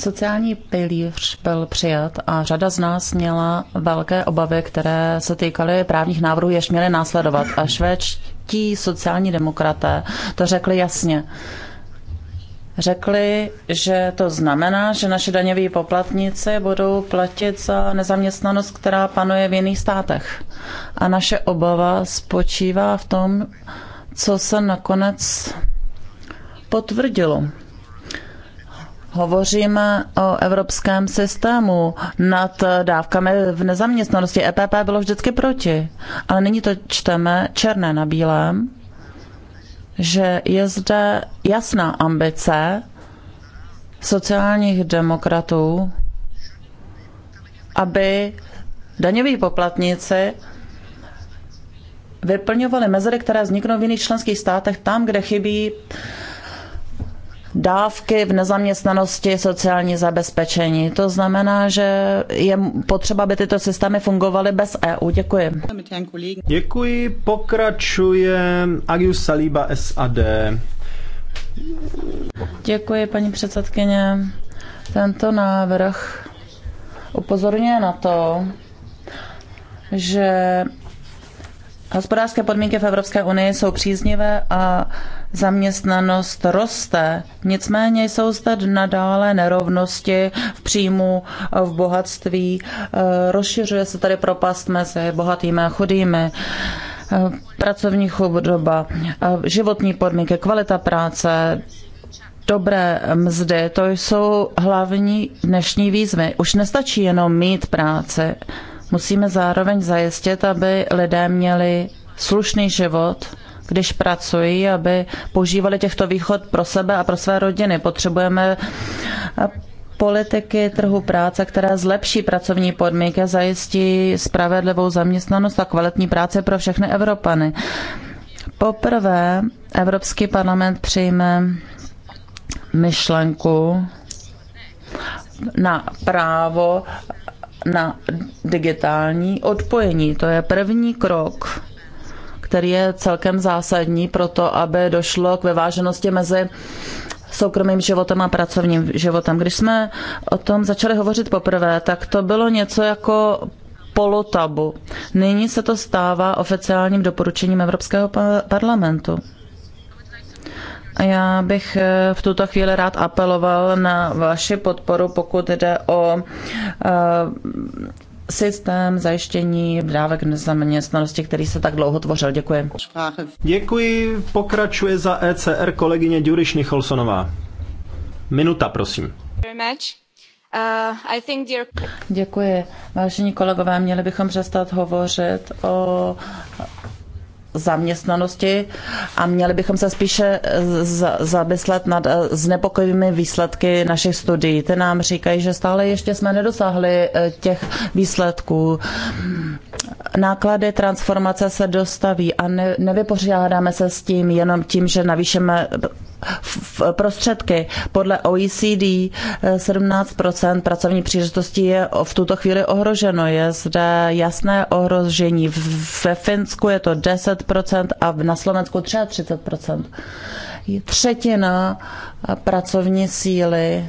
Sociální pilíř byl přijat a řada z nás měla velké obavy, které se týkaly právních návrhů, jež měly následovat. A švédští sociální demokraté to řekli jasně. Řekli, že to znamená, že naše daňoví poplatníci budou platit za nezaměstnanost, která panuje v jiných státech. A naše obava spočívá v tom, co se nakonec potvrdilo hovoříme o evropském systému nad dávkami v nezaměstnanosti. EPP bylo vždycky proti, ale nyní to čteme černé na bílém, že je zde jasná ambice sociálních demokratů, aby daňoví poplatníci vyplňovali mezery, které vzniknou v jiných členských státech tam, kde chybí dávky v nezaměstnanosti, sociální zabezpečení. To znamená, že je potřeba, aby tyto systémy fungovaly bez EU. Děkuji. Děkuji. Pokračuje Agius Saliba SAD. Děkuji, paní předsedkyně. Tento návrh upozorňuje na to, že hospodářské podmínky v Evropské unii jsou příznivé a zaměstnanost roste. Nicméně jsou zde nadále nerovnosti v příjmu, v bohatství. E, rozšiřuje se tady propast mezi bohatými a chudými e, pracovní chudoba, e, životní podmínky, kvalita práce, dobré mzdy, to jsou hlavní dnešní výzvy. Už nestačí jenom mít práci. Musíme zároveň zajistit, aby lidé měli slušný život, když pracují, aby používali těchto východ pro sebe a pro své rodiny. Potřebujeme eh, politiky trhu práce, která zlepší pracovní podmínky, zajistí spravedlivou zaměstnanost a kvalitní práci pro všechny Evropany. Poprvé Evropský parlament přijme myšlenku na právo na digitální odpojení. To je první krok který je celkem zásadní pro to, aby došlo k vyváženosti mezi soukromým životem a pracovním životem. Když jsme o tom začali hovořit poprvé, tak to bylo něco jako polotabu. Nyní se to stává oficiálním doporučením Evropského parlamentu. A já bych eh, v tuto chvíli rád apeloval na vaši podporu, pokud jde o eh, systém zajištění dávek nezaměstnanosti, který se tak dlouho tvořil. Děkuji. Děkuji. Pokračuje za ECR kolegyně Duriš Nicholsonová. Minuta, prosím. Uh, Děkuji. Vážení kolegové, měli bychom přestat hovořit o zaměstnanosti a měli bychom se spíše eh, zamyslet nad eh, znepokojivými výsledky našich studií. Ty nám říkají, že stále ještě jsme nedosáhli eh, těch výsledků. Náklady transformace se dostaví a ne, nevypořádáme se s tím jenom tím, že navýšeme prostředky. Podle OECD 17 eh, pracovní příležitosti je v tuto chvíli ohroženo. Je zde jasné ohrožení. Ve Finsku je to 10 a na Slovensku třeba Třetina pracovní síly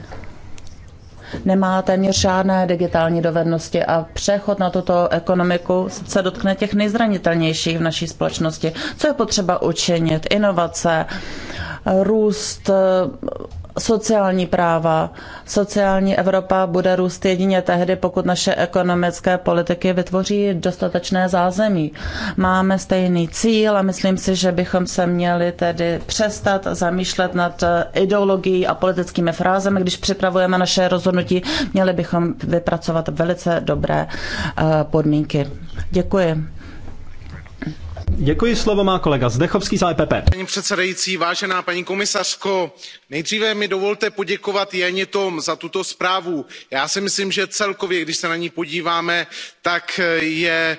nemá téměř žádné digitální dovednosti a přechod na tuto ekonomiku se dotkne těch nejzranitelnějších v naší společnosti. Co je potřeba učinit? Inovace, růst, sociální práva. Sociální Evropa bude růst jedině tehdy, pokud naše ekonomické politiky vytvoří dostatečné zázemí. Máme stejný cíl a myslím si, že bychom se měli tedy přestat zamýšlet nad eh, ideologií a politickými frázemi. Když připravujeme naše rozhodnutí, měli bychom vypracovat velice dobré eh, podmínky. Děkuji. Děkuji, slovo má kolega Zdechovský za EPP. Paní předsedající, vážená paní komisařko, nejdříve mi dovolte poděkovat Janě Tom za tuto zprávu. Já si myslím, že celkově, když se na ní podíváme, tak je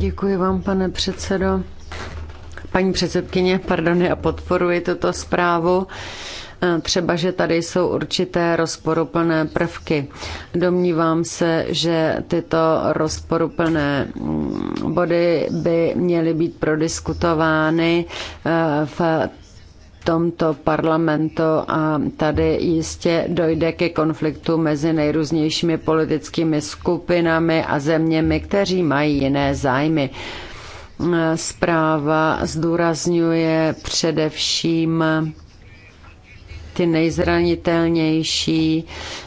Děkuji vám, pane předsedo. Paní předsedkyně, pardon, já podporuji tuto zprávu. E, třeba, že tady jsou určité rozporuplné prvky. Domnívám se, že tyto rozporuplné mm, body by měly být prodiskutovány e, v tomto parlamentu a tady jistě dojde ke konfliktu mezi nejrůznějšími politickými skupinami a zeměmi, kteří mají jiné zájmy. Zpráva zdůrazňuje především ty nejzranitelnější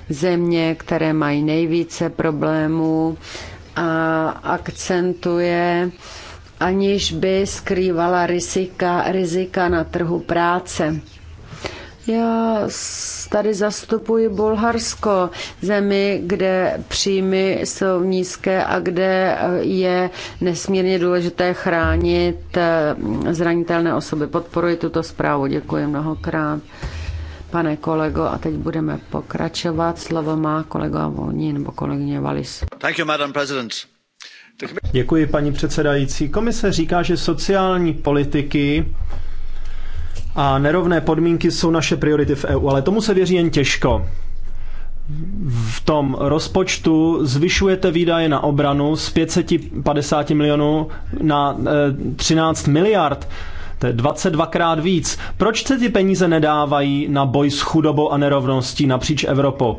země, které mají nejvíce problémů a akcentuje aniž by skrývala rizika, rizika na trhu práce. Já tady zastupuji Bulharsko, zemi, kde příjmy jsou nízké a kde je nesmírně důležité chránit eh, zranitelné osoby. Podporuji tuto zprávu, děkuji mnohokrát. Pane kolego, a teď budeme pokračovat. Slovo má kolega Volní nebo kolegyně Valis. Thank you, Madam President. Děkuji, paní předsedající. Komise říká, že sociální politiky a nerovné podmínky jsou naše priority v EU, ale tomu se věří jen těžko. V tom rozpočtu zvyšujete výdaje na obranu z 550 milionů na 13 eh, miliard. To je 22 krát víc. Proč se ty peníze nedávají na boj s chudobou a nerovností napříč Evropou?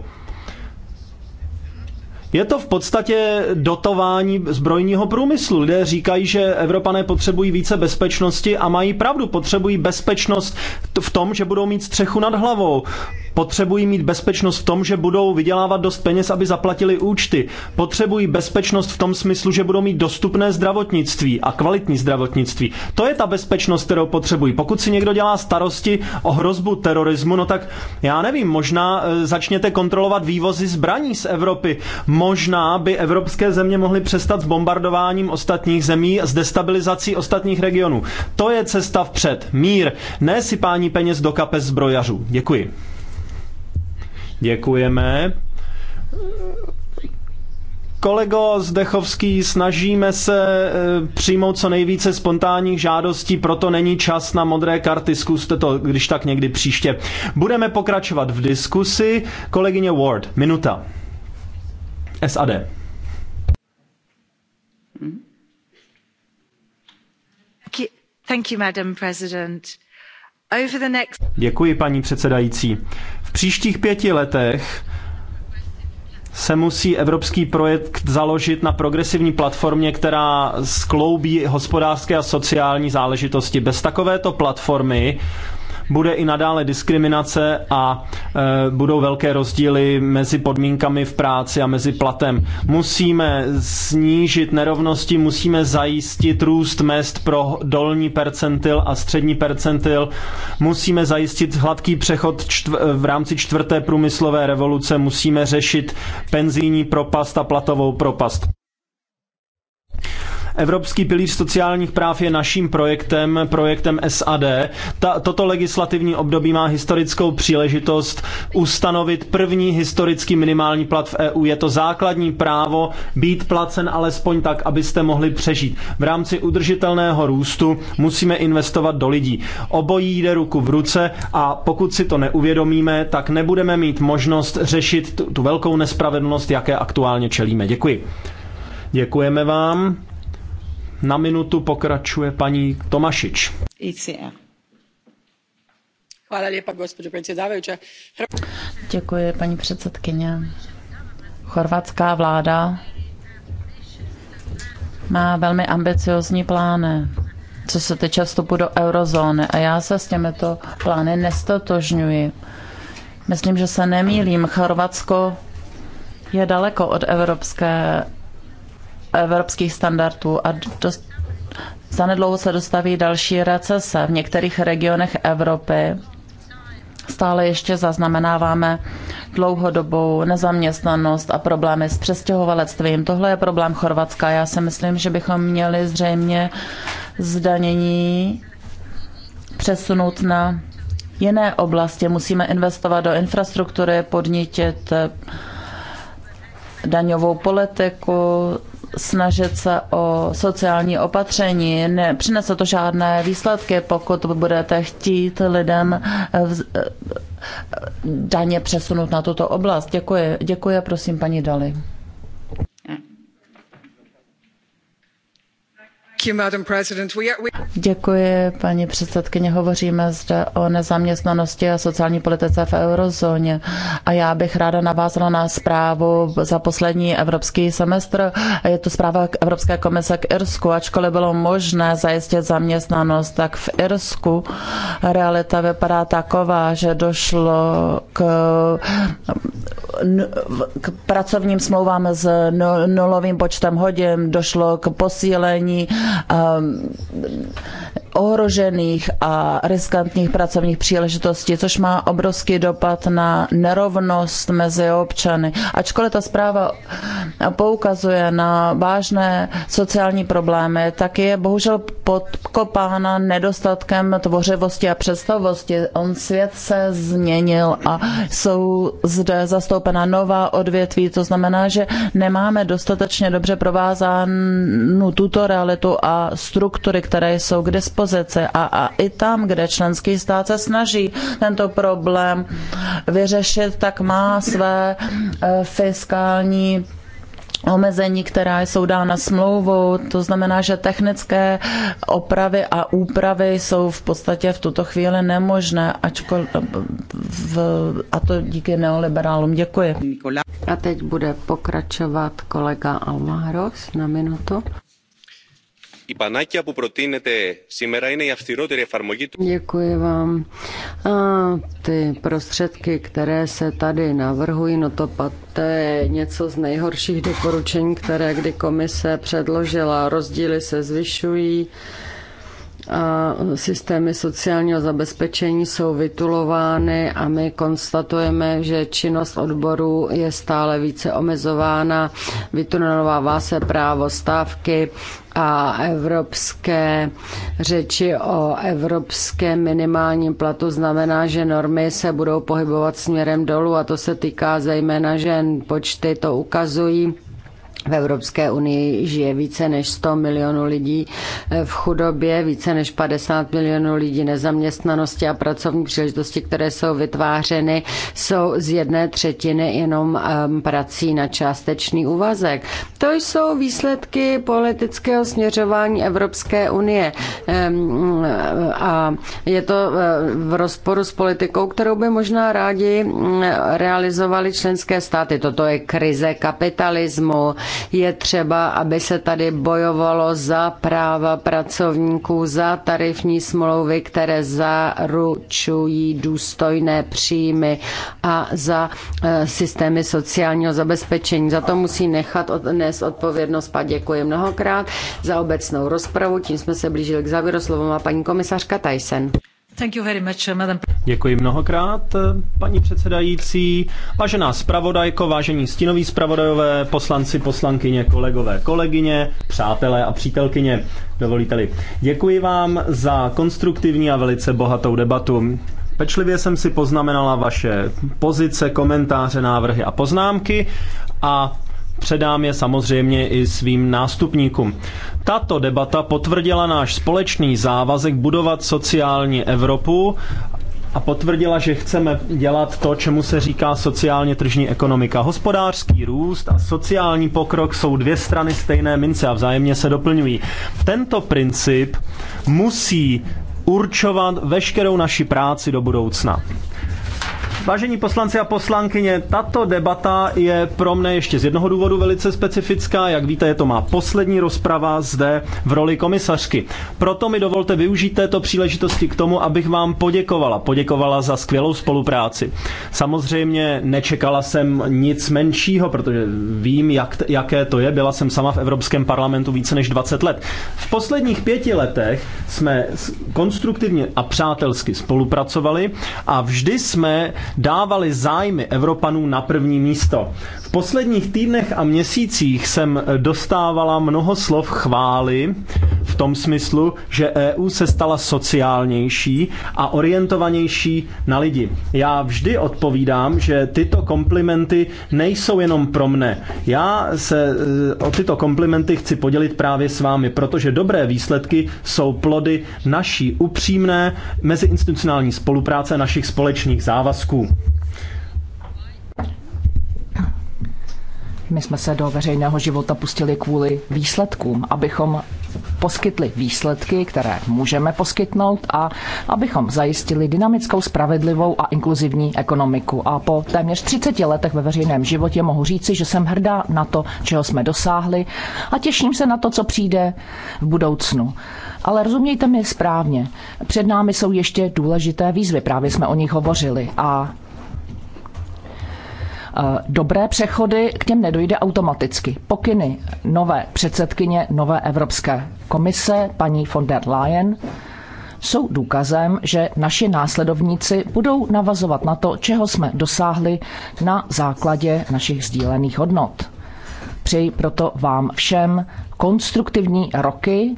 Je to v podstatě dotování zbrojního průmyslu. Lidé říkají, že Evropané potřebují více bezpečnosti a mají pravdu. Potřebují bezpečnost v tom, že budou mít střechu nad hlavou. Potřebují mít bezpečnost v tom, že budou vydělávat dost peněz, aby zaplatili účty. Potřebují bezpečnost v tom smyslu, že budou mít dostupné zdravotnictví a kvalitní zdravotnictví. To je ta bezpečnost, kterou potřebují. Pokud si někdo dělá starosti o hrozbu terorismu, no tak já nevím, možná e, začněte kontrolovat vývozy zbraní z Evropy. Možná by evropské země mohly přestat s bombardováním ostatních zemí, s destabilizací ostatních regionů. To je cesta vpřed. Mír, ne sypání peněz do kapes zbrojařů. Děkuji. Děkujeme. Kolego Zdechovský, snažíme se eh, přijmout co nejvíce spontánních žádostí, proto není čas na modré karty. Zkuste to, když tak někdy příště. Budeme pokračovat v diskusi. Kolegyně Ward, minuta. SAD. Thank you, Madam President. Děkuji, paní předsedající. V příštích pěti letech se musí evropský projekt založit na progresivní platformě, která skloubí hospodářské a sociální záležitosti. Bez takovéto platformy bude i nadále diskriminace a e, budou velké rozdíly mezi podmínkami v práci a mezi platem. Musíme snížit nerovnosti, musíme zajistit růst mest pro dolní percentil a střední percentil, musíme zajistit hladký přechod v rámci čtvrté průmyslové revoluce, musíme řešit penzijní propast a platovou propast. Evropský pilíř sociálních práv je naším projektem, projektem SAD. Ta, toto legislativní období má historickou příležitost ustanovit první historický minimální plat v EU. Je to základní právo být placen alespoň tak, abyste mohli přežít. V rámci udržitelného růstu musíme investovat do lidí. Obojí jde ruku v ruce a pokud si to neuvědomíme, tak nebudeme mít možnost řešit tu, tu velkou nespravedlnost, jaké aktuálně čelíme. Děkuji. Děkujeme vám. Na minutu pokračuje paní Tomašič. Děkuji, paní předsedkyně. Chorvatská vláda má velmi ambiciozní plány, co se týče vstupu do eurozóny a já se s těmito plány nestotožňuji. Myslím, že se nemýlím. Chorvatsko je daleko od Evropské evropských standardů a dost, zanedlouho se dostaví další recese. V některých regionech Evropy stále ještě zaznamenáváme dlouhodobou nezaměstnanost a problémy s přestěhovalectvím. Tohle je problém Chorvatska. Já si myslím, že bychom měli zřejmě zdanění přesunout na jiné oblasti. Musíme investovat do infrastruktury, podnítit daňovou politiku, snažit se o sociální opatření. Nepřinese přinese to žádné výsledky, pokud budete chtít lidem eh, vz, eh, daně přesunout na tuto oblast. Děkuji. Děkuji a prosím paní Dali. Děkuji, paní předsedkyně. Hovoříme zde o nezaměstnanosti a sociální politice v eurozóně. A já bych ráda navázala na zprávu za poslední evropský semestr. Je to zpráva Evropské komise k Irsku. Ačkoliv bylo možné zajistit zaměstnanost, tak v Irsku realita vypadá taková, že došlo k, k pracovním smlouvám s nulovým počtem hodin, došlo k posílení um, ohrožených a riskantních pracovních příležitostí, což má obrovský dopad na nerovnost mezi občany. Ačkoliv ta zpráva poukazuje na vážné sociální problémy, tak je bohužel podkopána nedostatkem tvořivosti a představosti. On svět se změnil a jsou zde zastoupena nová odvětví, to znamená, že nemáme dostatečně dobře provázánu tuto realitu a struktury, které jsou k dispozici dispozici a, a i tam, kde členský stát se snaží tento problém vyřešit, tak má své e, fiskální omezení, která jsou dána smlouvou, to znamená, že technické opravy a úpravy jsou v podstatě v tuto chvíli nemožné, ačkoliv, e, a to díky neoliberálům. Děkuji. A teď bude pokračovat kolega Almáros na minutu. Η πανάκια που προτείνεται σήμερα είναι η αυστηρότερη εφαρμογή του. Děkuji vám. A ty prostředky, které se tady navrhují, no to pat, to je něco z nejhorších doporučení, které kdy komise předložila. Rozdíly se zvyšují a systémy sociálního zabezpečení jsou vytulovány a my konstatujeme, že činnost odborů je stále více omezována, vytunelovává se právo stávky a evropské řeči o evropském minimálním platu znamená, že normy se budou pohybovat směrem dolů a to se týká zejména žen. Počty to ukazují v Evropské unii žije více než 100 milionů lidí eh, v chudobě, více než 50 milionů lidí nezaměstnanosti a pracovní příležitosti, které jsou vytvářeny, jsou z jedné třetiny jenom ehm, prací na částečný úvazek. To jsou výsledky politického směřování Evropské unie ehm, mm, a je to eh, v rozporu s politikou, kterou by možná rádi mm, realizovali členské státy. Toto je krize kapitalismu, je třeba, aby se tady bojovalo za práva pracovníků, za tarifní smlouvy, které zaručují důstojné příjmy a za eh, systémy sociálního zabezpečení. Za to musí nechat dnes odpovědnost. A děkuji mnohokrát za obecnou rozpravu. Tím jsme se blížili k závěru. Slovo má paní komisařka Tyson. Děkuji mnohokrát, paní předsedající. Vážená zpravodajko, vážení stinoví zpravodajové, poslanci, poslankyně, kolegové, kolegyně, přátelé a přítelkyně, dovolíte-li. Děkuji vám za konstruktivní a velice bohatou debatu. Pečlivě jsem si poznamenala vaše pozice, komentáře, návrhy a poznámky a Předám je samozřejmě i svým nástupníkům. Tato debata potvrdila náš společný závazek budovat sociální Evropu a potvrdila, že chceme dělat to, čemu se říká sociálně tržní ekonomika. Hospodářský růst a sociální pokrok jsou dvě strany stejné mince a vzájemně se doplňují. Tento princip musí určovat veškerou naši práci do budoucna. Vážení poslanci a poslankyně, tato debata je pro mne ještě z jednoho důvodu velice specifická. Jak víte, je to má poslední rozprava zde v roli komisařky. Proto mi dovolte využít této příležitosti k tomu, abych vám poděkovala. Poděkovala za skvělou spolupráci. Samozřejmě nečekala jsem nic menšího, protože vím, jak, jaké to je. Byla jsem sama v Evropském parlamentu více než 20 let. V posledních pěti letech jsme konstruktivně a přátelsky spolupracovali a vždy jsme dávali zájmy Evropanů na první místo. V posledních týdnech a měsících jsem dostávala mnoho slov chvály v tom smyslu, že EU se stala sociálnější a orientovanější na lidi. Já vždy odpovídám, že tyto komplimenty nejsou jenom pro mne. Já se e, o tyto komplimenty chci podělit právě s vámi, protože dobré výsledky jsou plody naší upřímné meziinstitucionální spolupráce našich společných závazků roku My jsme se do veřejného života pustili kvůli výsledkům, abychom poskytli výsledky, které můžeme poskytnout a abychom zajistili dynamickou, spravedlivou a inkluzivní ekonomiku. A po téměř 30 letech ve veřejném životě mohu říci, že jsem hrdá na to, čeho jsme dosáhli a těším se na to, co přijde v budoucnu. Ale rozumějte mi správně, před námi jsou ještě důležité výzvy, právě jsme o nich hovořili a Eh, dobré přechody, k těm nedojde automaticky. Pokyny nové předsedkyně nové Evropské komise, paní von der Leyen, jsou důkazem, že naši následovníci budou navazovat na to, čeho jsme dosáhli na základě našich sdílených hodnot. Přeji proto vám všem konstruktivní roky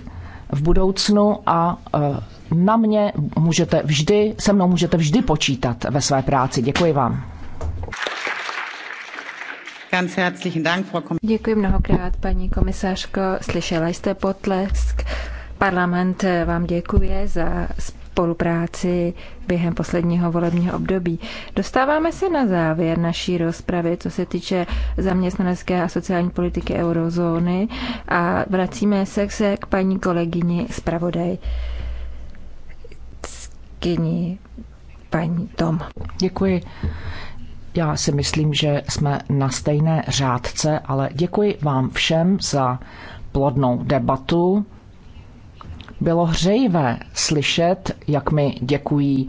v budoucnu a eh, na mě můžete vždy, se mnou můžete vždy počítat ve své práci. Děkuji vám. Ganz herzlichen Dank, Frau Děkuji mnohokrát, paní komisařko. Slyšela jste potlesk. Parlament vám děkuje za spolupráci během posledního volebního období. Dostáváme se na závěr naší rozpravy, co se týče zaměstnanecké a sociální politiky eurozóny a vracíme se k, se k paní kolegyni zpravodaj. Kyni paní Tom. Děkuji. Já si myslím, že jsme na stejné řádce, ale děkuji vám všem za plodnou debatu. Bylo hřejivé slyšet, jak mi děkují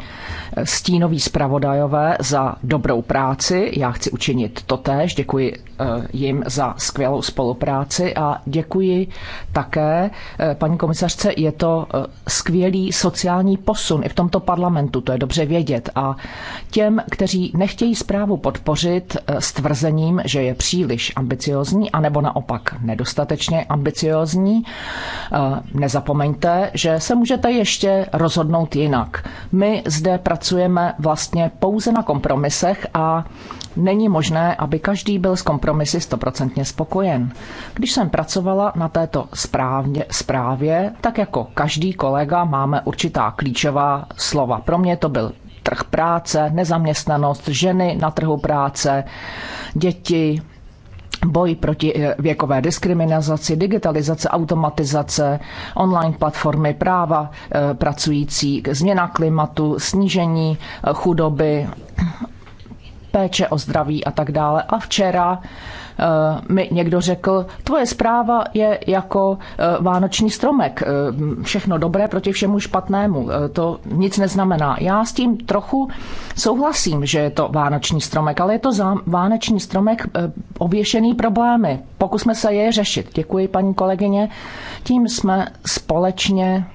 eh, stínoví zpravodajové za dobrou práci. Já chci učinit totéž. Děkuji eh, jim za skvělou spolupráci a děkuji také eh, paní komisařce. Je to skvělý sociální posun i v tomto parlamentu, to je dobře vědět. A těm, kteří nechtějí zprávu podpořit s tvrzením, že je příliš ambiciozní, anebo naopak nedostatečně ambiciozní, nezapomeňte, že se můžete ještě rozhodnout jinak. My zde pracujeme vlastně pouze na kompromisech a není možné, aby každý byl s kompromisy stoprocentně spokojen. Když jsem pracovala na této správně, správě, tak jako každý kolega máme určitá klíčová slova. Pro mě to byl trh práce, nezaměstnanost, ženy na trhu práce, děti, boj proti eh, věkové diskriminaci, digitalizace, automatizace, online platformy práva eh, pracující, změna klimatu, snížení eh, chudoby, péče o zdraví a tak dále. A včera Eh, mi někdo řekl, tvoje zpráva je jako eh, vánoční stromek, eh, všechno dobré proti všemu špatnému, to nic neznamená. Já s tím trochu souhlasím, že je to vánoční stromek, ale je to vánoční stromek oběšený problémy. Pokusme se je řešit. Děkuji, paní kolegyně. Tím jsme společně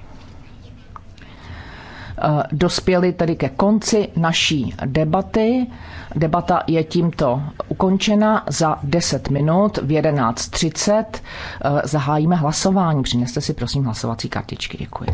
Eh, dospěli tedy ke konci naší debaty. Debata je tímto ukončena za 10 minut v 11.30. Eh, zahájíme hlasování. Přineste si prosím hlasovací kartičky. Děkuji.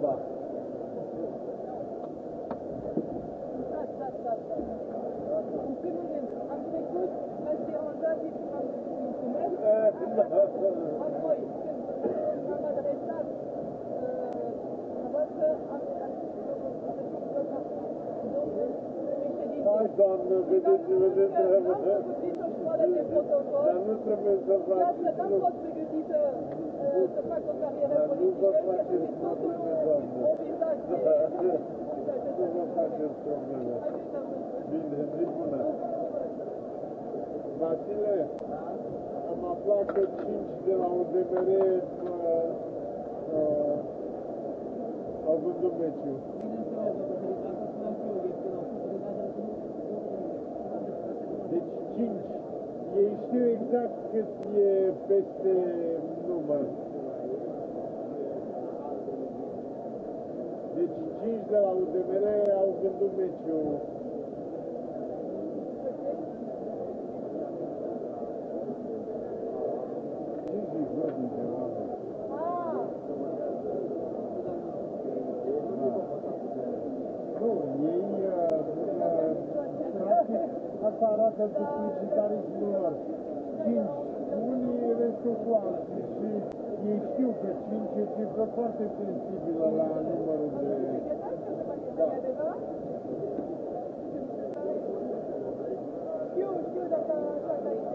třeba. Doamnă, vedeți, vedeți, Dar nu trebuie să fac... Dar nu trebuie să fac o carieră politică, trebuie să fac totul göstermeler. Bildiğini Vasile, am aflat că 5 de la UDMR au vândut meciul. Deci 5. Ei știu exact cât e peste număr. 5 de la UTMR au gândit meciul. Asta arată cu publicitarii juniori. 5 questo uguale, e più che vince più forte e sensibile alla numero 2 Più, più da, da, da, da.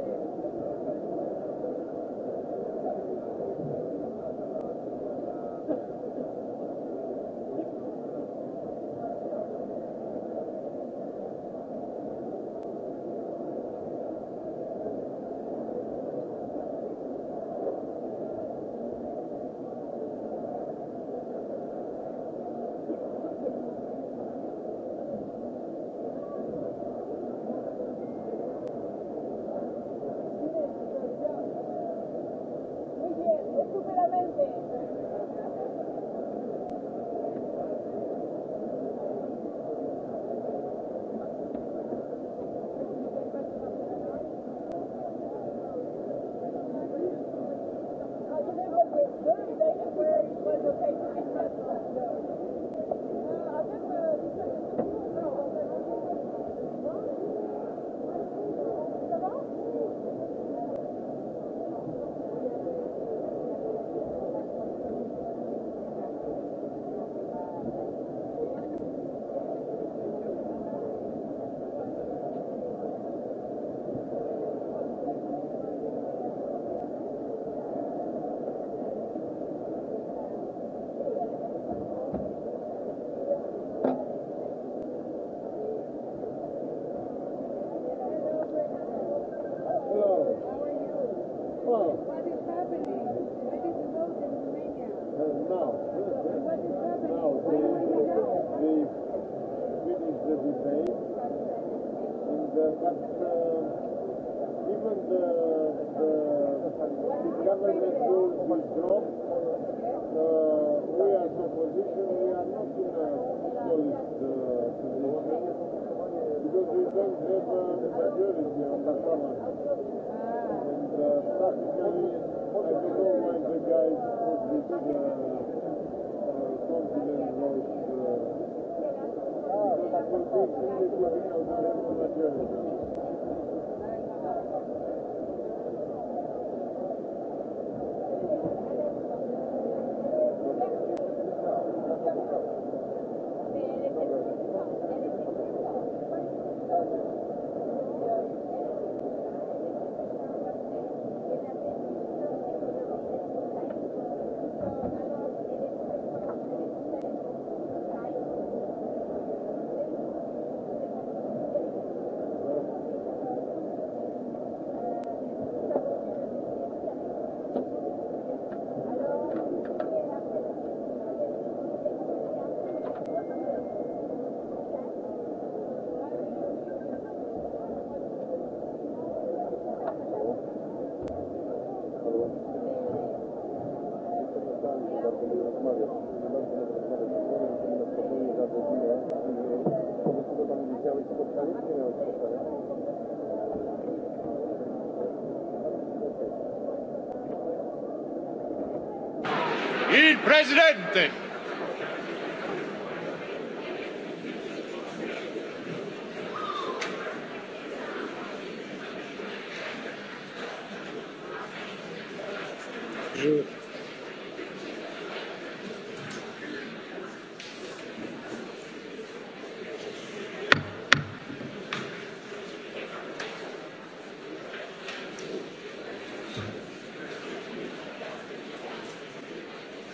Il presidente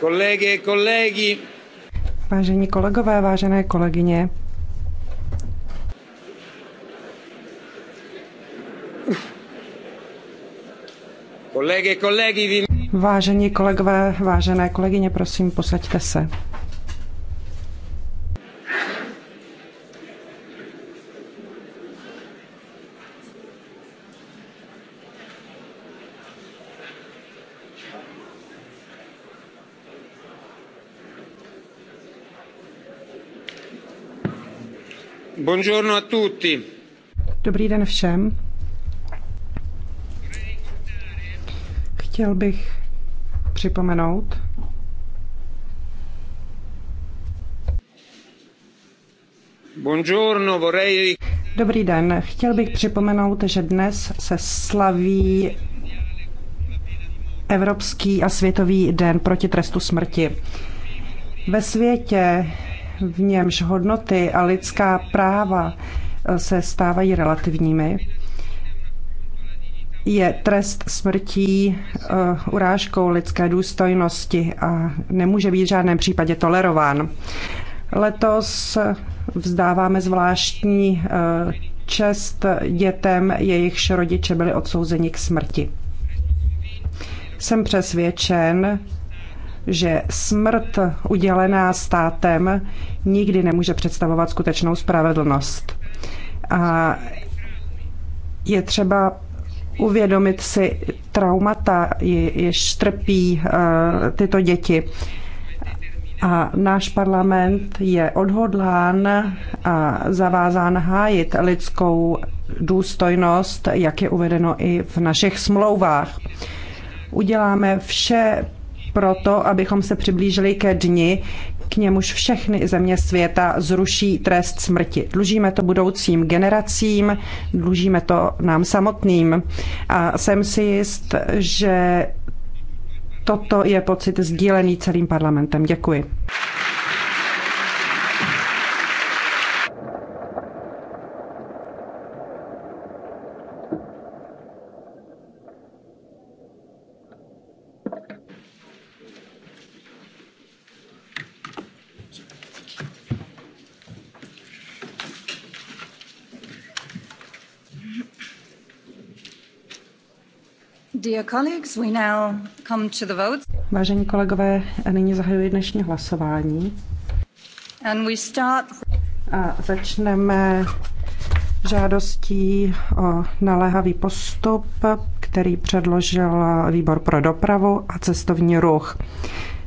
Kolegy, kolegy. Vážení kolegové, vážené kolegyně. Kolegy, kolegy. Vážení kolegové, vážené kolegyně, prosím, posaďte se. Buongiorno a tutti. Dobrý den všem. Chtěl bych připomenout, Buongiorno, vorrei... Dobrý den. Chtěl bych připomenout, že dnes se slaví Evropský a světový den proti trestu smrti. Ve světě v němž hodnoty a lidská práva eh, se stávají relativními, je trest smrtí eh, urážkou lidské důstojnosti a nemůže být v žádném případě tolerován. Letos vzdáváme zvláštní eh, čest dětem, jejichž rodiče byli odsouzeni k smrti. Jsem přesvědčen, že smrt udělená státem nikdy nemůže představovat skutečnou spravedlnost. A je třeba uvědomit si traumata, jež trpí eh, tyto děti. A náš parlament je odhodlán a zavázán hájit lidskou důstojnost, jak je uvedeno i v našich smlouvách. Uděláme vše proto, abychom se přiblížili ke dni, k němuž všechny země světa zruší trest smrti. Dlužíme to budoucím generacím, dlužíme to nám samotným. A jsem si jist, že toto je pocit sdílený celým parlamentem. Děkuji. Vážení kolegové, nyní zahajuji dnešní hlasování. And we start... A začneme žádostí o naléhavý postup, který předložil výbor pro dopravu a cestovní ruch.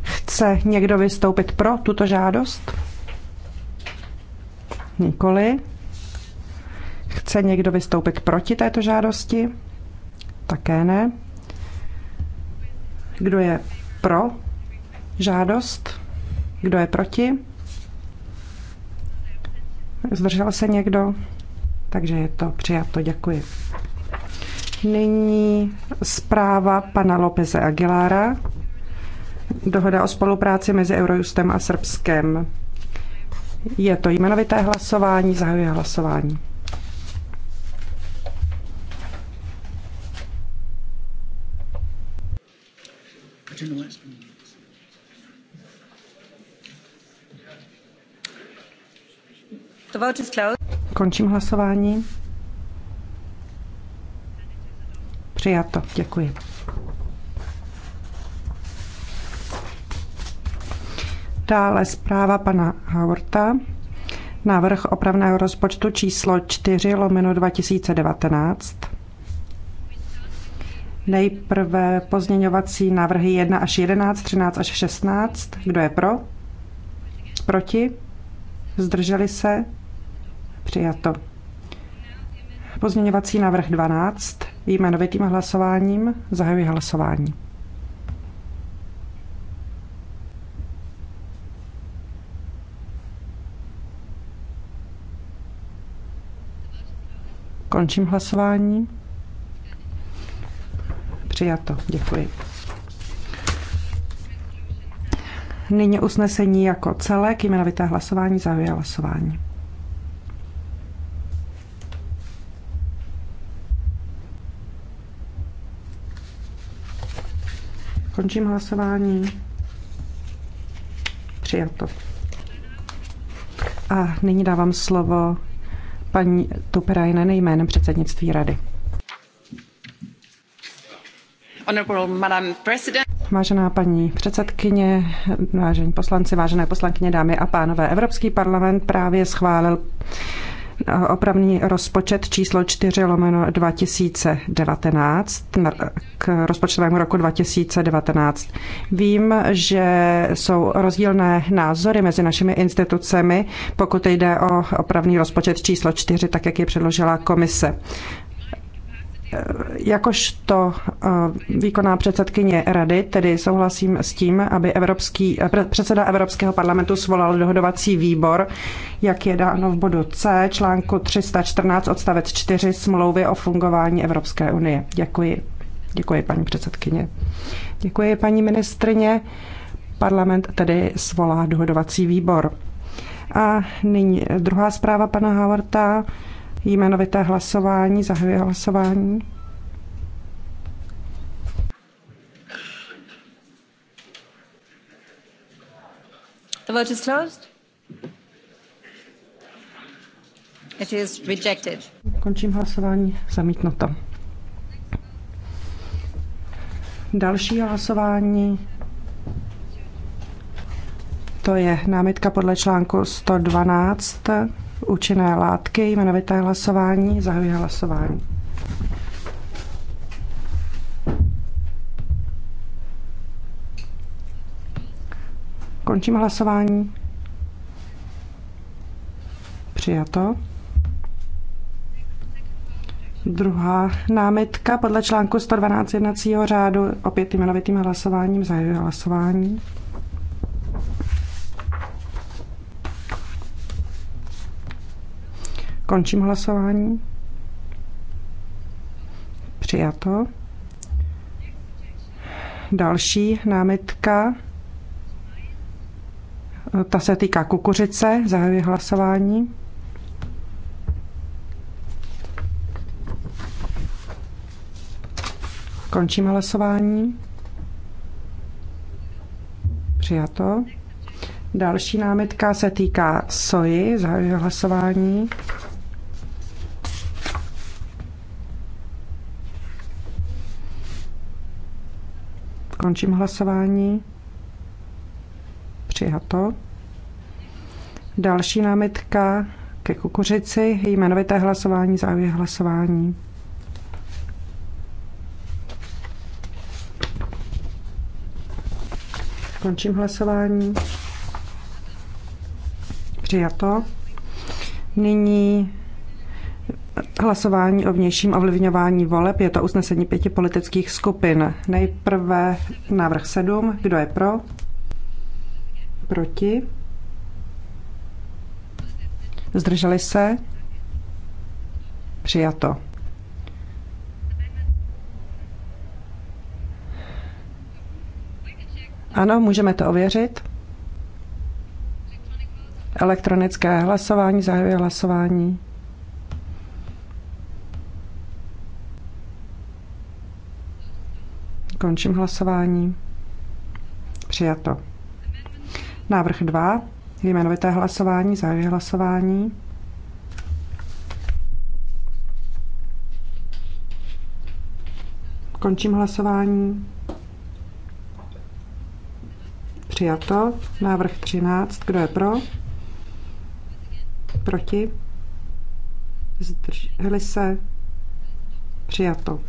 Chce někdo vystoupit pro tuto žádost? Nikoli. Chce někdo vystoupit proti této žádosti? Také ne. Kdo je pro žádost? Kdo je proti? Zdržel se někdo? Takže je to přijato. Děkuji. Nyní zpráva pana Lopeze Aguilára. Dohoda o spolupráci mezi Eurojustem a Srbskem. Je to jmenovité hlasování, zahajuje hlasování. Končím hlasování. Přijato. Děkuji. Dále zpráva pana Haurta. Návrh opravného rozpočtu číslo 4 lomeno 2019. Nejprve pozměňovací návrhy 1 až 11, 13 až 16. Kdo je pro? Proti? Zdrželi se? Přijato. Pozměňovací návrh 12. Jmenovitým hlasováním zahajuji hlasování. Končím hlasování. Přijato. Děkuji. Nyní usnesení jako celek, jmenovité hlasování, závěr hlasování. Končím hlasování. Přijato. A nyní dávám slovo paní Tuperajnen jménem předsednictví rady. Vážená paní předsedkyně, vážení poslanci, vážené poslankyně, dámy a pánové, Evropský parlament právě schválil eh, opravný rozpočet číslo 4 lomeno 2019 k rozpočtovému roku 2019. Vím, že jsou rozdílné názory mezi našimi institucemi, pokud jde o opravný rozpočet číslo 4, tak jak je předložila komise. Jakožto eh, výkonná předsedkyně rady, tedy souhlasím s tím, aby Evropský, eh, předseda Evropského parlamentu svolal dohodovací výbor, jak je dáno v bodu C článku 314 odstavec 4 smlouvy o fungování Evropské unie. Děkuji. Děkuji, paní předsedkyně. Děkuji, paní ministrině. Parlament tedy svolá dohodovací výbor. A nyní druhá zpráva pana Havarta jmenovité hlasování. zahajuje hlasování. The vote is closed. It is rejected. Končím hlasování. Zamítnuto. Další hlasování. To je námitka podle článku 112 účinné látky, jmenovité hlasování, zahajuji hlasování. Končím hlasování. Přijato. Druhá námitka podle článku 112 jednacího řádu opět jmenovitým hlasováním zahajuji hlasování. Končím hlasování. Přijato. Další námitka. Ta se týká kukuřice. Zahajuji hlasování. Končím hlasování. Přijato. Další námitka se týká soji. Zahajuji hlasování. Končím hlasování. Přijato. Další námitka ke kukuřici, jmenovité hlasování, závěr hlasování. Končím hlasování. Přijato. Nyní hlasování o vnějším ovlivňování voleb. Je to usnesení pěti politických skupin. Nejprve návrh sedm. Kdo je pro? Proti? Zdrželi se? Přijato. Ano, můžeme to ověřit. Elektronické hlasování, zahajuje hlasování. Končím hlasování. Přijato. Návrh 2. Jmenovité hlasování, závěr hlasování. Končím hlasování. Přijato. Návrh 13. Kdo je pro? Proti? Zdrželi se? Přijato.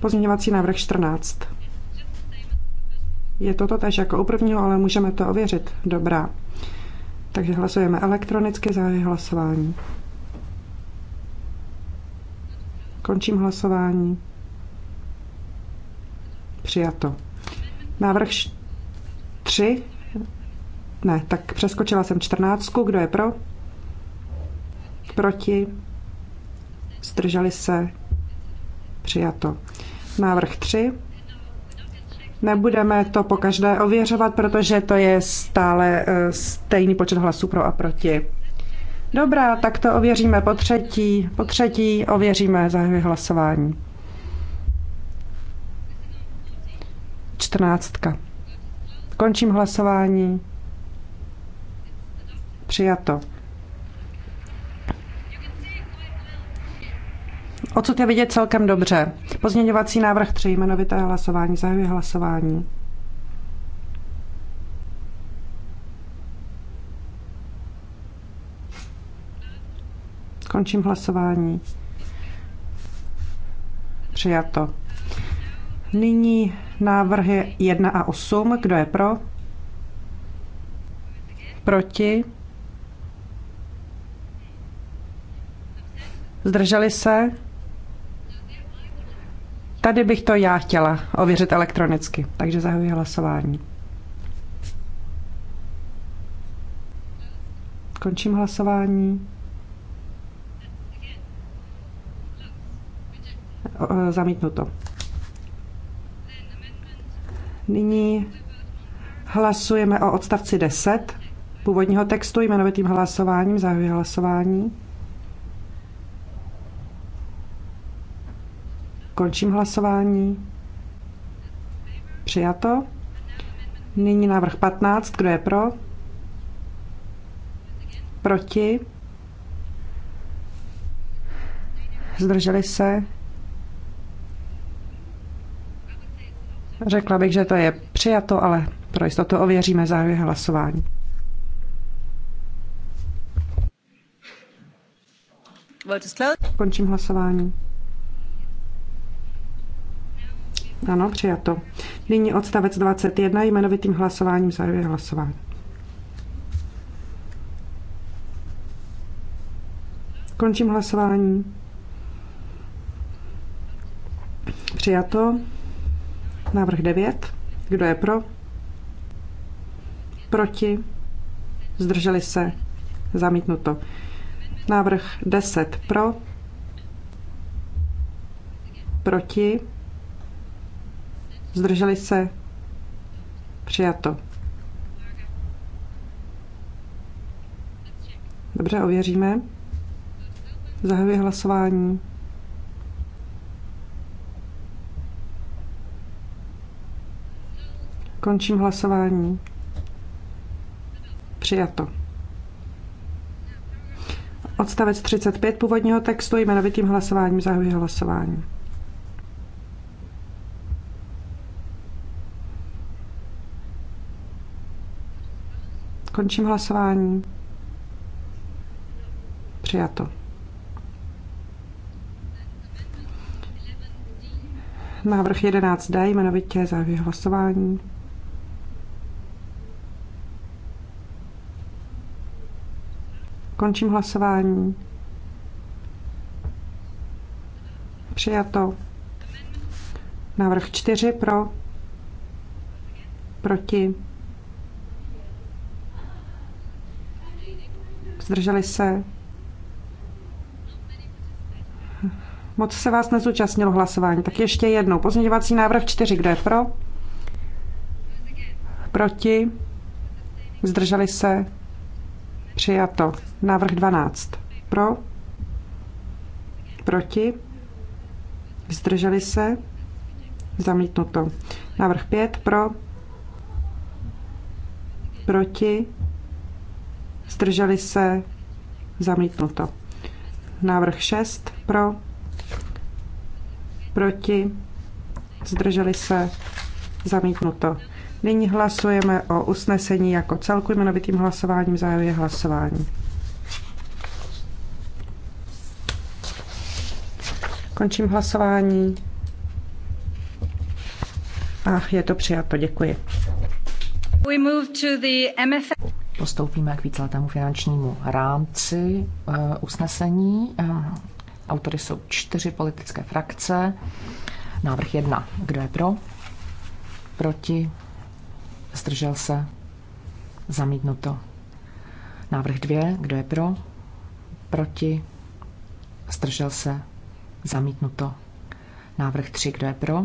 Pozměňovací návrh 14. Je to totéž jako u prvního, ale můžeme to ověřit. Dobrá. Takže hlasujeme elektronicky za hlasování. Končím hlasování. Přijato. Návrh 3. Ne, tak přeskočila jsem 14. Kdo je pro? Proti? Zdrželi se? Přijato. Návrh 3. Nebudeme to po každé ověřovat, protože to je stále eh, stejný počet hlasů pro a proti. Dobrá, tak to ověříme po třetí. Po třetí ověříme zahajuji hlasování. Čtrnáctka. Končím hlasování. Přijato. Odsud je vidět celkem dobře. Pozměňovací návrh 3, jmenovité hlasování, zahajuje hlasování. Končím hlasování. Přijato. Nyní návrhy 1 a 8. Kdo je pro? Proti? Zdrželi se? Tady bych to já chtěla ověřit elektronicky, takže zahajuji hlasování. Končím hlasování. Zamítnuto. Nyní hlasujeme o odstavci 10 původního textu jmenovitým hlasováním. Zahajuji hlasování. Končím hlasování. Přijato. Nyní návrh 15. Kdo je pro? Proti? Zdrželi se? Řekla bych, že to je přijato, ale pro jistotu ověříme závěr hlasování. Končím hlasování. Ano, přijato. Nyní odstavec 21 jmenovitým hlasováním zahajuje hlasování. Končím hlasování. Přijato. Návrh 9. Kdo je pro? Proti? Zdrželi se? Zamítnuto. Návrh 10 pro? Proti? Zdrželi se? Přijato. Dobře, ověříme. Zahajuji hlasování. Končím hlasování. Přijato. Odstavec 35 původního textu jmenovitým hlasováním zahajuji hlasování. Končím hlasování. Přijato. Návrh 11D, jmenovitě závěr hlasování. Končím hlasování. Přijato. Návrh 4 pro. Proti. Zdrželi se? Moc se vás nezúčastnilo hlasování. Tak ještě jednou. Pozměňovací návrh 4. Kdo je pro? Proti? Zdrželi se? Přijato. Návrh 12. Pro? Proti? Zdrželi se? Zamítnuto. Návrh 5. Pro? Proti? zdrželi se, zamítnuto. Návrh 6 pro, proti, zdrželi se, zamítnuto. Nyní hlasujeme o usnesení jako celku jmenovitým hlasováním, zahajuje hlasování. Končím hlasování. A je to přijato, děkuji. We move to the mfa postoupíme k víceletému finančnímu rámci eh, usnesení. Eh, autory jsou čtyři politické frakce. Návrh jedna. Kdo je pro? Proti? Zdržel se? Zamítnuto. Návrh dvě. Kdo je pro? Proti? Zdržel se? Zamítnuto. Návrh tři. Kdo je pro?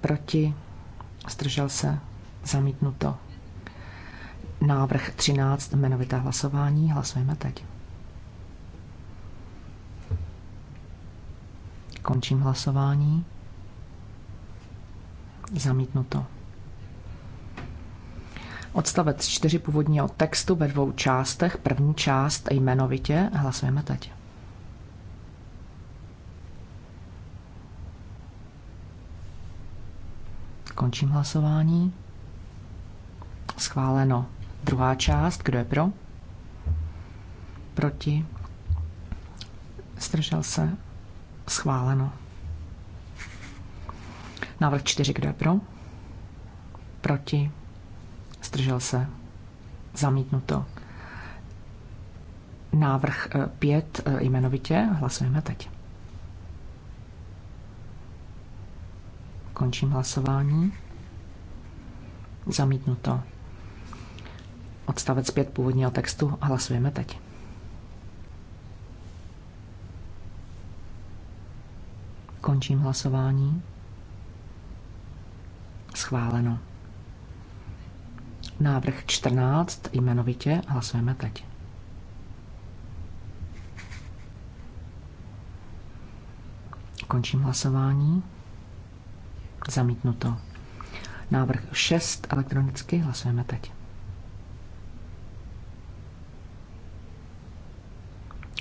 Proti? Zdržel se? Zamítnuto. Návrh 13, jmenovité hlasování. Hlasujeme teď. Končím hlasování. Zamítnuto. Odstavec 4 původního textu ve dvou částech. První část jmenovitě. Hlasujeme teď. Končím hlasování. Schváleno. Druhá část, kdo je pro? Proti? Zdržel se? Schváleno. Návrh čtyři. kdo je pro? Proti? Zdržel se? Zamítnuto. Návrh eh, pět. Eh, jmenovitě hlasujeme teď. Končím hlasování. Zamítnuto odstavec 5 původního textu. Hlasujeme teď. Končím hlasování. Schváleno. Návrh 14 jmenovitě hlasujeme teď. Končím hlasování. Zamítnuto. Návrh 6 elektronicky hlasujeme teď.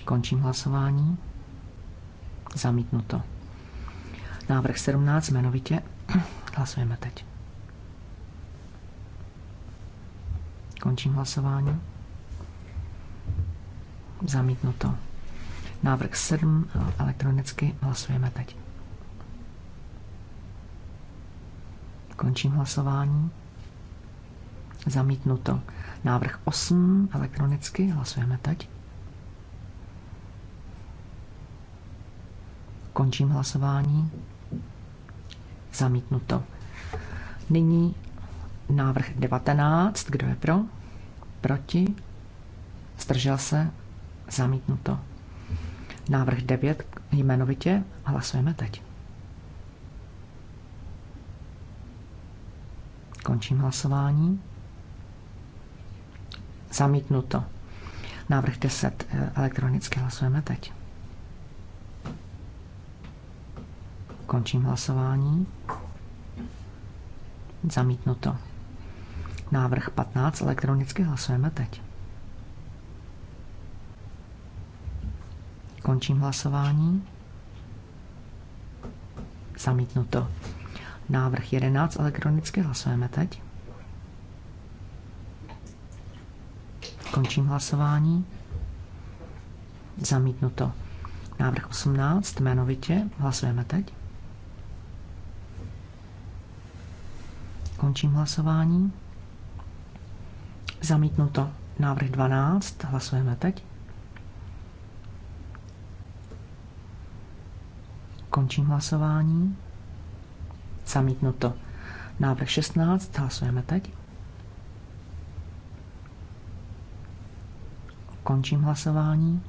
Končím hlasování. Zamítnuto. Návrh 17 jmenovitě. Hlasujeme teď. Končím hlasování. Zamítnuto. Návrh 7 eh, elektronicky hlasujeme teď. Končím hlasování. Zamítnuto. Návrh 8 elektronicky hlasujeme teď. Končím hlasování. Zamítnuto. Nyní návrh 19. Kdo je pro? Proti? Zdržel se? Zamítnuto. Návrh 9 jmenovitě hlasujeme teď. Končím hlasování. Zamítnuto. Návrh 10 eh, elektronicky hlasujeme teď. Končím hlasování. Zamítnuto. Návrh 15 elektronicky hlasujeme teď. Končím hlasování. Zamítnuto. Návrh 11 elektronicky hlasujeme teď. Končím hlasování. Zamítnuto. Návrh 18 jmenovitě hlasujeme teď. Končím hlasování. Zamítnuto. Návrh 12. Hlasujeme teď. Končím hlasování. Zamítnuto. Návrh 16. Hlasujeme teď. Končím hlasování.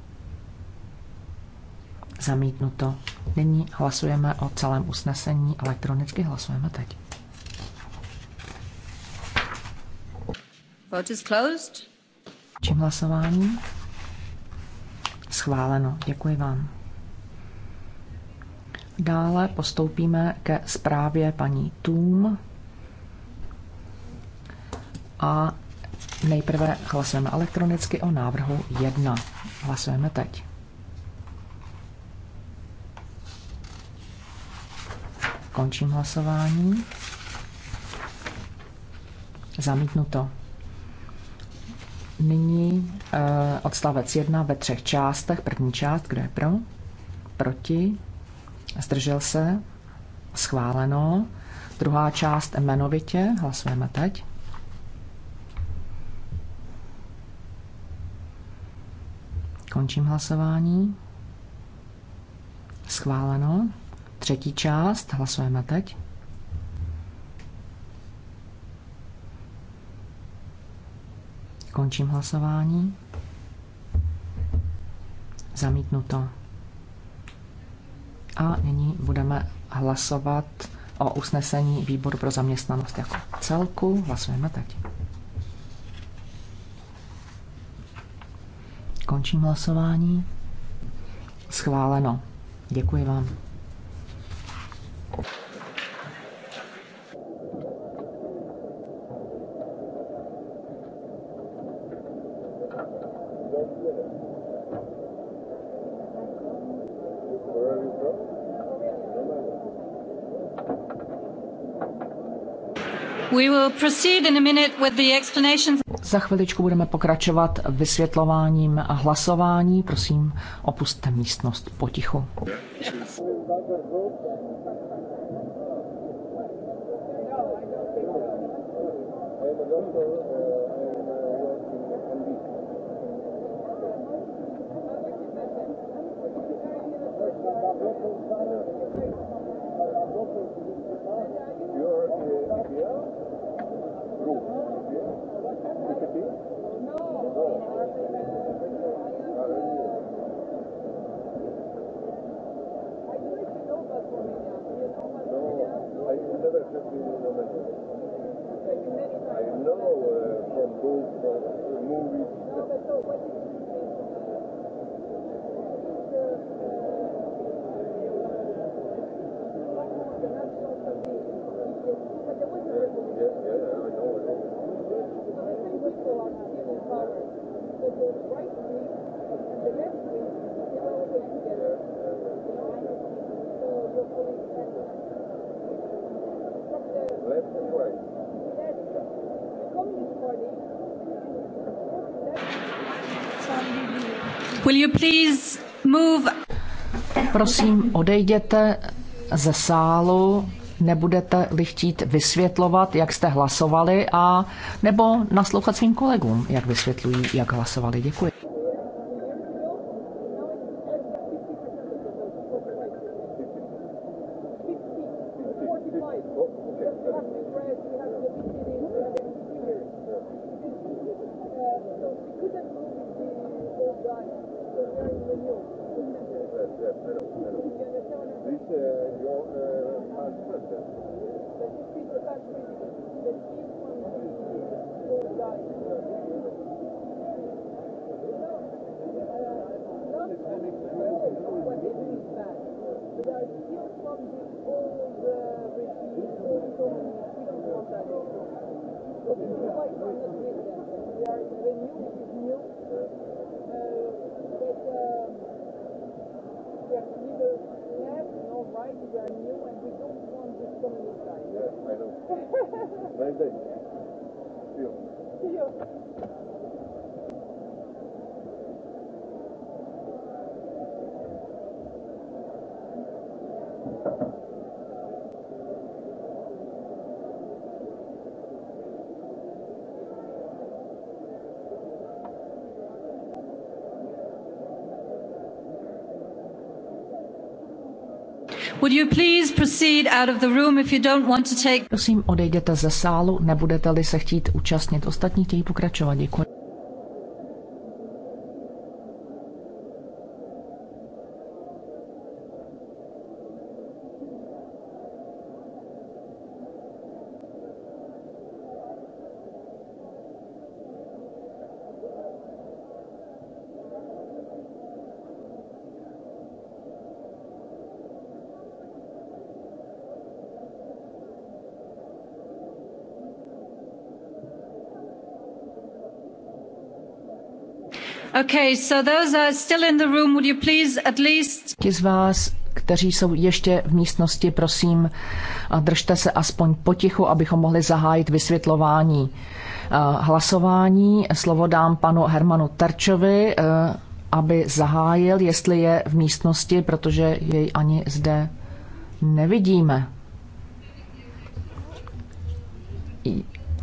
Zamítnuto. Nyní hlasujeme o celém usnesení. Elektronicky hlasujeme teď. Vote Čím hlasování? Schváleno. Děkuji vám. Dále postoupíme ke zprávě paní Tům a nejprve hlasujeme elektronicky o návrhu 1. Hlasujeme teď. Končím hlasování. Zamítnuto. Nyní eh, odstavec 1 ve třech částech. První část, kdo je pro? Proti? Zdržel se? Schváleno. Druhá část jmenovitě. Hlasujeme teď. Končím hlasování. Schváleno. Třetí část. Hlasujeme teď. Končím hlasování. Zamítnuto. A nyní budeme hlasovat o usnesení výboru pro zaměstnanost jako celku. Hlasujeme teď. Končím hlasování. Schváleno. Děkuji vám. Za chviličku budeme pokračovat vysvětlováním a hlasování. Prosím, opusťte místnost potichu. Yes. prosím odejděte ze sálu, nebudete-li chtít vysvětlovat, jak jste hlasovali, a nebo naslouchat svým kolegům, jak vysvětlují, jak hlasovali. Děkuji. proceed out of the room if you don't want to take... Prosím, odejděte ze sálu, nebudete-li se chtít účastnit. Ostatní chtějí pokračovat. Děkuji. Okay, so those are still in the room, would you please at least... Ti z vás, kteří jsou ještě v místnosti, prosím, držte se aspoň potichu, abychom mohli zahájit vysvětlování eh, hlasování. Slovo dám panu Hermanu Terčovi, eh, aby zahájil, jestli je v místnosti, protože jej ani zde nevidíme.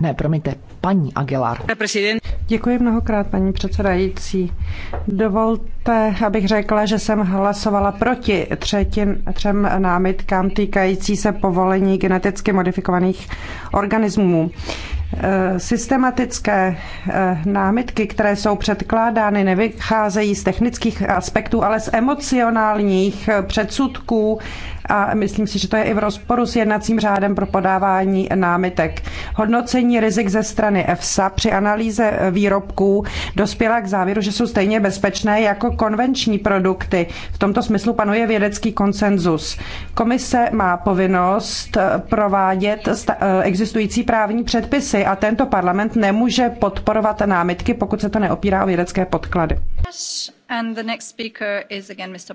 ne, promiňte, paní Aguilar. Děkuji mnohokrát, paní předsedající. Dovolte, abych řekla, že jsem hlasovala proti třetin, třem námitkám týkající se povolení geneticky modifikovaných organismů. E, systematické e, námitky, které jsou předkládány, nevycházejí z technických aspektů, ale z emocionálních předsudků a myslím si, že to je i v rozporu s jednacím řádem pro podávání námitek. Hodnocení rizik ze strany EFSA při analýze výrobků dospěla k závěru, že jsou stejně bezpečné jako konvenční produkty. V tomto smyslu panuje vědecký konsenzus. Komise má povinnost provádět eh, existující právní předpisy a tento parlament nemůže podporovat námitky, pokud se to neopírá o vědecké podklady. And the next speaker is again Mr.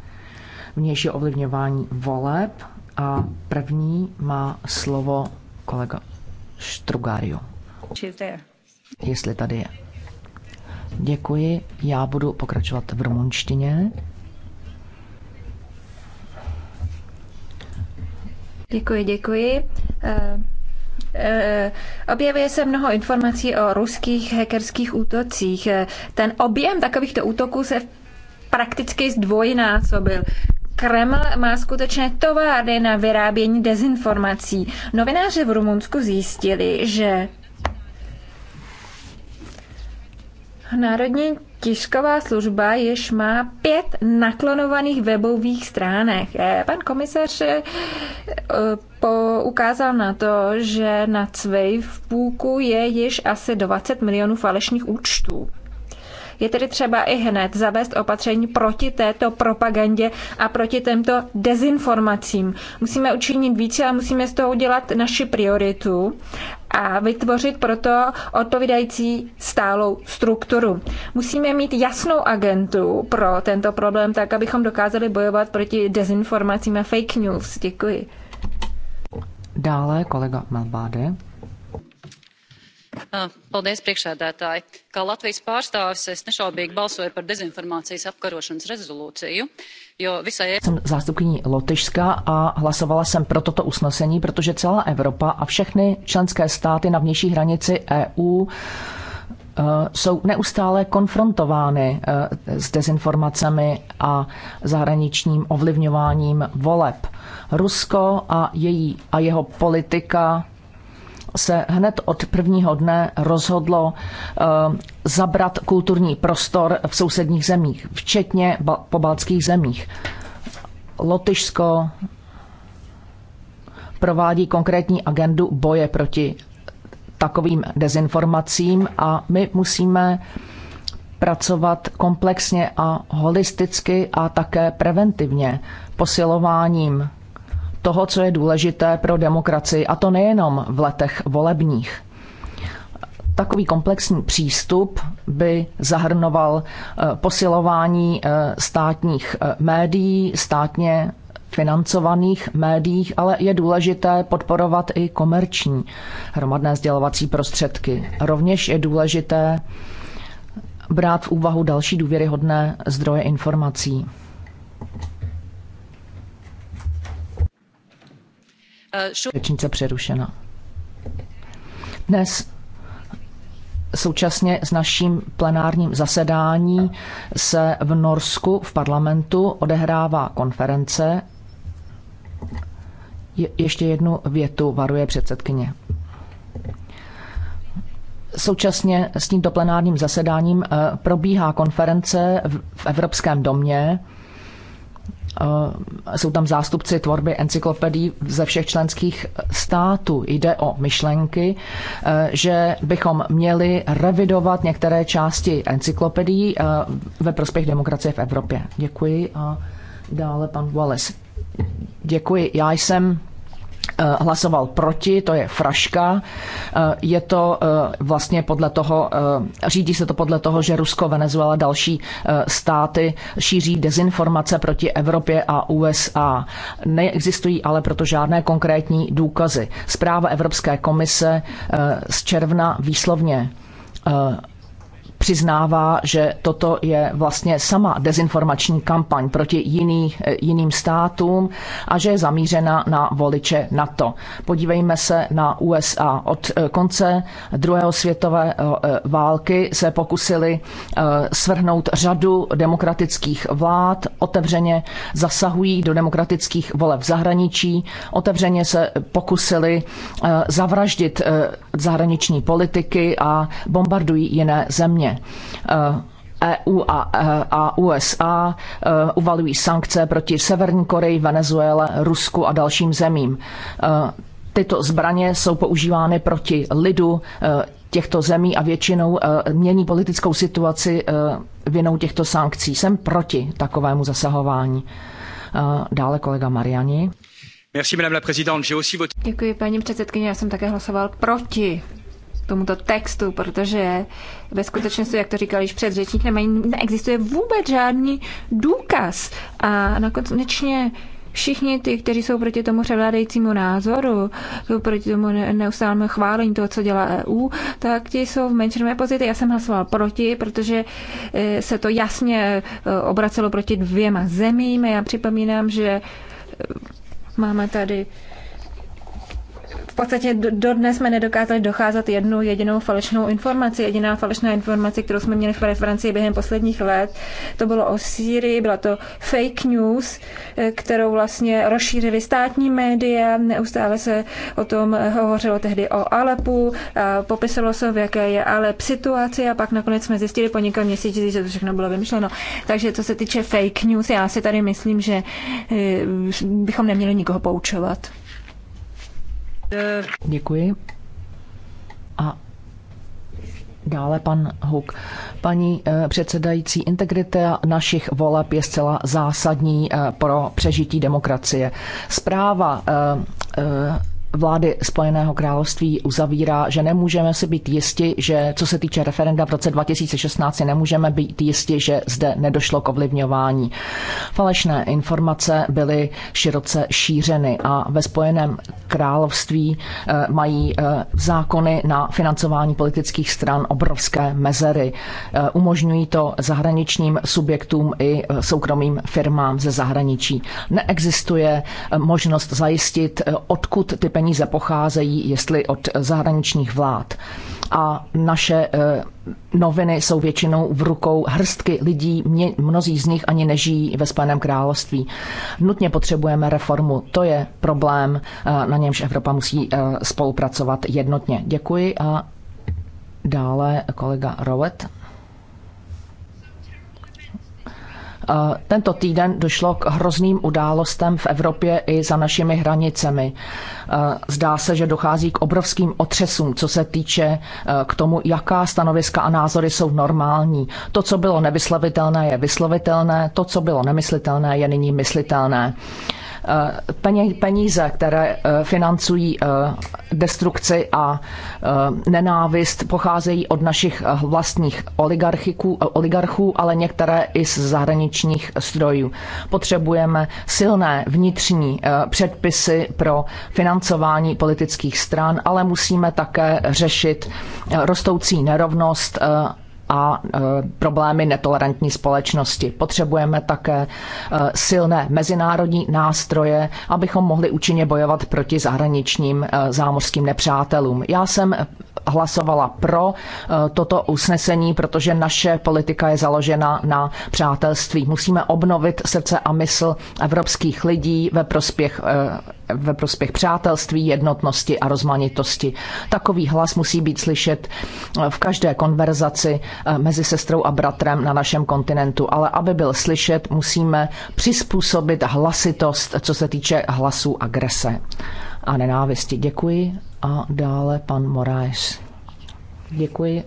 vnější ovlivňování voleb a první má slovo kolega Štrugario. Jestli tady je. Děkuji, já budu pokračovat v rumunštině. Děkuji, děkuji. Uh... Objevuje se mnoho informací o ruských hackerských útocích. Ten objem takovýchto útoků se prakticky zdvojnásobil. Kreml má skutečné továrny na vyrábění dezinformací. Novináři v Rumunsku zjistili, že Národní tisková služba již má pět naklonovaných webových stránek. Eh, pan komisař eh, ukázal na to, že na Cvej v půlku je již asi 20 milionů falešných účtů. Je tedy třeba i hned zavést opatření proti této propagandě a proti těmto dezinformacím. Musíme učinit více a musíme z toho udělat naši prioritu a vytvořit proto odpovídající stálou strukturu. Musíme mít jasnou agentu pro tento problém, tak abychom dokázali bojovat proti dezinformacím a fake news. Děkuji. Dále kolega Melbáde. Eh, paldies, priekšsēdētāji. Kā Latvijas pārstāvis es nešaubīgi balsoju par dezinformācijas apkarošanas rezolūciju, jo visai... Jsem e- zástupkyní Lotyšska a hlasovala jsem pro toto usnesení, protože celá Evropa a všechny členské státy na vnější hranici EU eh, jsou neustále konfrontovány eh, s dezinformacemi a zahraničním ovlivňováním voleb. Rusko a, její, a jeho politika se hned od prvního dne rozhodlo eh, zabrat kulturní prostor v sousedních zemích, včetně pobaltských zemích. Lotyšsko provádí konkrétní agendu boje proti takovým dezinformacím a my musíme pracovat komplexně a holisticky a také preventivně posilováním toho, co je důležité pro demokracii, a to nejenom v letech volebních. Takový komplexní přístup by zahrnoval eh, posilování eh, státních eh, médií, státně financovaných médiích, ale je důležité podporovat i komerční hromadné sdělovací prostředky. Rovněž je důležité brát v úvahu další důvěryhodné zdroje informací. Eh, Řečnice přerušena. Dnes Současně s naším plenárním zasedání se v Norsku v parlamentu odehrává konference. Je, ještě jednu větu varuje předsedkyně. Současně s tímto plenárním zasedáním eh, probíhá konference v, v Evropském domě Eh, jsou tam zástupci tvorby encyklopedií ze všech členských států. Jde o myšlenky, eh, že bychom měli revidovat některé části encyklopedií eh, ve prospěch demokracie v Evropě. Děkuji a dále pan Wallace. Děkuji. Já jsem Eh, hlasoval proti, to je fraška. Eh, je to eh, vlastně podle toho, řídí se to podle toho, že Rusko, Venezuela a další státy šíří dezinformace proti Evropě a USA. Neexistují ale proto žádné konkrétní důkazy. Zpráva Evropské komise z června výslovně přiznává, že toto je vlastně sama dezinformační kampaň proti jiný, eh, jiným státům a že je zamířena na voliče NATO. Podívejme se na USA. Od eh, konce druhého světové eh, války se pokusili svrhnout řadu demokratických vlád, otevřeně zasahují do demokratických voleb v zahraničí, otevřeně se pokusili zavraždit zahraniční politiky a bombardují jiné země. EU e a, e, a USA e, uvalují sankce proti Severní Koreji, Venezuele, Rusku a dalším zemím. Tyto zbraně jsou používány proti lidu těchto zemí a většinou mění politickou situaci vinou těchto sankcí. Jsem proti takovému zasahování. Dále kolega Mariani. Děkuji, paní předsedkyně, já jsem také hlasoval proti tomuto textu, protože ve skutečnosti, jak to říkal již předřečník, nemají, neexistuje vůbec žádný důkaz. A nakonečně všichni ty, kteří jsou proti tomu převládajícímu názoru, jsou proti tomu neustálému chválení toho, co dělá EU, tak ti jsou v menšinové pozici. Já jsem hlasoval proti, protože e, se to jasně e, obracelo proti dvěma zemím. Já připomínám, že e, máme tady podstatě dodnes jsme nedokázali docházet jednu jedinou falešnou informaci. Jediná falešná informace, kterou jsme měli v Francii během posledních let, to bylo o Sýrii, byla to fake news, eh, kterou vlastně rozšířili státní média, neustále se o tom hovořilo tehdy o Alepu, popisovalo se, v jaké je Alep situace a pak nakonec jsme zjistili po několika měsíci, že to všechno bylo vymyšleno. Takže co se týče fake news, já si tady myslím, že eh, bychom neměli nikoho poučovat. Děkuji. A Dále pan Huk. Paní eh, předsedající, integrita našich voleb je zcela zásadní eh, pro přežití demokracie. Zpráva eh, vlády Spojeného království uzavírá, že nemůžeme si být jisti, že co se týče referenda v roce 2016, nemůžeme být jisti, že zde nedošlo k ovlivňování. Falešné informace byly široce šířeny a ve Spojeném království eh, mají eh, zákony na financování politických stran obrovské mezery. Eh, umožňují to zahraničním subjektům i soukromým firmám ze zahraničí. Neexistuje možnost zajistit, odkud ty peníze peníze pocházejí, jestli od eh, zahraničních vlád. A naše eh, noviny jsou většinou v rukou hrstky lidí, mě, mnozí z nich ani nežijí ve Spojeném království. Nutně potřebujeme reformu, to je problém, eh, na němž Evropa musí spolupracovat jednotně. Děkuji a dále kolega Rowett. Tento týden došlo k hrozným událostem v Evropě i za našimi hranicemi. Zdá se, že dochází k obrovským otřesům, co se týče e, k tomu, jaká stanoviska a názory jsou normální. To, co bylo nevyslovitelné, je vyslovitelné, to, co bylo nemyslitelné, je nyní myslitelné. Eh, peníze, které eh, financují eh, destrukci a nenávist, pocházejí od našich vlastních oligarchů, ale některé i z zahraničních strojů. Potřebujeme silné vnitřní předpisy pro financování politických stran, ale musíme také řešit rostoucí nerovnost a e, problémy netolerantní společnosti. Potřebujeme také e, silné mezinárodní nástroje, abychom mohli účinně bojovat proti zahraničním e, zámořským nepřátelům. Já jsem hlasovala pro toto usnesení, protože naše politika je založena na přátelství. Musíme obnovit srdce a mysl evropských lidí ve prospěch ve prospěch přátelství, jednotnosti a rozmanitosti. Takový hlas musí být slyšet eh, v každé konverzaci eh, mezi sestrou a bratrem na našem kontinentu, ale aby byl slyšet, musíme přizpůsobit hlasitost, co se týče hlasů agrese a nenávisti. Děkuji a dále pan Moraes. Děkuji.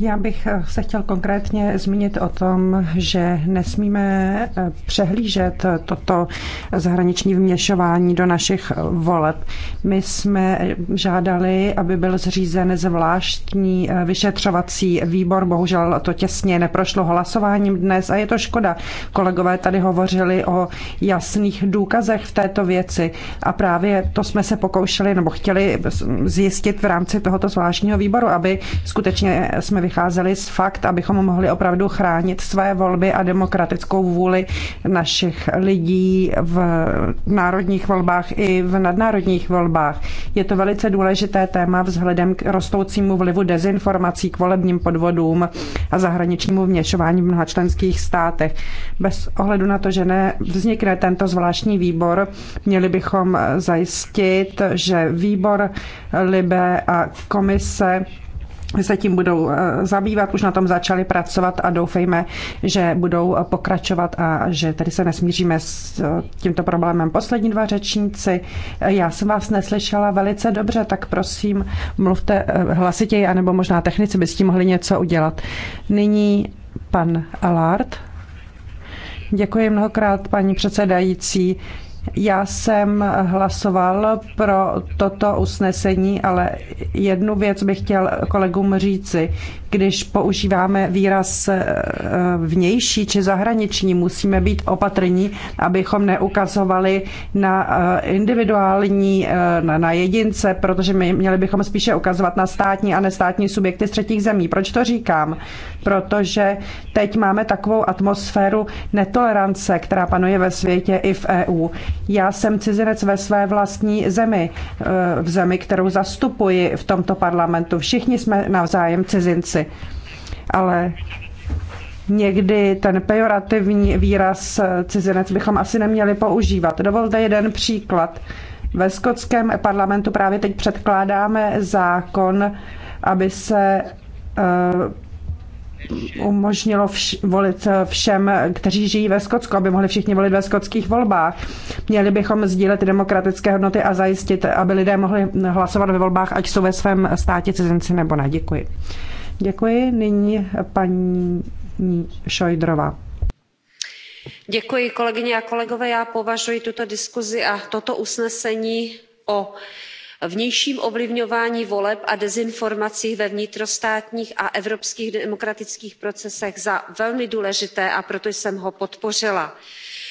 Já bych eh, se chtěl konkrétně zmínit o tom, že nesmíme eh, přehlížet eh, toto zahraniční vměšování do našich voleb. My jsme žádali, aby byl zřízen zvláštní vyšetřovací výbor. Bohužel to těsně neprošlo hlasováním dnes a je to škoda. Kolegové tady hovořili o jasných důkazech v této věci a právě to jsme se pokoušeli nebo chtěli zjistit v rámci tohoto zvláštního výboru, aby skutečně jsme vycházeli z fakt, abychom mohli opravdu chránit své volby a demokratickou vůli našich lidí v národních volbách i v nadnárodních volbách. Je to velice důležité téma vzhledem k rostoucímu vlivu dezinformací k volebním podvodům a zahraničnímu vněšování v mnoha členských státech. Bez ohledu na to, že ne vznikne tento zvláštní výbor, měli bychom zajistit, že výbor Libe a komise se tím budou eh, zabývat, už na tom začali pracovat a doufejme, že budou eh, pokračovat a že tedy se nesmíříme s eh, tímto problémem. Poslední dva řečníci, já jsem vás neslyšela velice dobře, tak prosím mluvte hlasitěji, anebo možná technici by s tím mohli něco udělat. Nyní pan Alard. Děkuji mnohokrát, paní předsedající. Já jsem hlasoval pro toto usnesení, ale jednu věc bych chtěl kolegům říci když používáme výraz eh, vnější či zahraniční, musíme být opatrní, abychom neukazovali na eh, individuální, eh, na jedince, protože my měli bychom spíše ukazovat na státní a nestátní subjekty z třetích zemí. Proč to říkám? Protože teď máme takovou atmosféru netolerance, která panuje ve světě i v EU. Já jsem cizinec ve své vlastní zemi, v zemi, kterou zastupuji v tomto parlamentu. Všichni jsme navzájem cizinci věci. Ale někdy ten pejorativní výraz eh, cizinec bychom asi neměli používat. Dovolte jeden příklad. Ve skotském parlamentu právě teď předkládáme zákon, aby se eh, umožnilo vš- volit eh, všem, kteří žijí ve Skotsku, aby mohli všichni volit ve skotských volbách. Měli bychom sdílet demokratické hodnoty a zajistit, aby lidé mohli hlasovat ve volbách, ať jsou ve svém státě cizinci nebo ne. Děkuji. Děkuji. Nyní paní Šojdrova. Děkuji kolegyně a kolegové. Já považuji tuto diskuzi a toto usnesení o vnějším ovlivňování voleb a dezinformacích ve vnitrostátních a evropských demokratických procesech za velmi důležité a proto jsem ho podpořila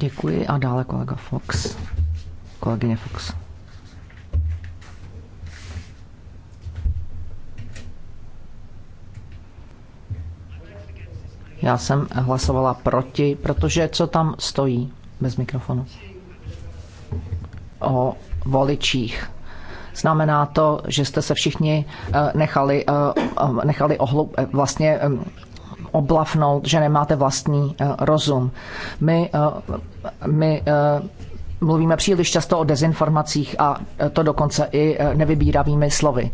Děkuji a dále kolega Fox. Kolegyně Fox. Já jsem hlasovala proti, protože co tam stojí bez mikrofonu? O voličích. Znamená to, že jste se všichni eh, nechali, eh, eh, nechali ohlup, vlastně oblafnout, že nemáte vlastní eh, rozum. My, eh, my eh, mluvíme příliš často o dezinformacích a e, to dokonce i e, nevybíravými slovy.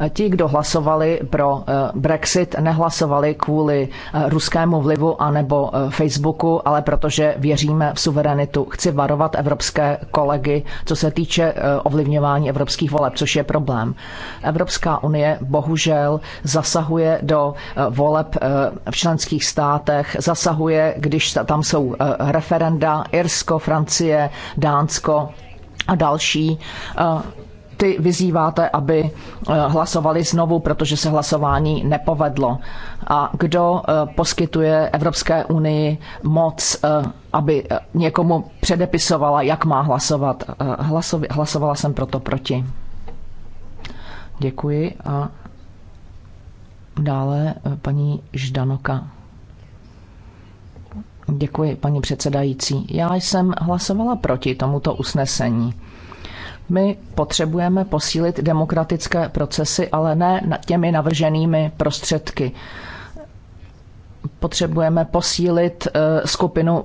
E, ti, kdo hlasovali pro Brexit, nehlasovali kvůli ruskému vlivu anebo Facebooku, ale protože věříme v suverenitu. Chci varovat evropské kolegy, co se týče ovlivňování evropských voleb, což je problém. Evropská unie bohužel zasahuje do voleb v členských státech, zasahuje, když tam jsou referenda Irsko, Francie, Dán Dánsko a další eh, ty vyzýváte, aby eh, hlasovali znovu, protože se hlasování nepovedlo. A kdo eh, poskytuje Evropské unii moc, aby někomu předepisovala, jak má hlasovat? hlasovala jsem proto proti. Děkuji a dále paní Ždanoka. Děkuji, paní předsedající. Já jsem hlasovala proti tomuto usnesení. My potřebujeme posílit demokratické procesy, ale ne těmi navrženými prostředky potřebujeme posílit eh, skupinu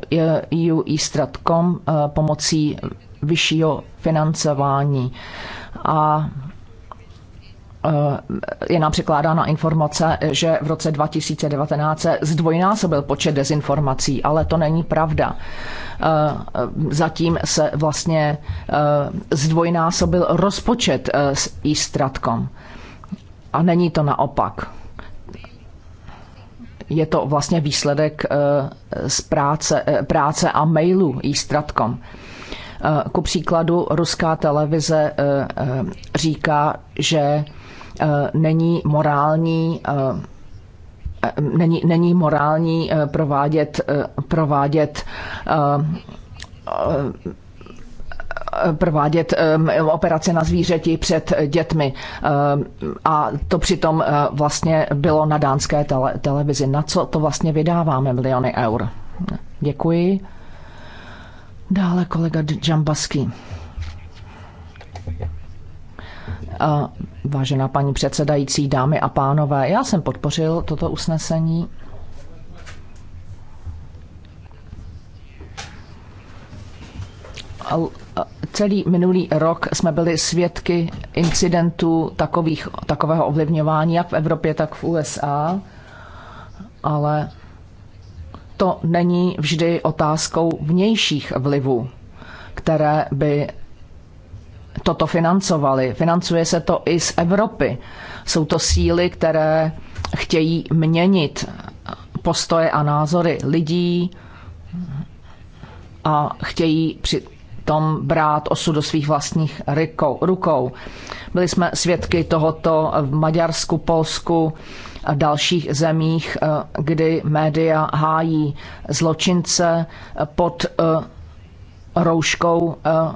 EU eh, e Eastratcom eh, pomocí vyššího financování. A Eh, je nám překládána informace, že v roce 2019 se zdvojnásobil počet dezinformací, ale to není pravda. Eh, zatím se vlastně eh, zdvojnásobil rozpočet s e-stratkom. A není to naopak. Je to vlastně výsledek z práce, práce a mailu e-stratkom. Ku příkladu ruská televize říká, že Eh, není morální eh, není, není morální eh, provádět, provádět provádět operace na zvířeti před dětmi. A to přitom vlastně bylo na dánské tele, televizi. Na co to vlastně vydáváme miliony eur? Děkuji. Dále kolega Džambaský. Eh, vážená paní předsedající, dámy a pánové, já jsem podpořil toto usnesení. Eh, celý minulý rok jsme byli svědky incidentů takových, takového ovlivňování jak v Evropě, tak v USA, ale to není vždy otázkou vnějších vlivů, které by toto financovali. Financuje se to i z Evropy. Jsou to síly, které chtějí měnit postoje a názory lidí a chtějí při tom brát osud do svých vlastních rukou. Byli jsme svědky tohoto v Maďarsku, Polsku a dalších zemích, eh, kdy média hájí zločince pod eh, rouškou eh,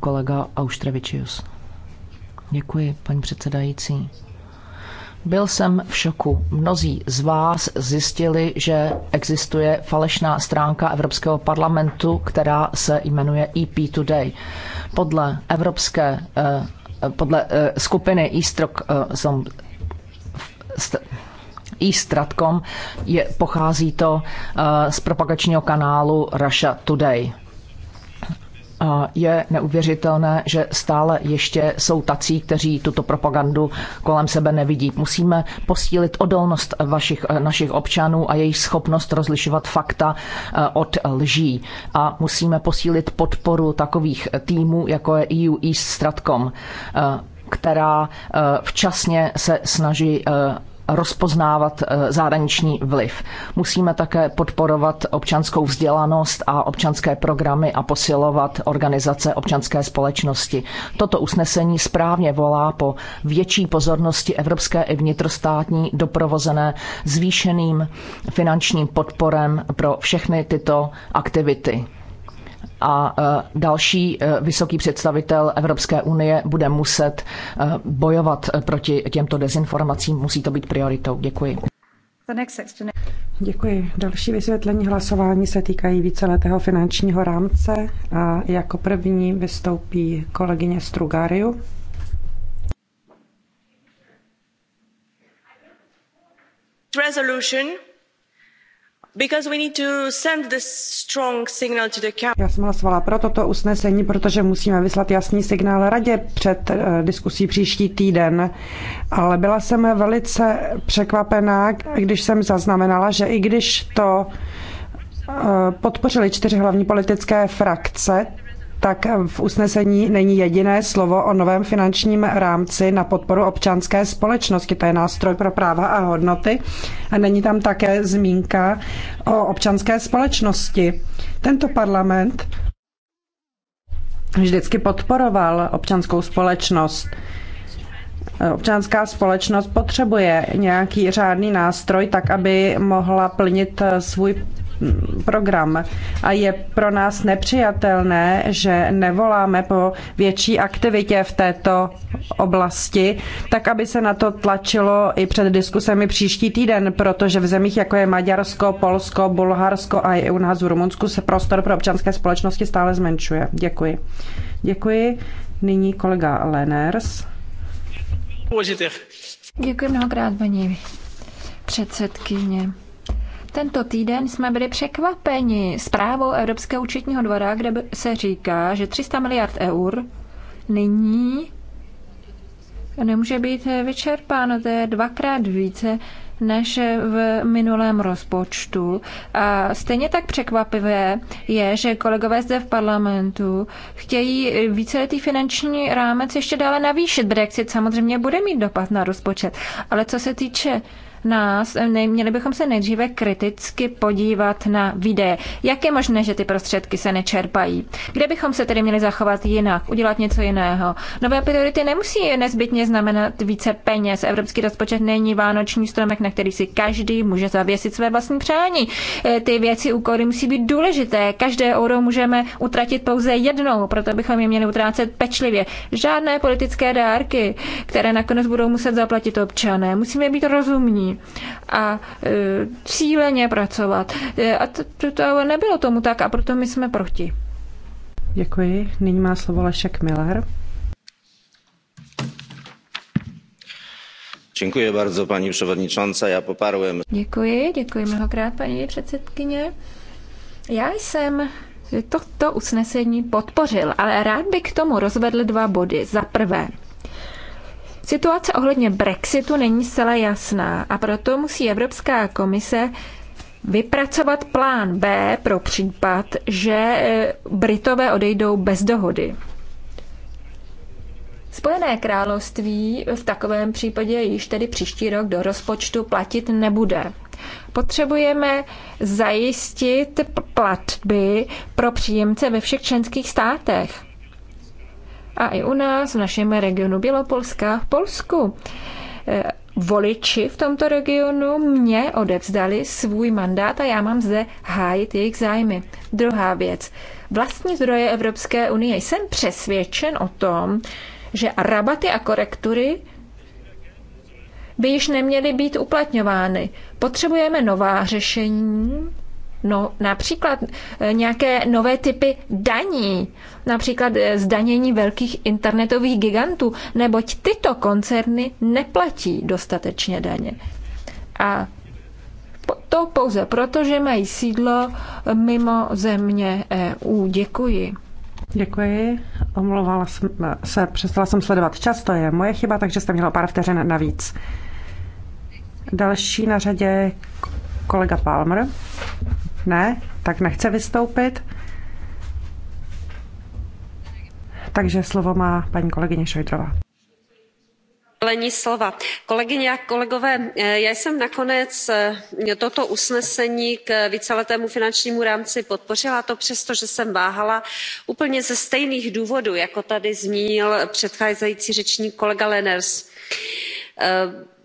kolega Auštrevičius. Děkuji, paní předsedající. Byl jsem v šoku. Mnozí z vás zjistili, že existuje falešná stránka Evropského parlamentu, která se jmenuje EP Today. Podle evropské, eh, podle eh, skupiny Eastrok jsem i je, pochází to eh, z propagačního kanálu Russia Today je neuvěřitelné, že stále ještě jsou tací, kteří tuto propagandu kolem sebe nevidí. Musíme posílit odolnost vašich, eh, našich občanů a jejich schopnost rozlišovat fakta eh, od lží. A musíme posílit podporu takových týmů, jako je EU East Stratcom eh, která včasně se snaží rozpoznávat eh, zahraniční vliv. Musíme také podporovat občanskou vzdělanost a občanské programy a posilovat organizace občanské společnosti. Toto usnesení správně volá po větší pozornosti evropské i vnitrostátní doprovozené zvýšeným finančním podporem pro všechny tyto aktivity a e, další e, vysoký představitel Evropské unie bude muset e, bojovat proti těmto dezinformacím. Musí to být prioritou. Děkuji. Děkuji. Další vysvětlení hlasování se týkají víceletého finančního rámce a jako první vystoupí kolegyně Strugariu. Resolution já jsem hlasovala pro toto usnesení, protože musíme vyslat jasný signál radě před eh, diskusí příští týden. Ale byla jsem velice překvapená, když jsem zaznamenala, že i když to eh, podpořili čtyři hlavní politické frakce, tak v usnesení není jediné slovo o novém finančním rámci na podporu občanské společnosti. To je nástroj pro práva a hodnoty. A není tam také zmínka o občanské společnosti. Tento parlament vždycky podporoval občanskou společnost. Občanská společnost potřebuje nějaký řádný nástroj, tak aby mohla plnit svůj program. A je pro nás nepřijatelné, že nevoláme po větší aktivitě v této oblasti, tak aby se na to tlačilo i před diskusemi příští týden, protože v zemích jako je Maďarsko, Polsko, Bulharsko a i u nás v Rumunsku se prostor pro občanské společnosti stále zmenšuje. Děkuji. Děkuji. Nyní kolega Leners. Děkuji mnohokrát, paní předsedkyně. Tento týden jsme byli překvapeni zprávou Evropského účetního dvora, kde se říká, že 300 miliard eur nyní nemůže být vyčerpáno. To je dvakrát více, než v minulém rozpočtu. A stejně tak překvapivé je, že kolegové zde v parlamentu chtějí víceletý finanční rámec ještě dále navýšit. Brexit samozřejmě bude mít dopad na rozpočet. Ale co se týče nás, eh, měli bychom se nejdříve kriticky podívat na výdaje. Jak je možné, že ty prostředky se nečerpají? Kde bychom se tedy měli zachovat jinak, udělat něco jiného? Nové priority nemusí nezbytně znamenat více peněz. Evropský rozpočet není vánoční stromek, na který si každý může zavěsit své vlastní přání. Eh, ty věci úkoly musí být důležité. Každé euro můžeme utratit pouze jednou, proto bychom je měli utrácet pečlivě. Žádné politické dárky, které nakonec budou muset zaplatit občané. Musíme být rozumní a a e, cíleně pracovat. E, a to, to nebylo tomu tak a proto my jsme proti. Děkuji. Nyní má slovo Lešek Miller. Děkuji bardzo, paní předsedající. Já poparujem. Děkuji, děkuji mnohokrát, paní předsedkyně. Já jsem toto usnesení podpořil, ale rád bych k tomu rozvedl dva body. Za prvé, Situace ohledně Brexitu není zcela jasná a proto musí Evropská komise vypracovat plán B pro případ, že e, Britové odejdou bez dohody. Spojené království v takovém případě již tedy příští rok do rozpočtu platit nebude. Potřebujeme zajistit platby pro příjemce ve všech členských státech a i u nás, v našem regionu Bělopolska, v Polsku eh, voliči v tomto regionu mě odevzdali svůj mandát a já mám zde hájit jejich zájmy. Druhá věc. Vlastní zdroje Evropské unie. Jsem přesvědčen o tom, že rabaty a korektury by již neměly být uplatňovány. Potřebujeme nová řešení, No, například eh, nějaké nové typy daní, například eh, zdanění velkých internetových gigantů, neboť tyto koncerny neplatí dostatečně daně. A to pouze proto, že mají sídlo eh, mimo země EU. Děkuji. Děkuji. Omlouvala jsem se, přestala jsem sledovat čas, to je moje chyba, takže jste měla pár vteřin navíc. Další na řadě kolega Palmer ne, tak nechce vystoupit. Takže slovo má paní kolegyně Šojdrová Lení slova. kolegyně a kolegové eh, já jsem nakonec eh, toto usnesení k víceletému finančnímu rámci podpořila to přesto že jsem váhala úplně ze stejných důvodů jako tady zmínil předcházející řečník kolega Lenners. Eh,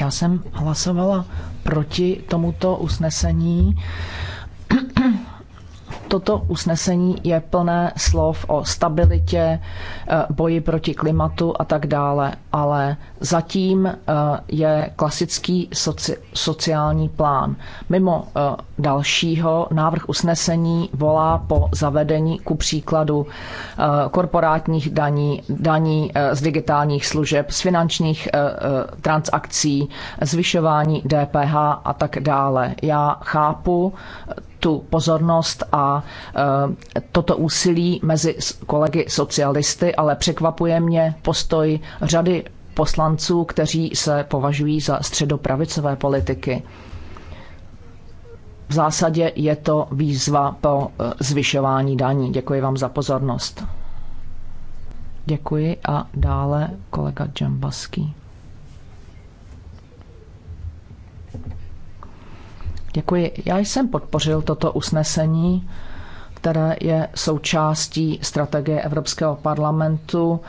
já jsem hlasovala proti tomuto usnesení Toto usnesení je plné slov o stabilitě, eh, boji proti klimatu a tak dále, ale zatím eh, je klasický soci, sociální plán. Mimo eh, dalšího návrh usnesení volá po zavedení ku příkladu korporátních daní, daní z digitálních služeb, z finančních transakcí, zvyšování DPH a tak dále. Já chápu tu pozornost a e, toto úsilí mezi kolegy socialisty, ale překvapuje mě postoj řady poslanců, kteří se považují za středopravicové politiky. V zásadě je to výzva po e, zvyšování daní. Děkuji vám za pozornost. Děkuji a dále kolega Džambaský. Děkuji. Já jsem podpořil toto usnesení, které je součástí strategie Evropského parlamentu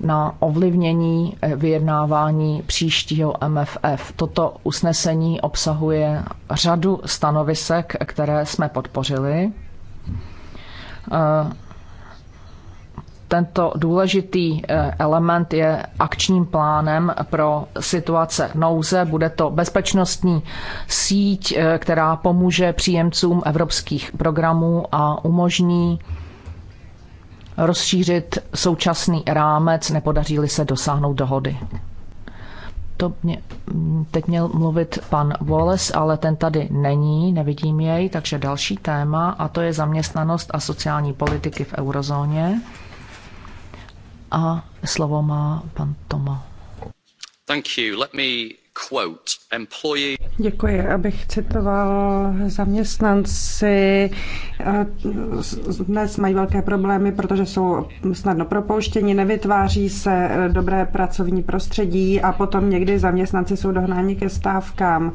na ovlivnění eh, vyjednávání příštího MFF. Toto usnesení obsahuje řadu stanovisek, které jsme podpořili eh, tento důležitý eh, element je akčním plánem pro situace nouze. Bude to bezpečnostní síť, eh, která pomůže příjemcům evropských programů a umožní rozšířit současný rámec, nepodaří-li se dosáhnout dohody. To mě, mm, teď měl mluvit pan Wallace, ale ten tady není, nevidím jej, takže další téma, a to je zaměstnanost a sociální politiky v eurozóně. A slovo má pan Toma. Thank you. Let me quote Děkuji, abych citoval zaměstnanci. Dnes mají velké problémy, protože jsou snadno propouštěni, nevytváří se dobré pracovní prostředí a potom někdy zaměstnanci jsou dohnáni ke stávkám.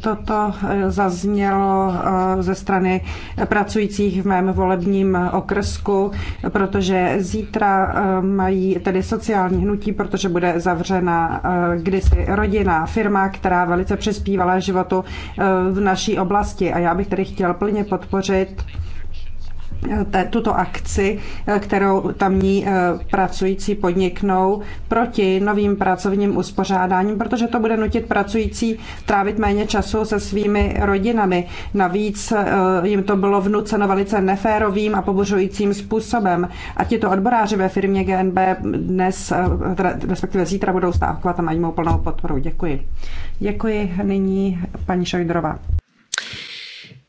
Toto zaznělo ze strany pracujících v mém volebním okrsku, protože zítra mají tedy sociální hnutí, protože bude zavřena kdysi rodina, firma, která která velice přispívala životu eh, v naší oblasti. A já bych tedy chtěl plně podpořit tuto akci, eh, kterou tamní eh, pracující podniknou proti novým pracovním uspořádáním, protože to bude nutit pracující trávit méně času se svými rodinami. Navíc eh, jim to bylo vnuceno velice neférovým a pobuřujícím způsobem. A tito odboráři ve firmě GNB dnes, respektive zítra budou stávkovat a mají mou plnou podporu. Děkuji. Děkuji nyní paní Šojdrova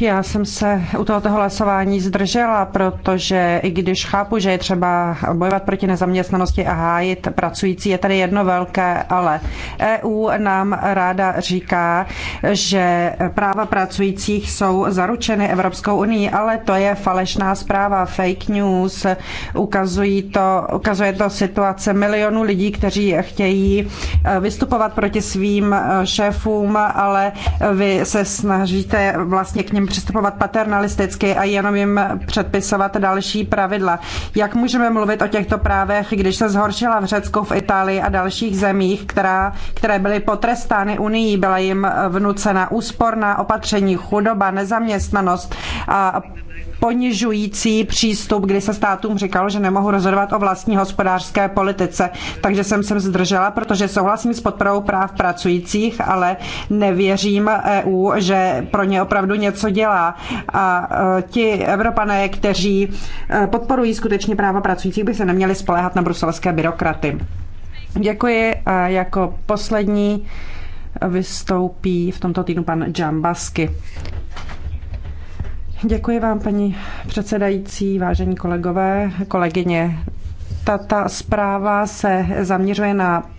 Já jsem se u tohoto hlasování zdržela, protože i když chápu, že je třeba bojovat proti nezaměstnanosti a hájit pracující, je tady jedno velké ale. EU nám ráda říká, že práva pracujících jsou zaručeny Evropskou unii, ale to je falešná zpráva, fake news. Ukazují to, ukazuje to situace milionů lidí, kteří chtějí eh, vystupovat proti svým eh, šéfům, ale vy se snažíte vlastně k něm přistupovat paternalisticky a jenom jim předpisovat další pravidla. Jak můžeme mluvit o těchto právech, když se zhoršila v Řecku, v Itálii a dalších zemích, která, které byly potrestány Unii, byla jim vnucena úsporná opatření, chudoba, nezaměstnanost a ponižující přístup, kdy se státům říkalo, že nemohu rozhodovat o vlastní hospodářské politice. Takže jsem se zdržela, protože souhlasím s podporou práv pracujících, ale nevěřím EU, že pro ně opravdu něco dělá. A e, ti Evropané, kteří e, podporují skutečně práva pracujících, by se neměli spoléhat na bruselské byrokraty. Děkuji. A jako poslední vystoupí v tomto týdnu pan Džambasky. Děkuji vám, paní předsedající, vážení kolegové, kolegyně. Ta zpráva se zaměřuje na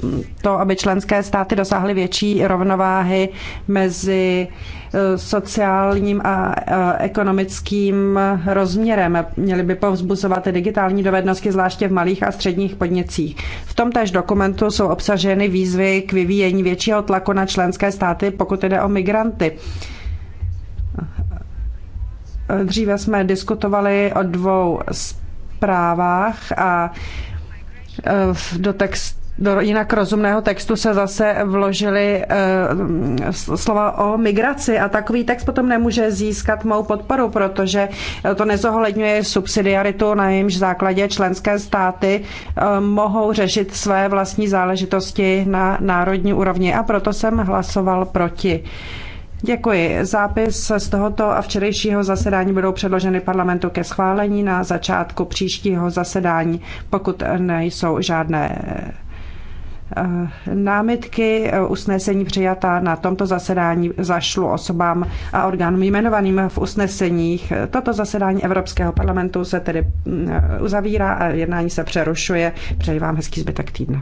to, aby členské státy dosáhly větší rovnováhy mezi eh, sociálním a eh, ekonomickým rozměrem. Měly by povzbuzovat digitální dovednosti, zvláště v malých a středních podnicích. V tom též dokumentu jsou obsaženy výzvy k vyvíjení většího tlaku na členské státy, pokud jde o migranty Dříve jsme diskutovali o dvou zprávách a eh, do textu, do jinak rozumného textu se zase vložili uh, slova o migraci a takový text potom nemůže získat mou podporu, protože eh, to nezohledňuje subsidiaritu, na jejímž základě členské státy uh, mohou řešit své vlastní záležitosti na národní úrovni a proto jsem hlasoval proti. Uh, Děkuji. Zápis z tohoto a včerejšího zasedání budou předloženy parlamentu ke schválení na začátku příštího zasedání, pokud nejsou žádné eh, námitky usnesení přijatá na tomto zasedání zašlo osobám a orgánům jmenovaným v usneseních. Toto zasedání Evropského parlamentu se tedy eh, uzavírá a jednání se přerušuje. Přeji vám hezký zbytek týdne.